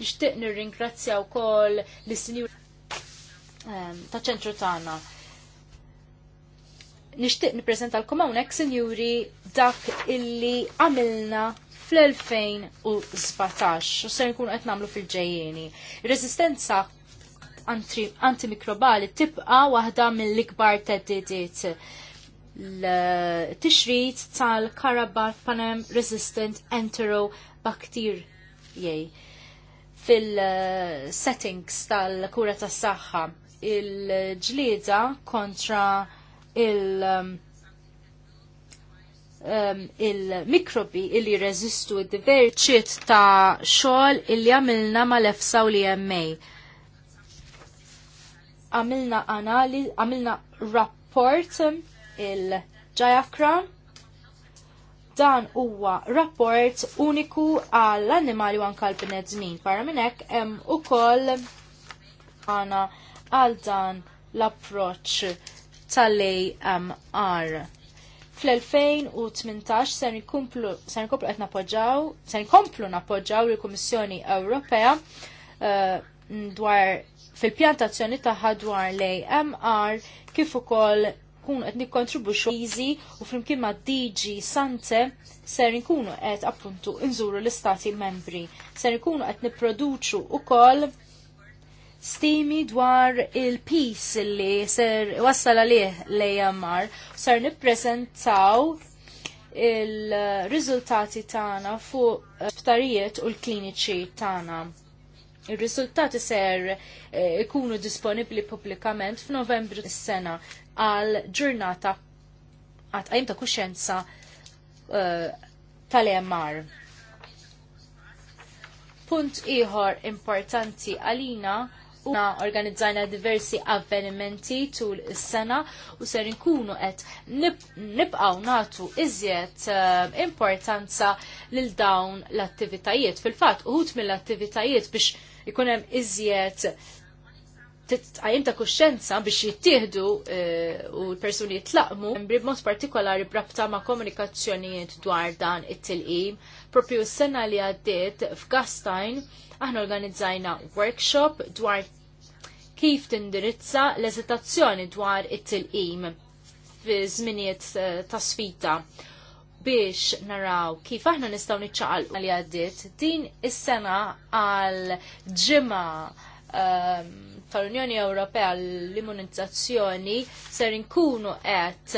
Nixtieq nirringrazzjaw ukoll lis-sinjur ehm, ta' ċentru tagħna Nixtieq niprezentalkom hawnhekk sinjuri dak illi għamilna fl-2017 u se nkun qed nagħmlu fil-ġejjeni. Resistenza antimikrobali tibqa waħda mill-ikbar teddidiet l-tixrid tal Panem Resistant Enterobacteriae fil-settings tal-kura tas-saħħa il-ġlieda kontra il- um, um, il-mikrobi illi reżistu id-diverċiet ta' xogħol illi għamilna mal-EFSA u l-EMA. Għamilna anali, għamilna rapport um, il-ġajafkra dan huwa rapport uniku għall annimali u anka l-bnedmin. Barra minn hekk hemm ukoll għana għal dan l-approċċ tal-AMR. Fl-2018 se nkomplu qed napoġġaw, se nkomplu napoġġaw il-Kummissjoni Ewropea eh, dwar fil-pjantazzjoni tagħha dwar l-AMR kif ukoll kunu qed nikkontribwixxu easy u flimkien ma' DG Sante ser ikunu qed appuntu nżuru l-istati membri. Ser ikunu qed nipproduċu ukoll stimi dwar il peace li ser wassal għalih l-AMR ser nippreżentaw il-riżultati tagħna fuq sptarijiet u l-kliniċi tagħna. Ir-riżultati ser eh, ikunu disponibbli pubblikament f'Novembru s-sena għal ġurnata għatqajm ta' kuxenza uh, eh, tal-EMR. Punt ieħor importanti għalina Na organizzajna diversi avvenimenti tul is-sena u ser inkunu qed nibqgħu nagħtu iżjed eh, importanza lil dawn l-attivitajiet. Fil-fatt uħut mill-attivitajiet biex ikun hemm iżjed titqajjim ta' kuxenza biex jittieħdu eh, u l-persuni jitlaqmu b'mod partikolari brabta ma' komunikazzjonijiet dwar dan it-tilqim. Propju s-sena li għaddiet f'Gastajn aħna organizzajna workshop dwar kif tindirizza l-eżitazzjoni dwar it-tilqim fi żminijiet eh, ta' sfida biex naraw kif aħna nistgħu niċċaqal li għaddiet din is-sena għal ġimgħa ehm, tal-Unjoni Ewropea l-immunizzazzjoni ser inkunu qed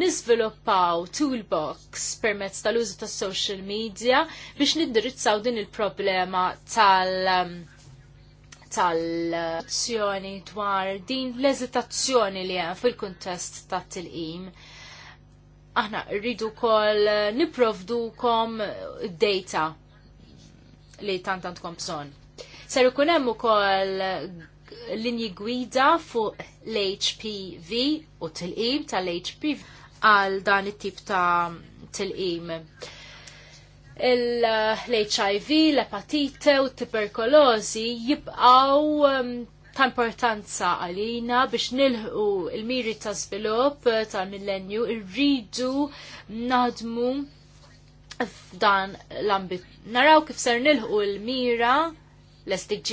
niżviluppaw toolbox permezz tal-użu tas-social media biex nindirizzaw din il-problema tal- um, tal-azzjoni dwar din l-eżitazzjoni li hemm fil-kuntest tat-tilqim aħna rridu kol niprovdukom data li tant għandkom bżon. Ser ikun hemm ukoll linji gwida fuq l-HPV u til im tal-HPV għal dan it-tip ta' til im L-HIV, l-epatite u t tuberkulozi jibqaw um, ta' importanza għalina biex nilħu il-miri ta' svilup uh, tal-millenju irridu nadmu f'dan l-ambit. Naraw kif ser nilħu il-mira l-SDG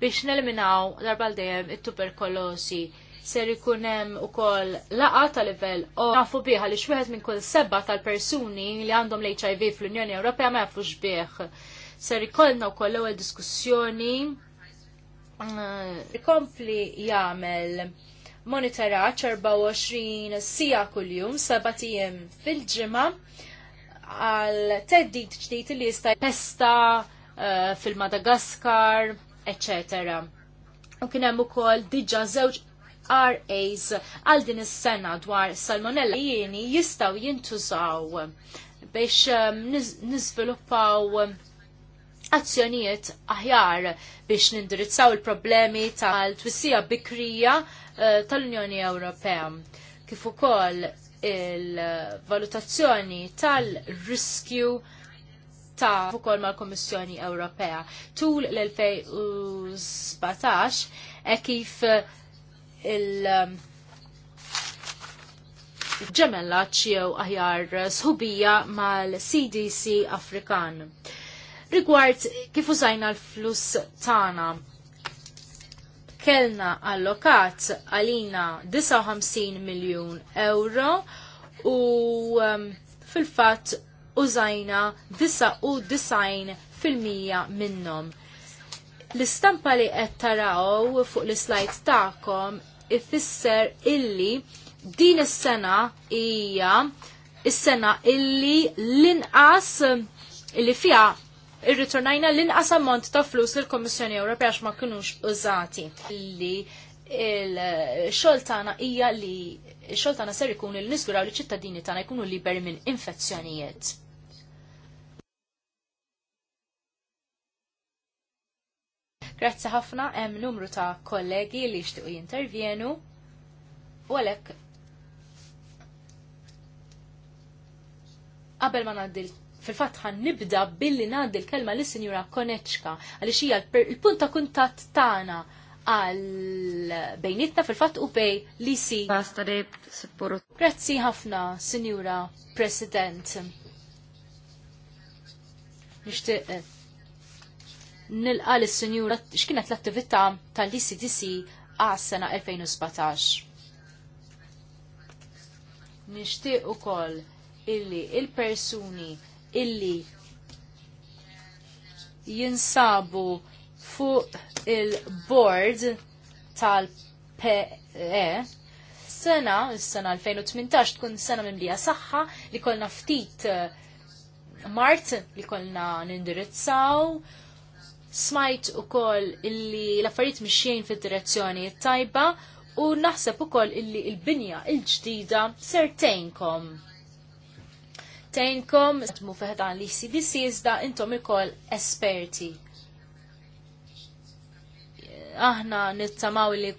biex neliminaw darba dejjem it-tuberkulosi ser ikun hemm ukoll laqa ta' livell o nafu bih li xwieħed minn kull seba tal-persuni li għandhom l-HIV fl-Unjoni Ewropea ma jafux bih. Ser ikollna wkoll l-ewwel diskussjoni eh, ikompli jagħmel monitoraġġ 24 sija kuljum seba' tiem fil-ġimgħa għal teddid ġdid li jista' pesta eh, fil-Madagaskar, etc. U kien hemm ukoll diġà żewġ RAs għal din is-sena dwar salmonella jieni jistgħu jintużaw biex ehm, niżviluppaw azzjonijiet aħjar biex nindirizzaw il-problemi tal-twissija bikrija eh, tal-Unjoni Ewropea. Kif ukoll il-valutazzjoni tal-riskju ta' ukoll mal-Kommissjoni Ewropea tul l-2017 e kif eh, il- um, ġemella ċiew aħjar sħubija mal-CDC Afrikan. Rigward kif użajna l-flus tagħna kellna allokat għalina 59 miljun euro u um, fil-fatt użajna 99 fil-mija minnhom. L-istampa li qed taraw fuq l-slide tagħkom ifisser illi din is-sena hija is-sena illi l-inqas illi fiha irritornajna l-inqas ammont ta' flus il kommissjoni Ewropea għax ma kinux użati. illi il xoltana hija li x ser ikun il-nisguraw li ċittadini tagħna jkunu liberi minn infezzjonijiet. Grazzi ħafna hemm numru ta' kollegi li jixtiequ jintervjenu u għalhekk qabel ma ngħaddi fil-fatt ħan nibda billi ngħaddi l-kelma lis sinjura Koneċka għaliex hija l-punt ta' kuntatt tagħna għal bejnietna fil-fatt u bej li si. Grazzi ħafna, Sinjura President. Nixtieq eh, nilqa l sinjur x'kienet l-attività tal icdc għas sena 2017. Nixtieq ukoll illi il-persuni illi jinsabu fuq il-board tal-PE sena, s-sena 2018 tkun sena mimlija saħħa li kolna ftit eh, mart li kolna nindirizzaw smajt ukoll illi l-affarijiet fil fid-direzzjoni tajba u naħseb ukoll illi il-binja il-ġdida ser tejnkom. Tejnkom tmu feħdan li CDC iżda intom ukoll esperti. Aħna nittamaw li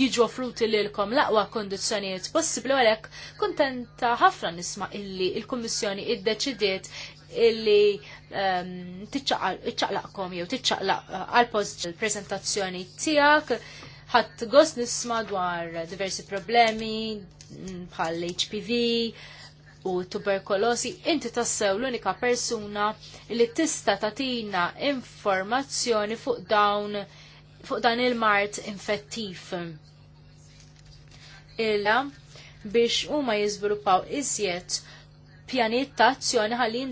jiġu fruti lilkom l laqwa kondizjoniet possibli għalek kontenta ħafna nisma illi il-Kommissjoni id-deċidiet illi ehm, tiċċaqlaqkom jew tiċċaqlaq eh, għal-post il-prezentazzjoni tiegħek ħadd gost nisma dwar diversi problemi mm, bħal HPV u tuberkulosi, inti tassew l-unika persuna li tista' tatina informazzjoni fuq dawn fuq dan il-mart infettiv. Illa biex huma jiżviluppaw iżjed pjaniet ta' azzjoni ħalli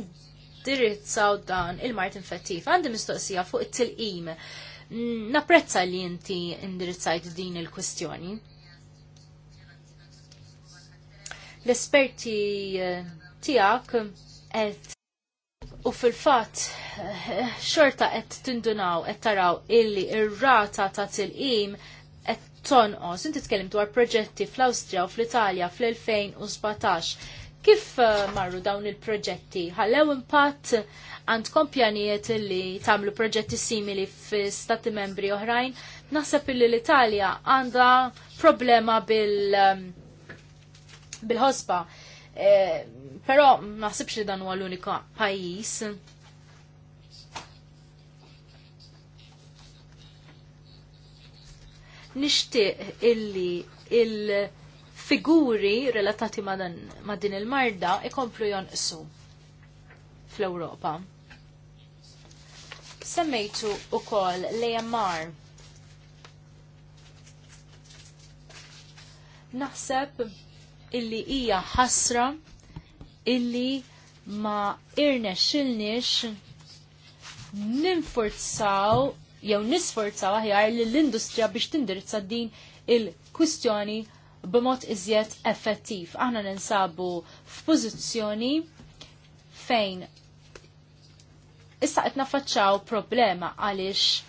nindirizzaw dan il-mart infettiv. Għandi mistoqsija fuq it-tilqim. Napprezza li inti indirizzajt din il-kwestjoni. L-esperti eh, tijak et u fil-fat eh, xorta et tindunaw et taraw illi ir-rata ta' tilqim et tonqos. Inti tkellim dwar proġetti fl austria u fl-Italja fl-2017 Kif eh, marru dawn il-proġetti? Għallew impatt għandkom pjanijiet li tagħmlu proġetti simili Stati membri oħrajn. Naħseb li l-Italja għandha problema bil ehm, ħosba Pero eh, però naħsibx li dan huwa l-unika pajjiż. Nixtieq illi il- figuri relatati ma' din il-marda ikomplu jonqsu fl-Ewropa. Semmejtu u kol l-AMR. Naħseb illi hija ħasra illi ma irnexxilniex ninforzaw jew nisforzaw aħjar l industrija biex tindirizza din il-kwistjoni b'mod iżjed effettiv. Aħna ninsabu f'pożizzjoni fejn issa qed nafaċċaw problema għaliex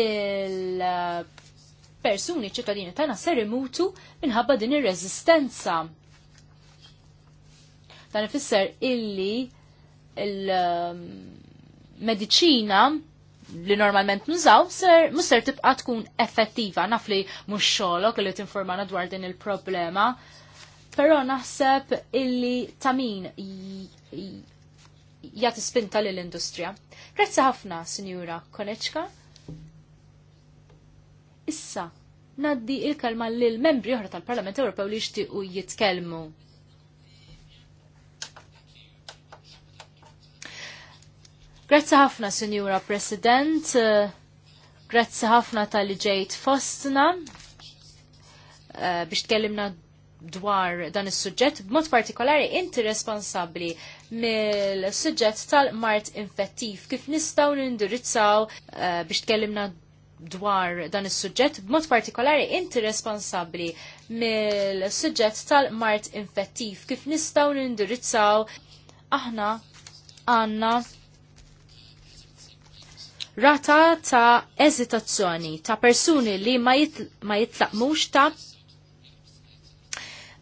il-persuni ċittadini tagħna ser imutu minħabba din ir-reżistenza. Dan ifisser illi il-medicina il mediċina um, il medicina li normalment nużaw, ser, muster tibqa tkun effettiva, naf li mux xolok li tinformana dwar din il-problema, pero naħseb illi tamin jgħat spinta li l-industrija. Grazzi ħafna, signora Koneċka. Issa, naddi il-kelma l membri oħra tal-Parlament Ewropew li jixtiequ jitkellmu. Grazzi ħafna, Sinjura President. Eh, grazzi ħafna tal-li ġejt fostna eh, biex tkellimna dwar dan is-suġġett b'mod partikolari inti responsabbli mill-suġġett tal-mart infettiv kif nistgħu nindirizzaw eh, biex tkellimna dwar dan is-suġġett b'mod partikolari inti responsabbli mill-suġġett tal-mart infettiv kif nistgħu nindirizzaw aħna għandna rata ta' eżitazzjoni ta' persuni li ma, jitl ma jitlaqmux ta'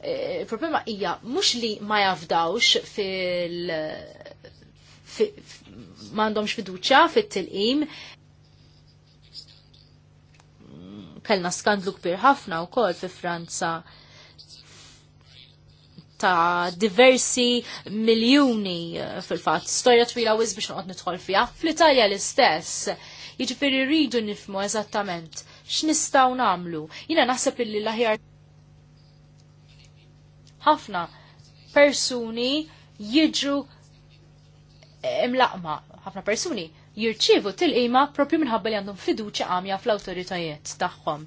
eh, il problema hija mhux li ma jafdawx fil m'għandhomx fiduċja fit-tilqim mm, kellna skandlu kbir ħafna wkoll fi Franza ta' diversi miljuni eh, fil-fat. Storja twila wiz biex noqgħod nidħol fiha. Fl-Italja l-istess. Jiġifieri rridu nifmu eżattament x'nistgħu nagħmlu. Jiena naħseb illi l-aħjar ħafna persuni jiġu imlaqma, ħafna persuni jirċivu til-qima propju minħabba li għandhom fiduċi għamja fl-autoritajiet tagħhom.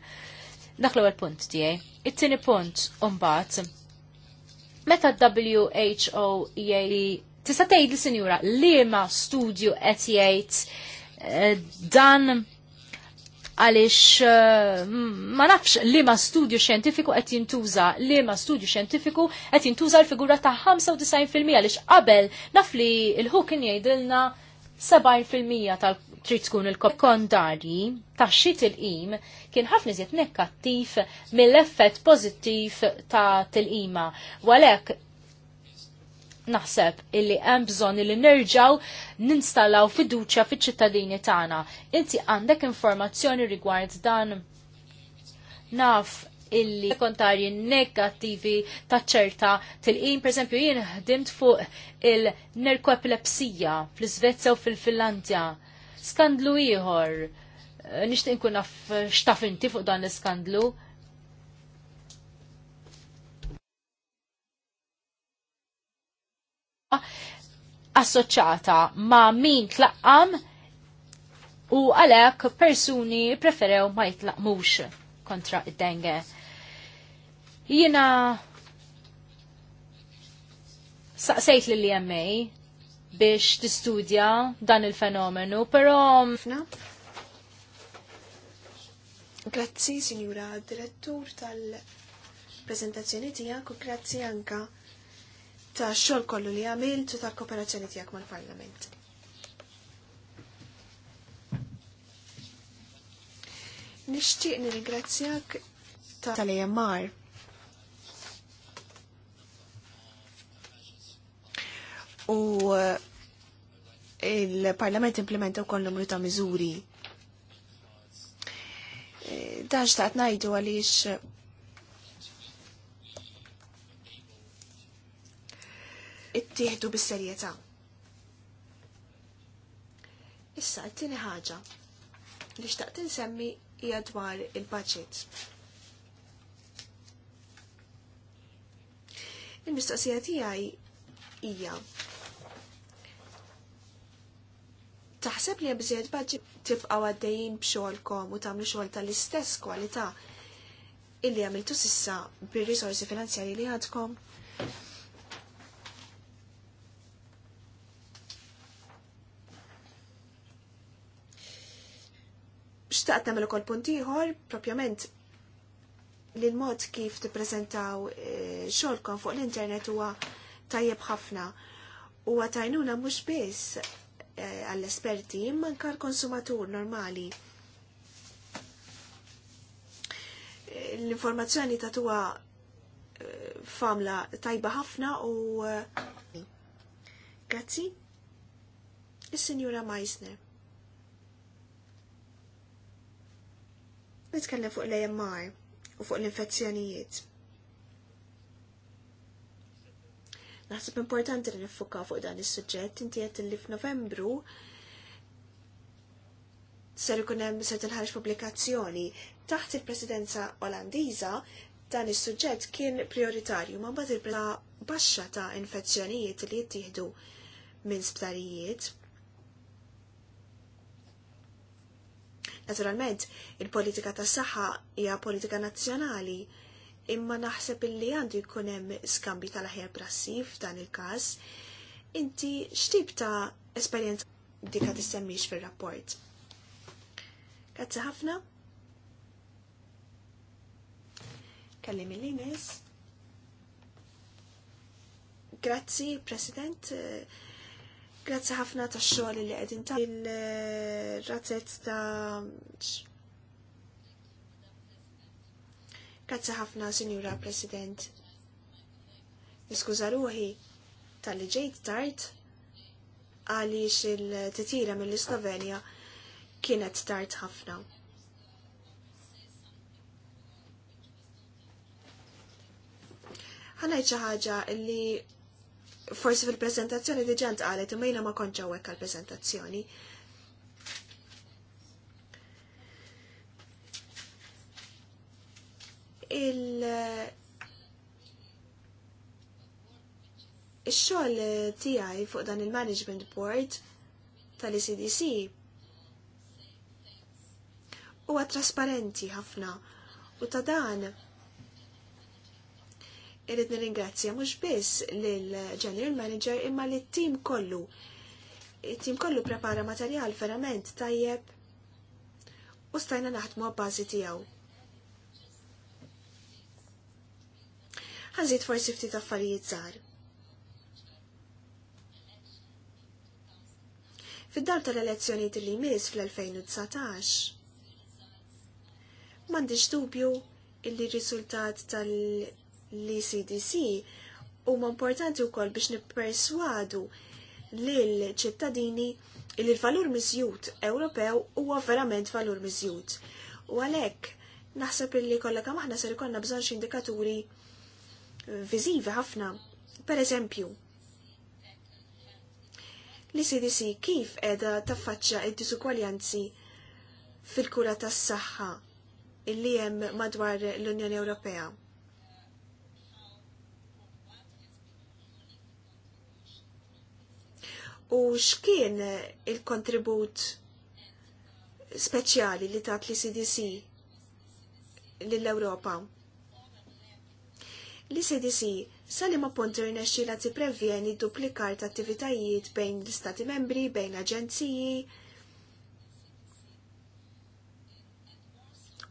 Dak l-ewwel punt tiegħi. It-tieni punt mbagħad Meta WHO jgħi e tista' tgħid li sinjura liema studju qed jgħid eh, dan għaliex eh, ma nafx liema studju xjentifiku qed jintuża liema studju xjentifiku qed jintuża l-figura ta' 95% għaliex qabel naf li l-ħu kien jgħidilna 70% tal trid tkun il ta' xit il-qim kien ħafna iżjed nekkattiv mill-effett pożittiv ta' til-qima. Walek naħseb illi hemm bżonn li nerġgħu ninstallaw fiduċja fiċ-ċittadini tagħna. Inti għandek informazzjoni rigward dan naf illi kontarji negattivi ta' ċerta til-qim, per esempio, jien ħdimt fuq il-nerkoepilepsija fl-Svezja u fil-Finlandja. fil finlandja Skandlu ieħor, eh, nixtieq nkun naf x'taf inti fuq dan l-iskandlu. Ah, assoċjata ma' min tlaqqam u għalek persuni preferew ma jitlaqmux kontra id-denge. Jina saqsejt li l-EMA biex tistudja dan il-fenomenu, però. Um, grazzi, Signora Direttur, tal-prezentazzjoni tijak u grazzi anka ta' xol kollu li għamilt u ta' kooperazzjoni tijak mal-Parlament. Nishtiq nirringrazzjak ta' tal-EMR u eh, il-Parlament implementa wkoll numru ta' miżuri. Eh, Dan xtaqt ngħidu għaliex ittieħdu bis-serjetà. Issa t-tieni ħaġa li xtaqt insemmi hija dwar il-budget. Il-mistoqsija tiegħi hija Taħseb li bżiet baġi tibqa' għaddejjin b'xogħolkom u tagħmlu xogħol tal-istess kwalità illi għamiltu sissa bir-risorsi finanzjarji li għadkom. Xtaqt nagħmel ukoll punt ieħor, propjament l-mod kif tippreżentaw eh, xogħolkom fuq l-internet huwa tajjeb ħafna u għatajnuna mhux biss Eh, għall-esperti imma anke l-konsumatur normali. Eh, l-informazzjoni ta' tua eh, famla tajba ħafna u grazzi is-Sinjura Meisner. Nitkellem fuq l-AMR u fuq l-infezzjonijiet. Naħseb importanti li nifukka fuq dan is-suġġett inti qed li f'Novembru ser ikun hemm se tilħarx pubblikazzjoni taħt il-Presidenza Olandiża dan is-suġġett kien prioritarju ma mbagħad il baxxa ta' infezzjonijiet li jittieħdu minn sptarijiet. Naturalment, il-politika tas saħħa hija politika nazzjonali imma naħseb illi għandu jkun hemm skambi tal-aħjar prassi f'dan il-każ. Inti x'tip ta' esperjenza dika tissemmix fir-rapport? Grazzi ħafna. Kellim il-limes. Grazzi, President. Grazzi ħafna tax xogħol li qegħdin ta' il-razzett ta' Grazzi ħafna, Signora President. Niskuża ruħi tal-li ġejt tard għaliex il-titira mill-Slovenja kienet tard ħafna. ħanajt xi ħaġa li forsi fil-prezentazzjoni diġant għalet imma mejna ma konċawek għal-prezentazzjoni. il il-xogħol tiegħi fuq dan il-management board tal-ICDC huwa trasparenti ħafna u ta' dan irrid nirringrazzja mhux biss lil general manager imma t tim kollu. It-tim kollu prepara materjal verament tajjeb u stajna naħdmu għabbażi tiegħu. ħażid forsi ftit affarijiet żgħar. Fid-dar tal-elezzjonijiet li jmiss fl-2019, m'għandix dubju illi riżultat tal-ECDC huma importanti wkoll biex nipperswadu lil ċittadini illi l-valur miżjud Ewropew huwa verament valur miżjud. U għalhekk naħseb illi kollha kemm aħna ser ikollna bżonn xi indikaturi viżivi ħafna. Per eżempju, l-CDC kif edha taffaċċa id-disukwaljanzi fil-kura tas-saħħa illi hemm madwar l-Unjoni Ewropea. U x'kien il-kontribut speċjali li tat li CDC lill-Ewropa? L-CDC sali ma punt ti prevjeni duplikar ta' attivitajiet bejn l-Istati membri, bejn aġenziji.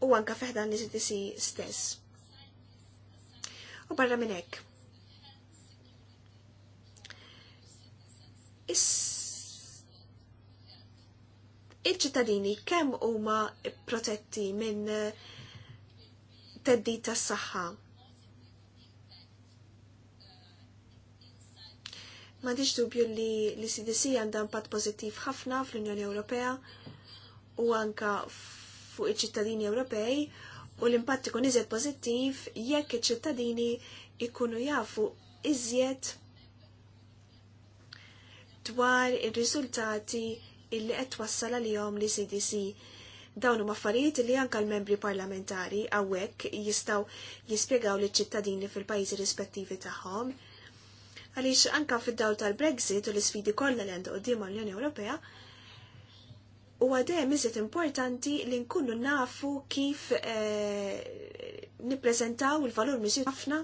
U anka feħdan l-CDC stess. U barra minn hekk. il-ċittadini kemm huma protetti minn teddi tas-saħħa M'għandix dubju li l-CDC għandha impatt pozittiv ħafna fl-Unjoni Ewropea u anka fuq iċ-ċittadini Ewropej u l-impatt ikun iżjed pożittiv jekk iċ-ċittadini ikunu jafu iżjed dwar ir-riżultati illi qed wassal għalihom li CDC. Dawn huma affarijiet li anke l-membri parlamentari hawnhekk jistgħu jispjegaw liċ ċittadini fil-pajjiżi rispettivi tagħhom għaliex anka fid-dawl tal-Brexit u l-isfidi kollha li għandha quddiem l-Unjoni Ewropea, u għadem iżiet importanti li nkunu nafu kif eh, nippreżentaw il-valur miżjud ħafna.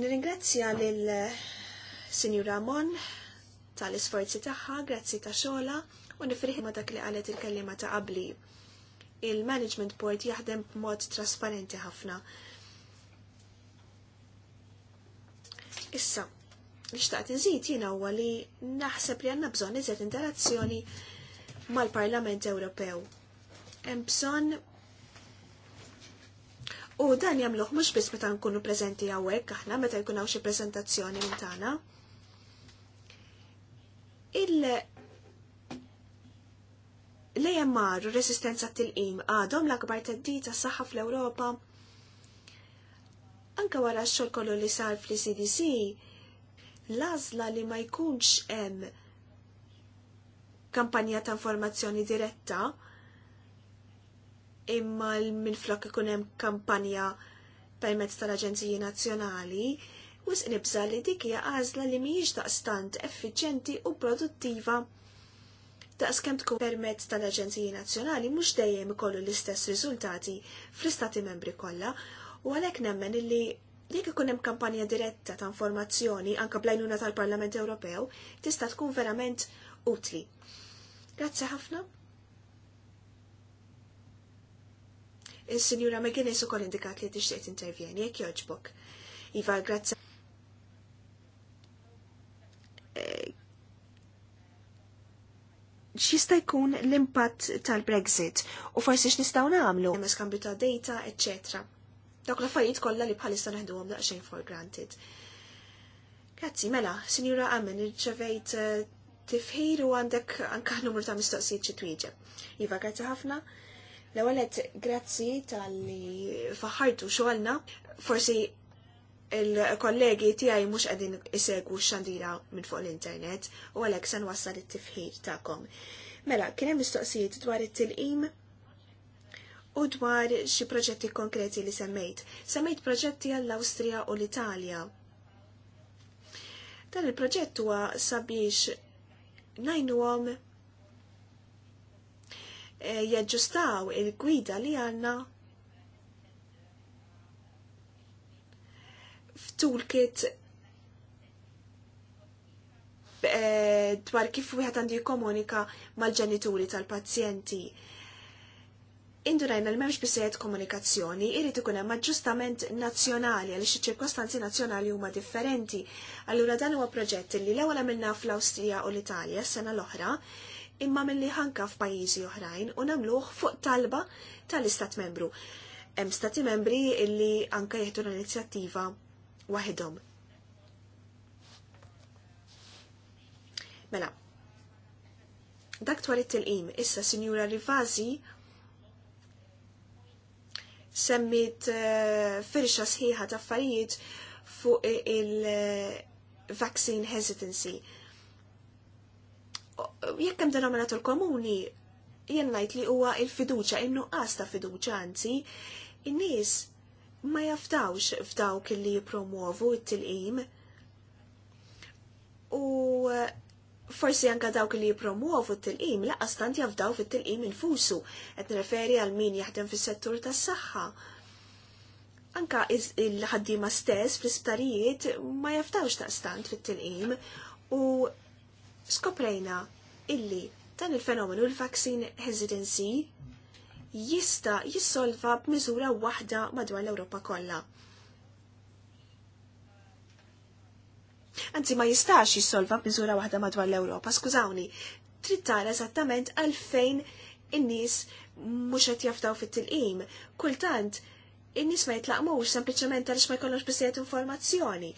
Nirringrazzja lil eh, Sinjur Ramon tal-isforzi tagħha, grazzi ta' xogħla u nifriħi ma dak li qalet il-kellima ta' qabli. Il-Management Board jaħdem b'mod trasparenti ħafna Issa, nishtaqt nżid jina huwa li naħseb li għandna bżonn iżed interazzjoni mal-Parlament Ewropew. Hemm bżonn U dan jagħmluh mhux biss meta nkunu preżenti hawnhekk aħna meta jkun hawn xi preżentazzjoni minn tagħna. Il l marru u resistenza t-tilqim għadhom l-akbar teddita saħħa fl-Ewropa Anka wara x-xogħol kollu li sar fl-CDC, l-għażla li ma jkunx hemm kampanja ta' informazzjoni diretta, imma minflok ikun hemm kampanja permezz tal-Aġenziji Nazzjonali, wis nibża li dik hija għażla li mhijiex stant effiċenti u produttiva skemt tkun permezz tal-Aġenziji Nazzjonali mhux dejjem ikollu l-istess riżultati fl-Istati Membri kollha U għalhekk nemmen illi jekk ikun hemm kampanja diretta ta' informazzjoni anke blajnuna tal-Parlament Ewropew tista' tkun verament utli. Grazzi ħafna. Is-Sinjura McGuinness ukoll indikat li tixtieq intervjeni jekk jogħġbok. Iva, grazzi. Eh, xista jkun l-impatt tal-Brexit u forsi x'nistgħu nagħmlu hemm skambju ta' data, eċċetra. Dak l-affarijiet kollha li bħalissa għom daqsxejn for granted. Grazzi, mela, Sinjura Amen, irċevejt eh, tifħir u għandek anka numru ta' mistoqsijiet xi twieġeb. Iva, grazzi ħafna. l għalet, grazzi tal-li faħartu xogħolna. Forsi il-kollegi tiegħi mhux qegħdin isegu xandira minn fuq l-internet u għalhekk se wassal it-tifħir tagħkom. Mela, kien hemm mistoqsijiet dwar it-tilqim u dwar xi proġetti konkreti li semmejt. Semmejt proġetti għall-Awstrija u l-Italja. Dan il-proġett huwa sabiex ngħinuhom, e, jaġġustaw il-gwida li għanna f'toolkit e, dwar kif wieħed għandu jikkomunika mal-ġenituri tal-pazjenti indurajna li memx bisejet komunikazzjoni, irrit ikun hemm aġġustament nazzjonali għaliex iċ-ċirkostanzi nazzjonali huma differenti. Allura dan huwa proġett li l-ewwel għamilna fl-Awstrija u l-Italja s-sena l-oħra, imma milli ħanka f'pajjiżi oħrajn u nagħmluh fuq talba tal-Istat Membru. Hemm stati membri illi anka jieħdu l-inizjattiva waħedhom. Mela, dak dwar it-tilqim, issa Sinjura Rivazi semmit eh, firxa sħiħa ta' affarijiet fuq il-vaccine hesitancy. Jekk hemm denominator komuni, jien ngħid li huwa il-fiduċa, in-nuqqas ta' fiduċa anzi, in-nies ma jaftawx f'dawk li jipromuovu t-tilqim u eh, Forsi anka dawk li jipromuovu t-tilqim laqqa stant jafdaw fit-tilqim infusu, qed nirreferi għal min jaħdem fis-settur tas-saħħa. Anka il-ħaddiema stess fl-isptarijiet ma jafdawx taqstant fit-tilqim u skoprejna illi dan il-fenomenu l-vaccine hesitancy jista jissolva b'miżura waħda madwar l-Ewropa kollha. anzi ma jistax jissolva b'miżura waħda madwar l-Ewropa, skużawni, trid tara eżattament għalfejn in-nies mhux qed jaftaw fit-tilqim. Kultant, in-nies ma jitlaqmux sempliċement għaliex ma jkollhomx biżejjed informazzjoni.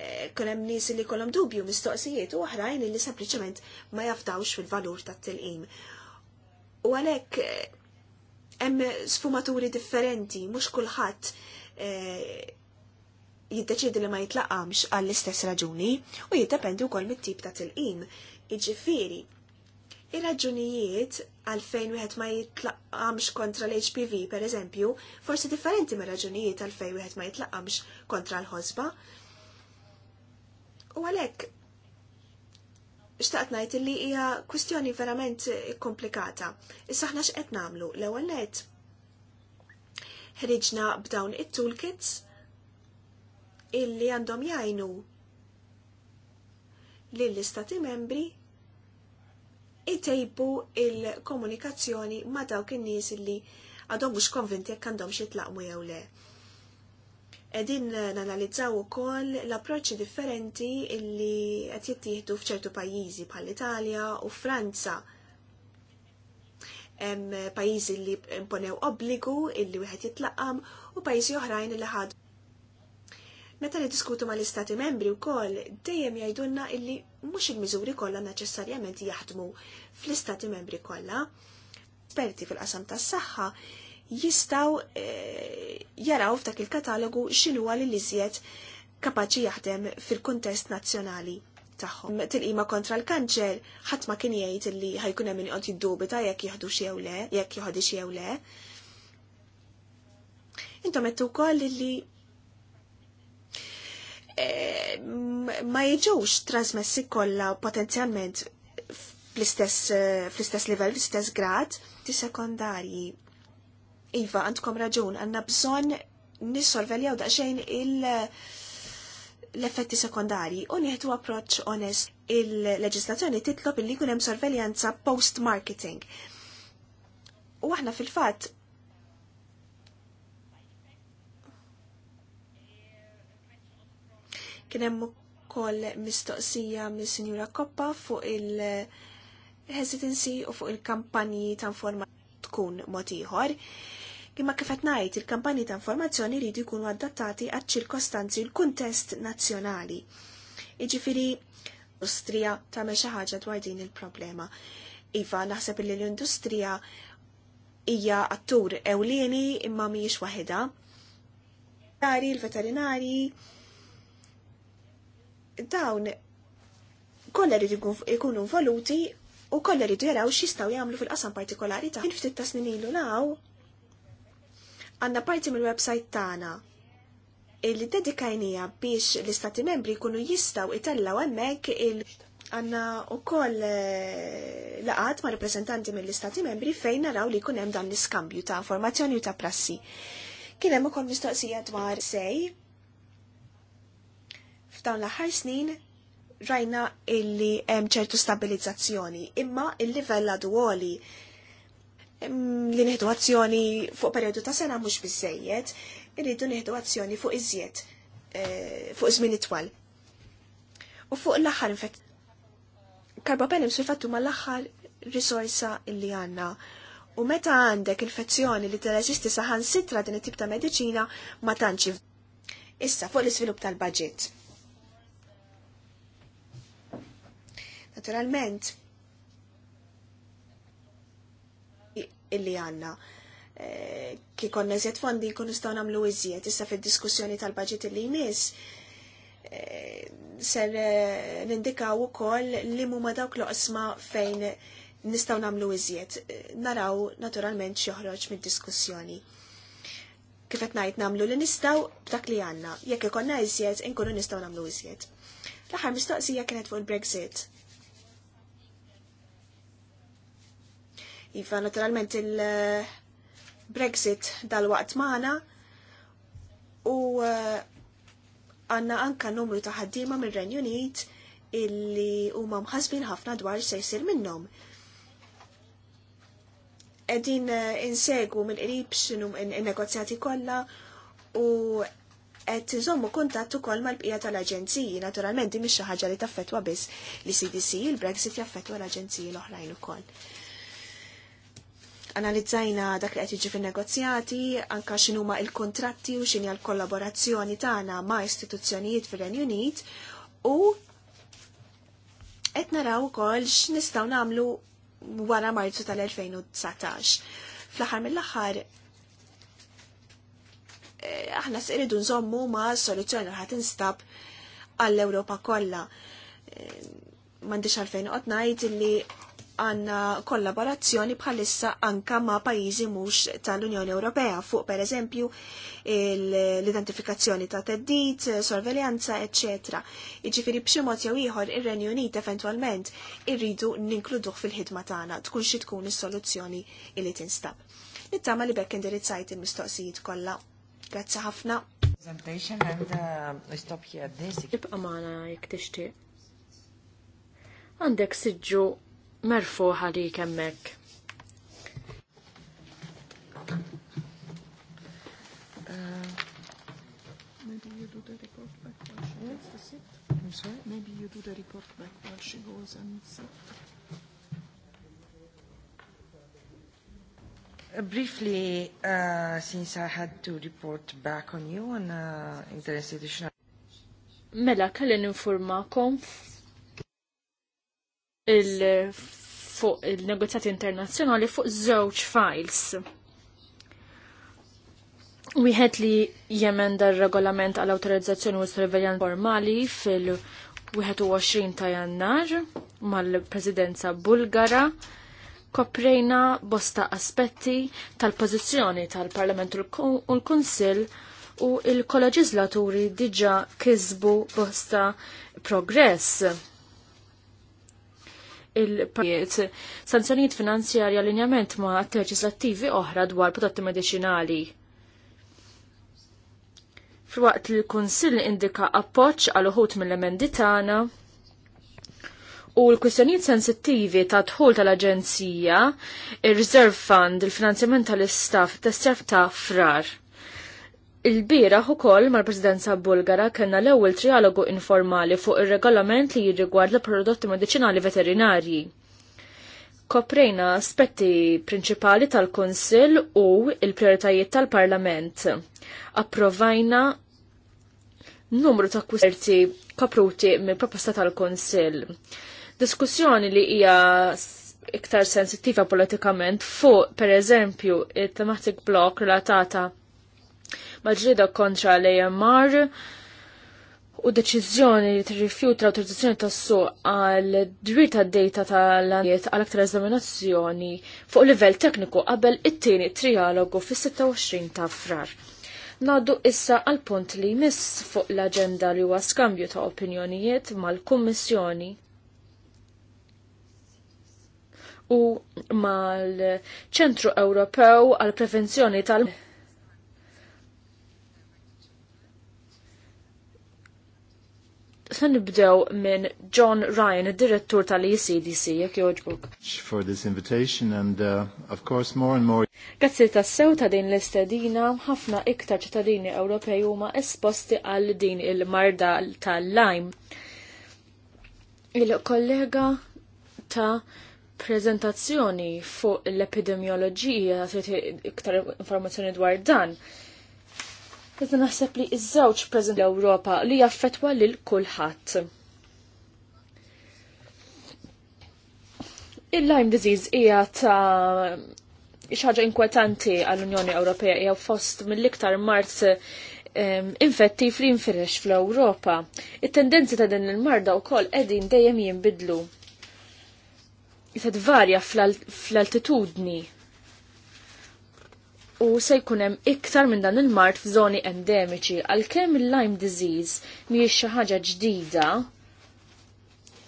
Eh, Kolem nies li kolom dubju mistoqsijiet u oħrajn li sempliċement ma jaftawx fil-valur tat-tilqim. U għalhekk eh, hemm sfumaturi differenti, mhux kulħadd eh, jiddeċidi li ma jitlaqamx għall-istess raġuni u jiddependi wkoll mit-tip ta' tilqim. Iġifieri, ir-raġunijiet għalfejn wieħed ma jitlaqamx kontra l-HPV, per eżempju, forsi differenti mir raġunijiet għalfejn wieħed ma jitlaqamx kontra l-ħosba. U għalhekk xtaqt najt li hija kwistjoni verament komplikata. Issa ħna x'qed nagħmlu? L-ewwel ħriġna b'dawn it-toolkits illi għandhom jajnu li l-istati membri itejbu il-komunikazzjoni ma dawk in-nies li għadhom mhux konvinti jekk għandhom xi tlaqmu jew le. Edin nanalizzaw ukoll l-approċċi differenti illi qed jittieħdu f'ċertu pajjiżi bħall-Italja u Franza. pajjiżi li imponew obbligu illi wieħed jitlaqam u pajjiżi oħrajn li ħadu Meta niddiskutu mal istati membri wkoll dejjem jgħidulna illi mhux il-miżuri kollha neċessarjament jaħdmu fl-istati membri kollha. Esperti fil-qasam tas-saħħa jistaw e, jaraw f'dak il-katalogu xinu għal li iżjed kapaċi jaħdem fil-kontest nazzjonali tagħhom. Tilqima kontra l-kanċer ħadd ma kien jgħid li ħajkun hemm inqod jiddubita jekk jieħdu xi jew le, jekk jieħodi xi jew le. Intom qed ukoll li Eh, ma jiġux trasmessi kollha potenzjalment fl-istess eh, level, livell, fl-istess grad, ti sekondarji. Iva, għandkom raġun, għanna bżon nissorveljaw daqxejn l-effetti sekondarji u nieħdu approċċ onest il-leġislazzjoni titlob illi jkun hemm sorveljanza post-marketing. U aħna fil-fatt Kien hemm ukoll mistoqsija mis-Sinjura Koppa fuq il-hesitancy u fuq il-kampanji ta' informazzjoni tkun mod ieħor. Imma kif qed ngħid il-kampanji ta' informazzjoni jridu jkunu adattati għaċ-ċirkostanzi l-kuntest nazzjonali. Jiġifieri l-industrija tagħmel xi ħaġa dwar din il-problema. Iva, naħseb li l-industrija hija attur ewlieni imma mhijiex waħedha. Dari, l-veterinari, dawn kollha rridu jkunu involuti u kollha rridu jaraw xistaw jagħmlu fil-qasam partikolari ta' kien ftit ta' snin ilu naw għanna parti mill-website tagħna illi dedikajnija biex l-istati membri kunu jistaw itellaw hemmhekk il- għanna u koll eh, laqat ma' rappresentanti mill-istati membri fejn naraw li kunem dan l-iskambju ta' informazzjoni u ta' prassi. Kienem u koll mistoqsija dwar sej, F'dawn l-aħħar snin rajna illi hemm ċertu stabilizzazzjoni, imma il-livell għadu għoli mm, li nieħdu azzjoni fuq perjodu ta' sena mhux biżejjed, irridu nieħdu azzjoni fuq iżjed eh, fuq żmien itwal. U fuq l-aħħar infett karbapenim sulfattu ma l aħħar risorsa illi għanna. U meta għandek infezzjoni li tal reżisti saħan sitra din it-tip ta' medicina ma tantx. Issa fuq l-iżvilupp tal-budget. Naturalment, illi għanna eh, ki konna eżiet fondi kun nistaw namlu iżjed. Issa fil-diskussjoni tal-budget li jmiss, eh, ser eh, nindikaw ukoll li mumma dawk loqsma fejn nistaw namlu iżjed. Naraw naturalment xi mid-diskussjoni kifet najt namlu li nistaw b'dak li għanna. Jekk ikonna iżjed, inkunu nistaw namlu iżjed. L-aħħar mistoqsija kienet fuq il-Brexit. Iva, naturalment il-Brexit dal-waqt maħna u eh, għanna anka numru ta' ħaddima mill renju Unit illi huma mħasbin ħafna dwar se jsir minnhom. Qegħdin eh, insegwu mill-qrib x'inhu n-negozjati kollha u qed iżommu kuntatt ukoll mal-bqija tal-aġenziji. Naturalment din mhix xi ħaġa li taffettwa biss li CDC, il-Brexit jaffettwa l-aġenziji l-oħrajn ukoll analizzajna dak li qed jiġi fin-negozjati, anka x'inhuma l-kontratti u x'inja l-kollaborazzjoni tagħna ma' istituzzjonijiet fir-Renju Unit u qed naraw ukoll x'nistgħu nagħmlu wara Marzu tal-2019. Fl-aħħar mill-aħħar eh, aħna se iridu nżommu ma' soluzzjoni li ħadd instab għall-Ewropa kollha. Eh, m'għandix għalfejn qed ngħid li għanna kollaborazzjoni bħalissa anka ma' pajizi mux tal-Unjoni Ewropea fuq per eżempju l-identifikazzjoni ta' teddit, sorveljanza, ecc. Iġifiri b'xi mod jew ieħor ir-Renju Unit eventwalment irridu ninkluduh fil-ħidma tagħna tkun xi tkun is-soluzzjoni li tinstab. Nittama li bekk indirizzajt il-mistoqsijiet kollha. Grazzi ħafna. Ibqa' magħna jekk tixtieq. Għandek siġġu merfuħa li kemmek. maybe you do the report back while she goes and sit. Uh, briefly, uh, since I had to report back on you on uh, interinstitutional... Mela, kalli ninformakom il fuq il-negozjati internazzjonali fuq żewġ files. Wieħed li jemenda r-regolament għal autorizzazzjoni u surveljan formali fil-21 ta' jannar mal-Presidenza Bulgara koprejna bosta aspetti tal-pożizzjoni tal-Parlament u l-Kunsill u l koleġislaturi diġa kisbu bosta progress il-pajiet sanzjonijiet finanzjarja allinjament ma' atti leġislattivi oħra dwar prodotti medicinali. F'waqt li l-Kunsill indika appoġġ għal uħut mill-emendi tagħna, u l-kwistjonijiet sensittivi ta' dħul tal-Aġenzija, ir reserve Fund, il-finanzjament tal-istaff, tas-serf ta' frar. Il-biraħ ukoll mal-Presidenza Bulgara kellna l-ewwel trialogu informali fuq ir-regolament li jirrigward l-prodotti mediċinali veterinarji. Koprejna aspetti prinċipali tal-Kunsill u il-prioritajiet tal-Parlament. Approvajna numru ta' kwisterti kapruti mill proposta tal-Kunsill. Diskussjoni li hija iktar sensittiva politikament fuq, per eżempju, il-thematic block relatata mal kontra l-AMR u deċiżjoni li t-rifjuta l-autorizzazzjoni tas-suq għal dwir tad-data tal-għaniet għal aktar eżaminazzjoni fuq livell tekniku qabel it-tieni trialogu fis-26 ta' frar. Naddu issa għal punt li miss fuq l-aġenda li huwa skambju ta' opinjonijiet mal-Kummissjoni u mal-Ċentru Ewropew għal Prevenzjoni tal- Se nibdew minn John Ryan, id-direttur tal-ECDC, jekk joġbuk. For this invitation and uh, of course more and more. tassew ta' din l-istedina, ħafna iktar ċittadini Ewropej huma esposti għal din il-marda tal-lajm. Il-kollega ta' prezentazzjoni fuq l-epidemioloġija, iktar informazzjoni dwar dan Iżda naħseb li iż-żewġ preżent l-Ewropa li jaffetwa lil kulħadd. Il-Lyme disease hija ta' xaġa inkwetanti għall-Unjoni Ewropea hija fost mill-iktar mart infettiv li jinfirex fl-Ewropa. It-tendenzi ta' din il-marda wkoll qegħdin dejjem jinbidlu. Jitad varja fl-altitudni. Fl u se jkun hemm iktar minn dan il-mart f'żoni endemiċi għalkemm il-Lyme disease mhijiex xi ħaġa ġdida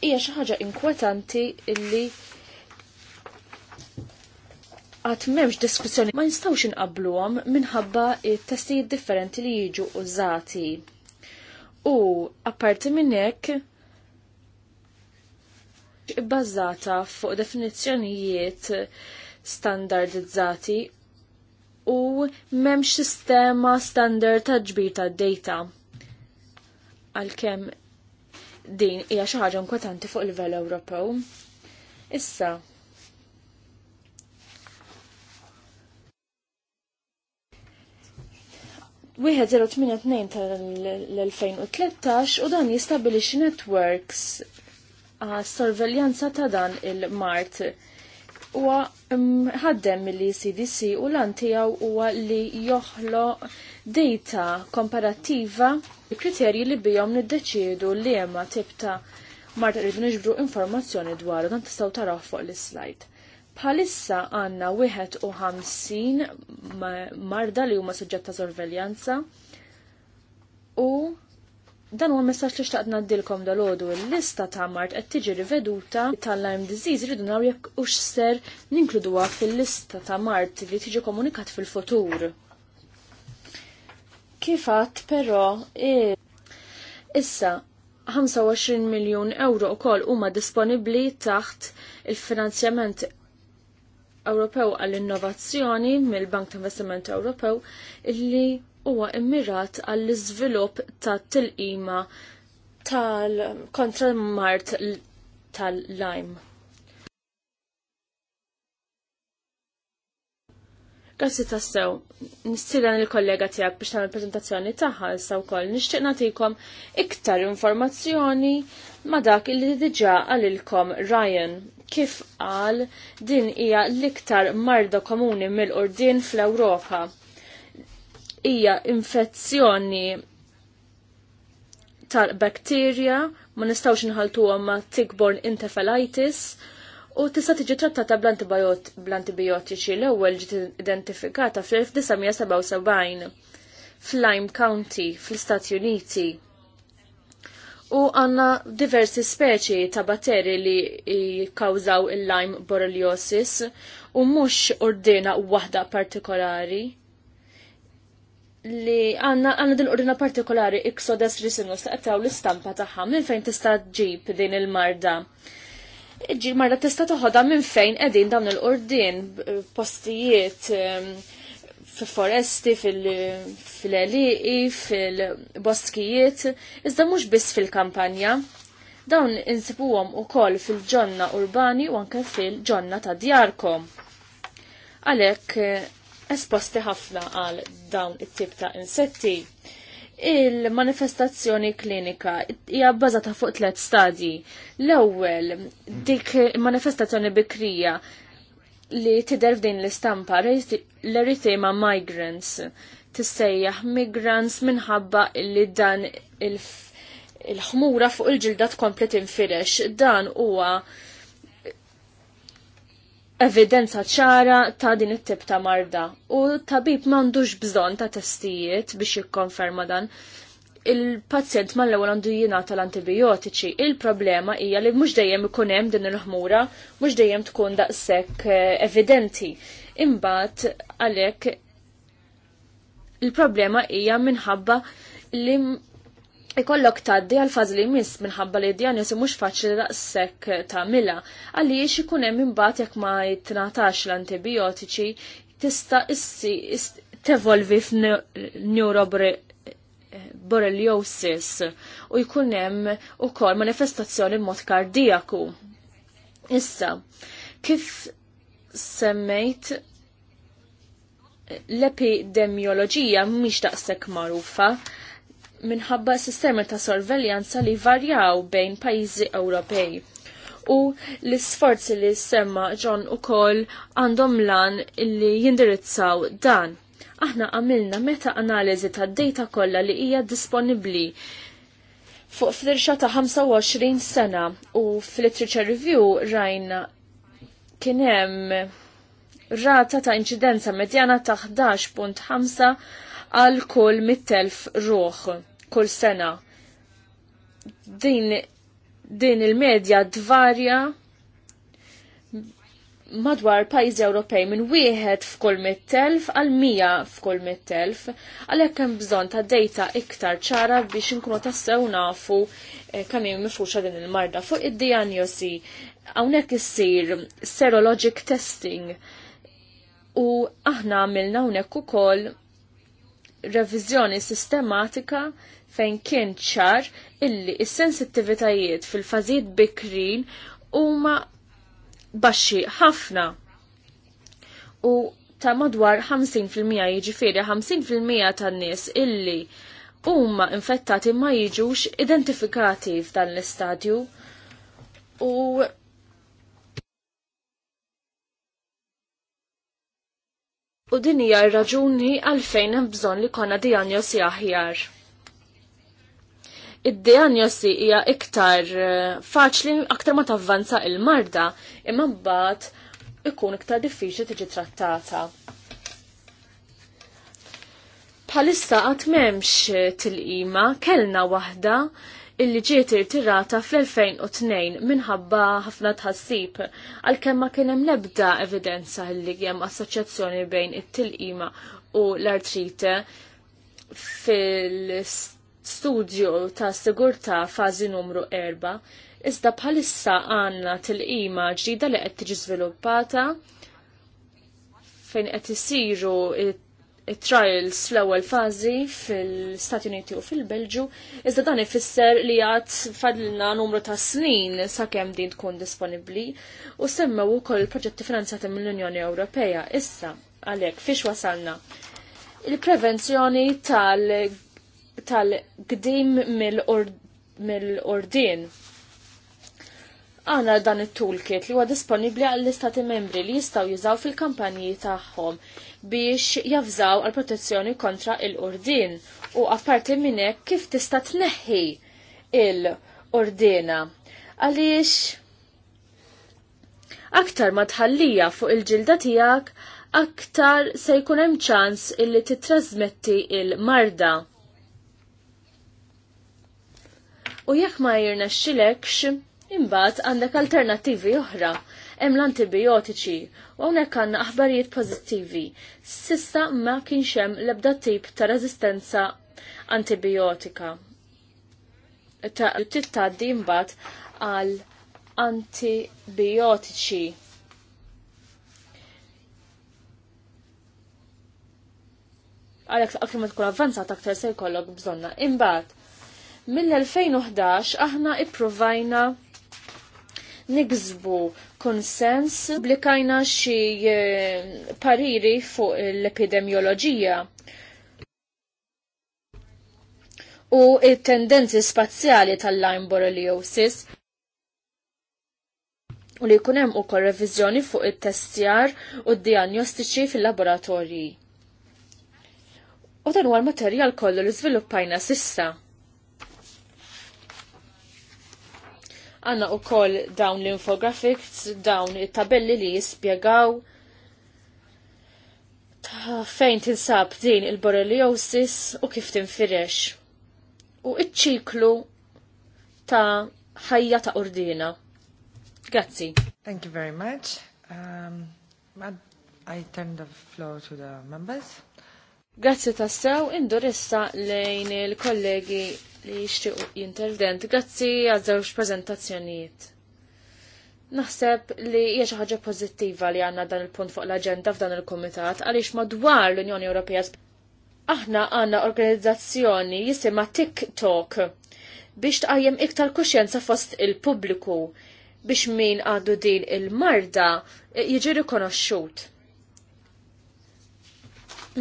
hija xi ħaġa inkwetanti illi għat memx diskussjoni ma nistawx inqabluhom minħabba testijiet differenti li jiġu użati. U apparti minn hekk bbażata fuq definizzjonijiet standardizzati u memx sistema standard ta' ġbir ta' data. Għalkemm din hija xi ħaġa inkwetanti fuq livell Ewropew. Issa, Wieħed 082 tal-2013 u dan jistabilixi networks għas sorveljanza ta' dan il-mart huwa ħaddem mill-ECDC u lan tiegħu huwa li joħloq data komparattiva kriterji li bijom niddeċiedu li hemm tip ta' marta rridu niġbru informazzjoni dwaru, dan tistgħu taraw fuq l-slide. Bħalissa għandna wieħed u marda li huma suġġett ta' sorveljanza u Dan huwa messaġġ li xtaqt ngħaddilkom dalgħodu l-lista ta' Mart qed tiġi riveduta tal-Lyme disease rridu naraw jekk hux ser ninkluduha fil-lista ta' Mart li tiġi komunikat fil-futur. Kifat però issa 25 miljun euro wkoll huma disponibbli taħt il-finanzjament Ewropew għall-innovazzjoni mill-Bank ta' Investiment Ewropew illi huwa immirat għall-iżvilupp ta' tilqima tal kontra mart tal-lajm. Grazzi tassew, nistilan il-kollega tijak biex tamil prezentazzjoni taħħa issa wkoll nixtieq nagħtikom iktar informazzjoni ma dak li diġà għalilkom Ryan kif qal din hija l-iktar marda komuni mill-qurdien fl-Ewropa hija infezzjoni tal-bakterja, ma nistawx nħaltuhom ma' tickborne encephalitis, u tista' tiġi trattata bl-antibiotiċi l-ewwel ġiet identifikata fl-1977 fl-Lyme County fl-Istati Uniti. U għanna diversi speċi ta' batteri li jikkawżaw il-Lyme borreliosis u mhux ordina waħda partikolari li għanna għanna din ordina partikolari iksodas risinu staqtaw l-istampa taħħa minn fejn tista' ġib din il-marda. Ġi marda tista' toħodha minn fejn edin dawn il-ordin postijiet fi foresti fil-eliqi, fil-boskijiet, iżda mhux biss fil-kampanja. Dawn insibuhom ukoll fil-ġonna urbani u anke fil-ġonna ta' djarkom. Għalhekk esposti ħafna għal dawn it-tip ta' insetti. Il-manifestazzjoni klinika hija bbażata fuq tliet stadji. L-ewwel dik manifestazzjoni bikrija li tidher f'din l-istampa l-erythema migrants tissejjaħ migrants minħabba li dan il-ħmura fuq il-ġilda tkompli tinfirex. Dan huwa evidenza ċara ta' din it-tip ta' marda u tabib m'għandux bżonn ta' testijiet biex jikkonferma dan il-pazzjent l ewwel għandu jingħata l-antibiotiċi. Il-problema hija li mhux dejjem ikun hemm din il-ħmura, mhux dejjem tkun daqshekk eh, evidenti. Imbagħad għalhekk il-problema hija minħabba li ikollok taddi għal fażli miss minħabba li d-djan jesi mux faċli daqsek ta' mila, għaliex ikun hemm imbagħad jekk ma jitnatax l-antibiotiċi tista' issi tevolvi f'neuroborreliosis u jkun hemm ukoll manifestazzjoni b'mod kardijaku. Issa, kif semmejt l-epidemioloġija mhix daqshekk magħrufa, minħabba sistemi ta' sorveljanza li varjaw bejn pajjiżi Ewropej. U l-sforzi li semma John u koll għandhom lan li jindirizzaw dan. Aħna għamilna meta analizi ta' data kollha li hija disponibbli fuq firxa ta' 25 sena u fil-literature review rajna kienem rata ta' inċidenza medjana ta' 11.5 għal kull mit-telf ruħ kull sena. Din, din il-medja dvarja madwar pajjiżi Ewropej minn wieħed f'kull mit-telf għal mija f'kull mit-telf, għalhekk hemm bżonn ta' dejta iktar ċara biex inkunu tassew nafu eh, kemm hemm mifruxa din il-marda fuq id-dijanjosi. Hawnhekk issir serologic testing u aħna għamilna hawnhekk ukoll reviżjoni sistematika fejn kien ċar illi is-sensittivitajiet fil-fażijiet bikrin huma baxxi ħafna. U ta' madwar 50% jiġifieri 50% tan-nies illi huma infettati ma jiġux identifikati f'dan l-istadju u u din hija r-raġuni għalfejn hemm bżonn li konna dijanjosi aħjar id-diagnosi hija iktar eh, faċli aktar ma tavvanza il-marda imma mbagħad ikun iktar diffiċli tiġi trattata. Bħalissa qatt m'hemmx tilqima kellna waħda illi ġiet irtirata fl-2002 minħabba ħafna tħassib għalkemm ma kien hemm l-ebda evidenza li hemm assoċjazzjoni bejn it-tilqima u l-artrite fil studju ta' sigurta fazi numru 4, iżda bħalissa għanna til-qima ġdida li qed tiġi żviluppata fejn qed isiru trials fl-ewwel fażi fil-Stati Uniti u fil-Belġu, iżda dan ifisser li għad fadlna numru ta' snin sakemm din tkun disponibbli u semmew ukoll proġetti finanzjati mill-Unjoni Ewropea. Issa, għalhekk fiex wasalna? Il-prevenzjoni tal- tal-gdim mill-ordin. Għana dan it-toolkit li huwa disponibli għall-istati membri li jistaw jużaw fil-kampanji tagħhom biex jafżaw għal protezzjoni kontra il-ordin u apparti minn hekk kif tista' tneħħi il-ordina. Għaliex aktar ma tħallija fuq il-ġilda tiegħek aktar se jkun hemm ċans illi titrasmetti il-marda. U jekk ma jirnexxilekx, imbagħad għandek alternattivi oħra hemm l-antibiotiċi u hawnhekk għandna aħbarijiet pożittivi. Sissa ma kienx hemm l-ebda tip ta' reżistenza antibiotika. Ta' tittaddi imbagħad għal antibiotiċi. Għalhekk għakim ma tkun avvanzat aktar se jkollok bżonna. Imbagħad Mill-2011 aħna ipprovajna nigzbu konsens blikajna xi eh, pariri fuq l epidemioloġija u il-tendenzi spazjali tal-Lyme borreliosis u li kunem u kol revizjoni fuq il-testjar u d-diagnostiċi fil-laboratorji. U dan huwa l-materjal kollu li żviluppajna sissa. Għanna u koll dawn l-infographics, dawn il-tabelli li jispiegaw fejn tinsab din il-borreliosis u kif tinfirex. U iċ-ċiklu ta' ħajja ta' ordina. Grazzi. Thank you very much. Um, I turn the floor to the members. Grazzi tassew, indur issa lejn il-kollegi li jixtiequ jintervent. Grazzi għaż-żewġ preżentazzjonijiet. Naħseb li hija xi ħaġa pożittiva li għandna dan il-punt fuq l-aġenda f'dan il-Kumitat għaliex madwar l-Unjoni Ewropea aħna għandna organizzazzjoni jisimha TikTok biex tqajjem iktar kuxjenza fost il-pubbliku biex min għadu din il-marda e- jiġi rikonoxxut.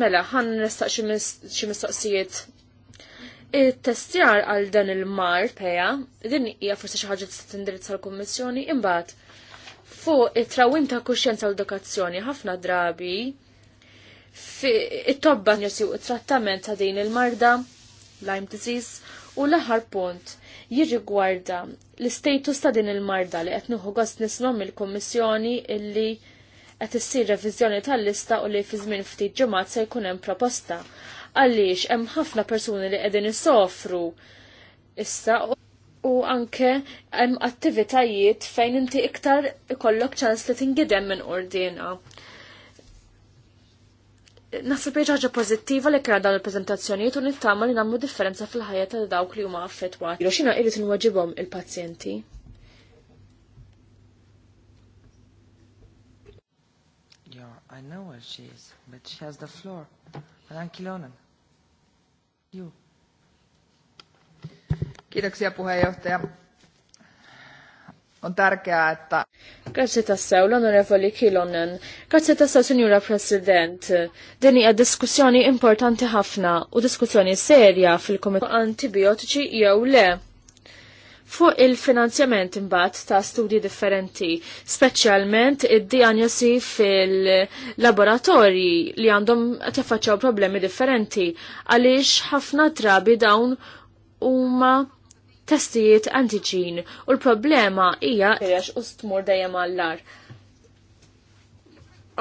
Mela, ħan nistaq xi mistoqsijiet Il-testjar għal dan il-mar, peja, din hija forsi xi ħaġa tista' tindirizza l-Kummissjoni, imbagħad fuq it-trawim ta' kuxjenza u edukazzjoni ħafna drabi it-tobba njosi u trattament ta' din il-marda, Lyme disease, u l-aħħar punt jirrigwarda l-istatus ta' din il-marda li qed nieħu gost nislhom il-Kummissjoni illi qed issir reviżjoni tal-lista u li fi żmien ftit ġimgħat se jkun hemm proposta għaliex hemm ħafna persuni li qegħdin isofru issa u anke hemm attivitajiet fejn inti iktar ikollok ċans li tingidem minn ordina. Naħseb li ħaġa pożittiva li kra dan il-preżentazzjonijiet u nittama li nagħmlu differenza fil-ħajja ta' dawk li huma affettwati. Xina irid tinwaġibhom il-pazjenti? I know where she is, but she has the floor. Kiitoksia puheenjohtaja. On tärkeää, että... Grazie tassew, l-onorevoli Kilonen. Grazie tassew, signora President. Deni għad diskussjoni importanti ħafna u diskussjoni serja fil-komitat antibiotiċi jew le. Fuq il-finanzjament imbagħad ta' studji differenti, speċjalment id-diagnosi fil-laboratorji li għandhom qed jaffaċċjaw problemi differenti għaliex ħafna drabi dawn huma testijiet antiġin u l-problema hija għax u stmur dejjem għall-lar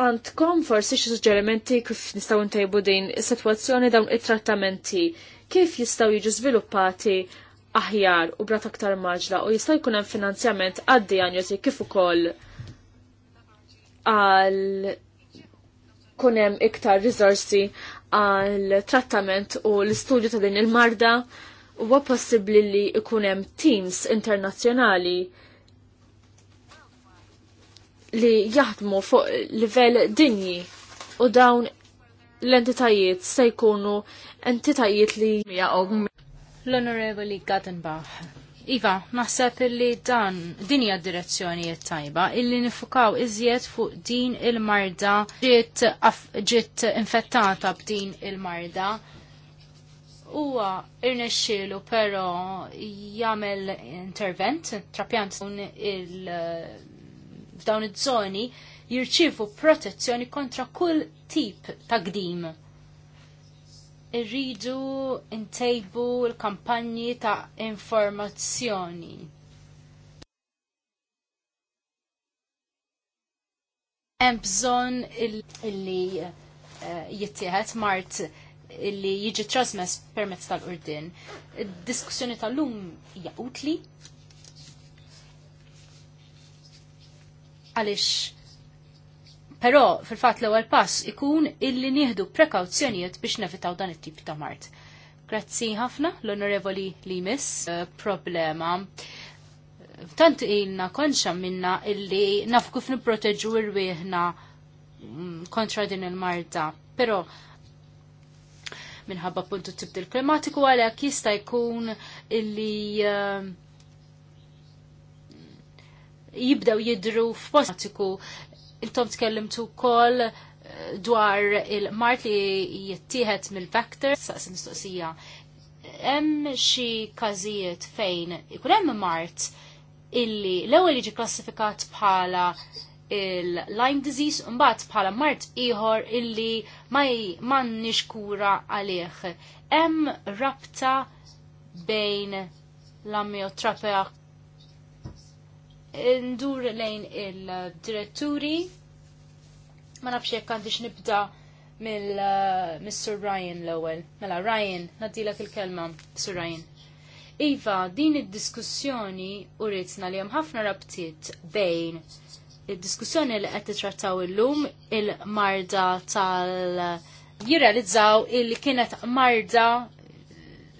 għandkom forsi xi suġġerimenti kif nistgħu ntejbu din is-sitwazzjoni dawn it-trattamenti kif jistgħu jiġu żviluppati aħjar u brat aktar maġla u jista' jkun hemm finanzjament għad-dijanjosi kif ukoll għal kunem iktar rizorsi għal trattament u l-istudju ta' din il-marda huwa possibbli li ikunem teams internazzjonali li jaħdmu fuq livell dinji u dawn l-entitajiet se jkunu entitajiet li l-Onorevoli Gattenbach. Iva, naħseb illi dan din hija direzzjoni tajba illi nifukaw iżjed fuq din il-marda ġiet infettata b'din il-marda. Huwa irnexxielu però jagħmel intervent, trapjant il f'dawn iż-żoni jirċievu protezzjoni kontra kull tip ta' gdim irridu ntejbu l-kampanji ta' informazzjoni. Hemm bżonn illi eh, jittieħed mart illi jiġi trasmess permezz tal-qurdin. Id-diskussjoni tal-lum hija utli għaliex Però fil-fatt l-ewwel pass ikun illi nieħdu prekawzjonijiet biex nevitaw dan it-tip ta' mart. Grazzi ħafna l-Onorevoli Limis. Eh, problema tant ilna konxa minna illi naf kif niproteġu wieħna mm, kontra din il-marda. Pero minħabba puntu tibdil klimatiku għalhekk jista' jkun illi jibdaw eh, jibdew f f'postiku Intom tkellimtu wkoll eh, dwar il-mart li jittieħed mill-vector, saqs mistoqsija. Hemm xi każijiet fejn ikun hemm mart illi l-ewwel jiġi klassifikat bħala il-Lyme disease u mbagħad bħala mart ieħor illi ma m'għandniex kura għalih. Hemm rabta bejn l-amiotrapea ndur lejn il-diretturi. Ma nafx jekk għandix nibda mill-Mr. Eh, Ryan l-ewwel. Mela Ryan, nadilek il-kelma, Mr. Ryan. Iva, din id-diskussjoni uritna li hemm ħafna rabtiet bejn id-diskussjoni li qed titrattaw illum il-marda tal- jirrealizzaw il kienet marda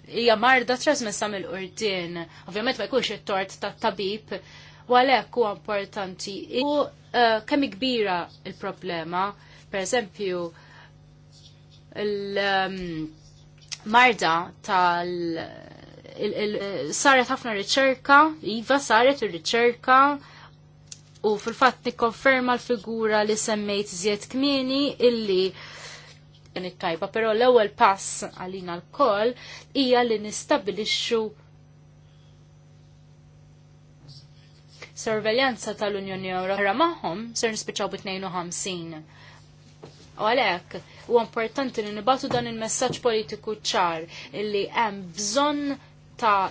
hija marda trasmessa mill-qurdien. Ovvjament ma jkunx it-tort tat-tabib u huwa importanti. U uh, kemm kbira il-problema, per eżempju, il-marda ehm, tal saret ħafna riċerka, iva saret ir-riċerka u fil-fatt nikkonferma l-figura li semmejt zjed kmieni illi tajba, pero l-ewwel pass għalina l-koll hija li nistabilixxu sorveljanza tal-Unjoni Ewropea magħhom ser nispiċċaw bit-52. U għalhekk huwa importanti li nibatu dan il-messaġġ politiku ċar illi hemm bżonn ta'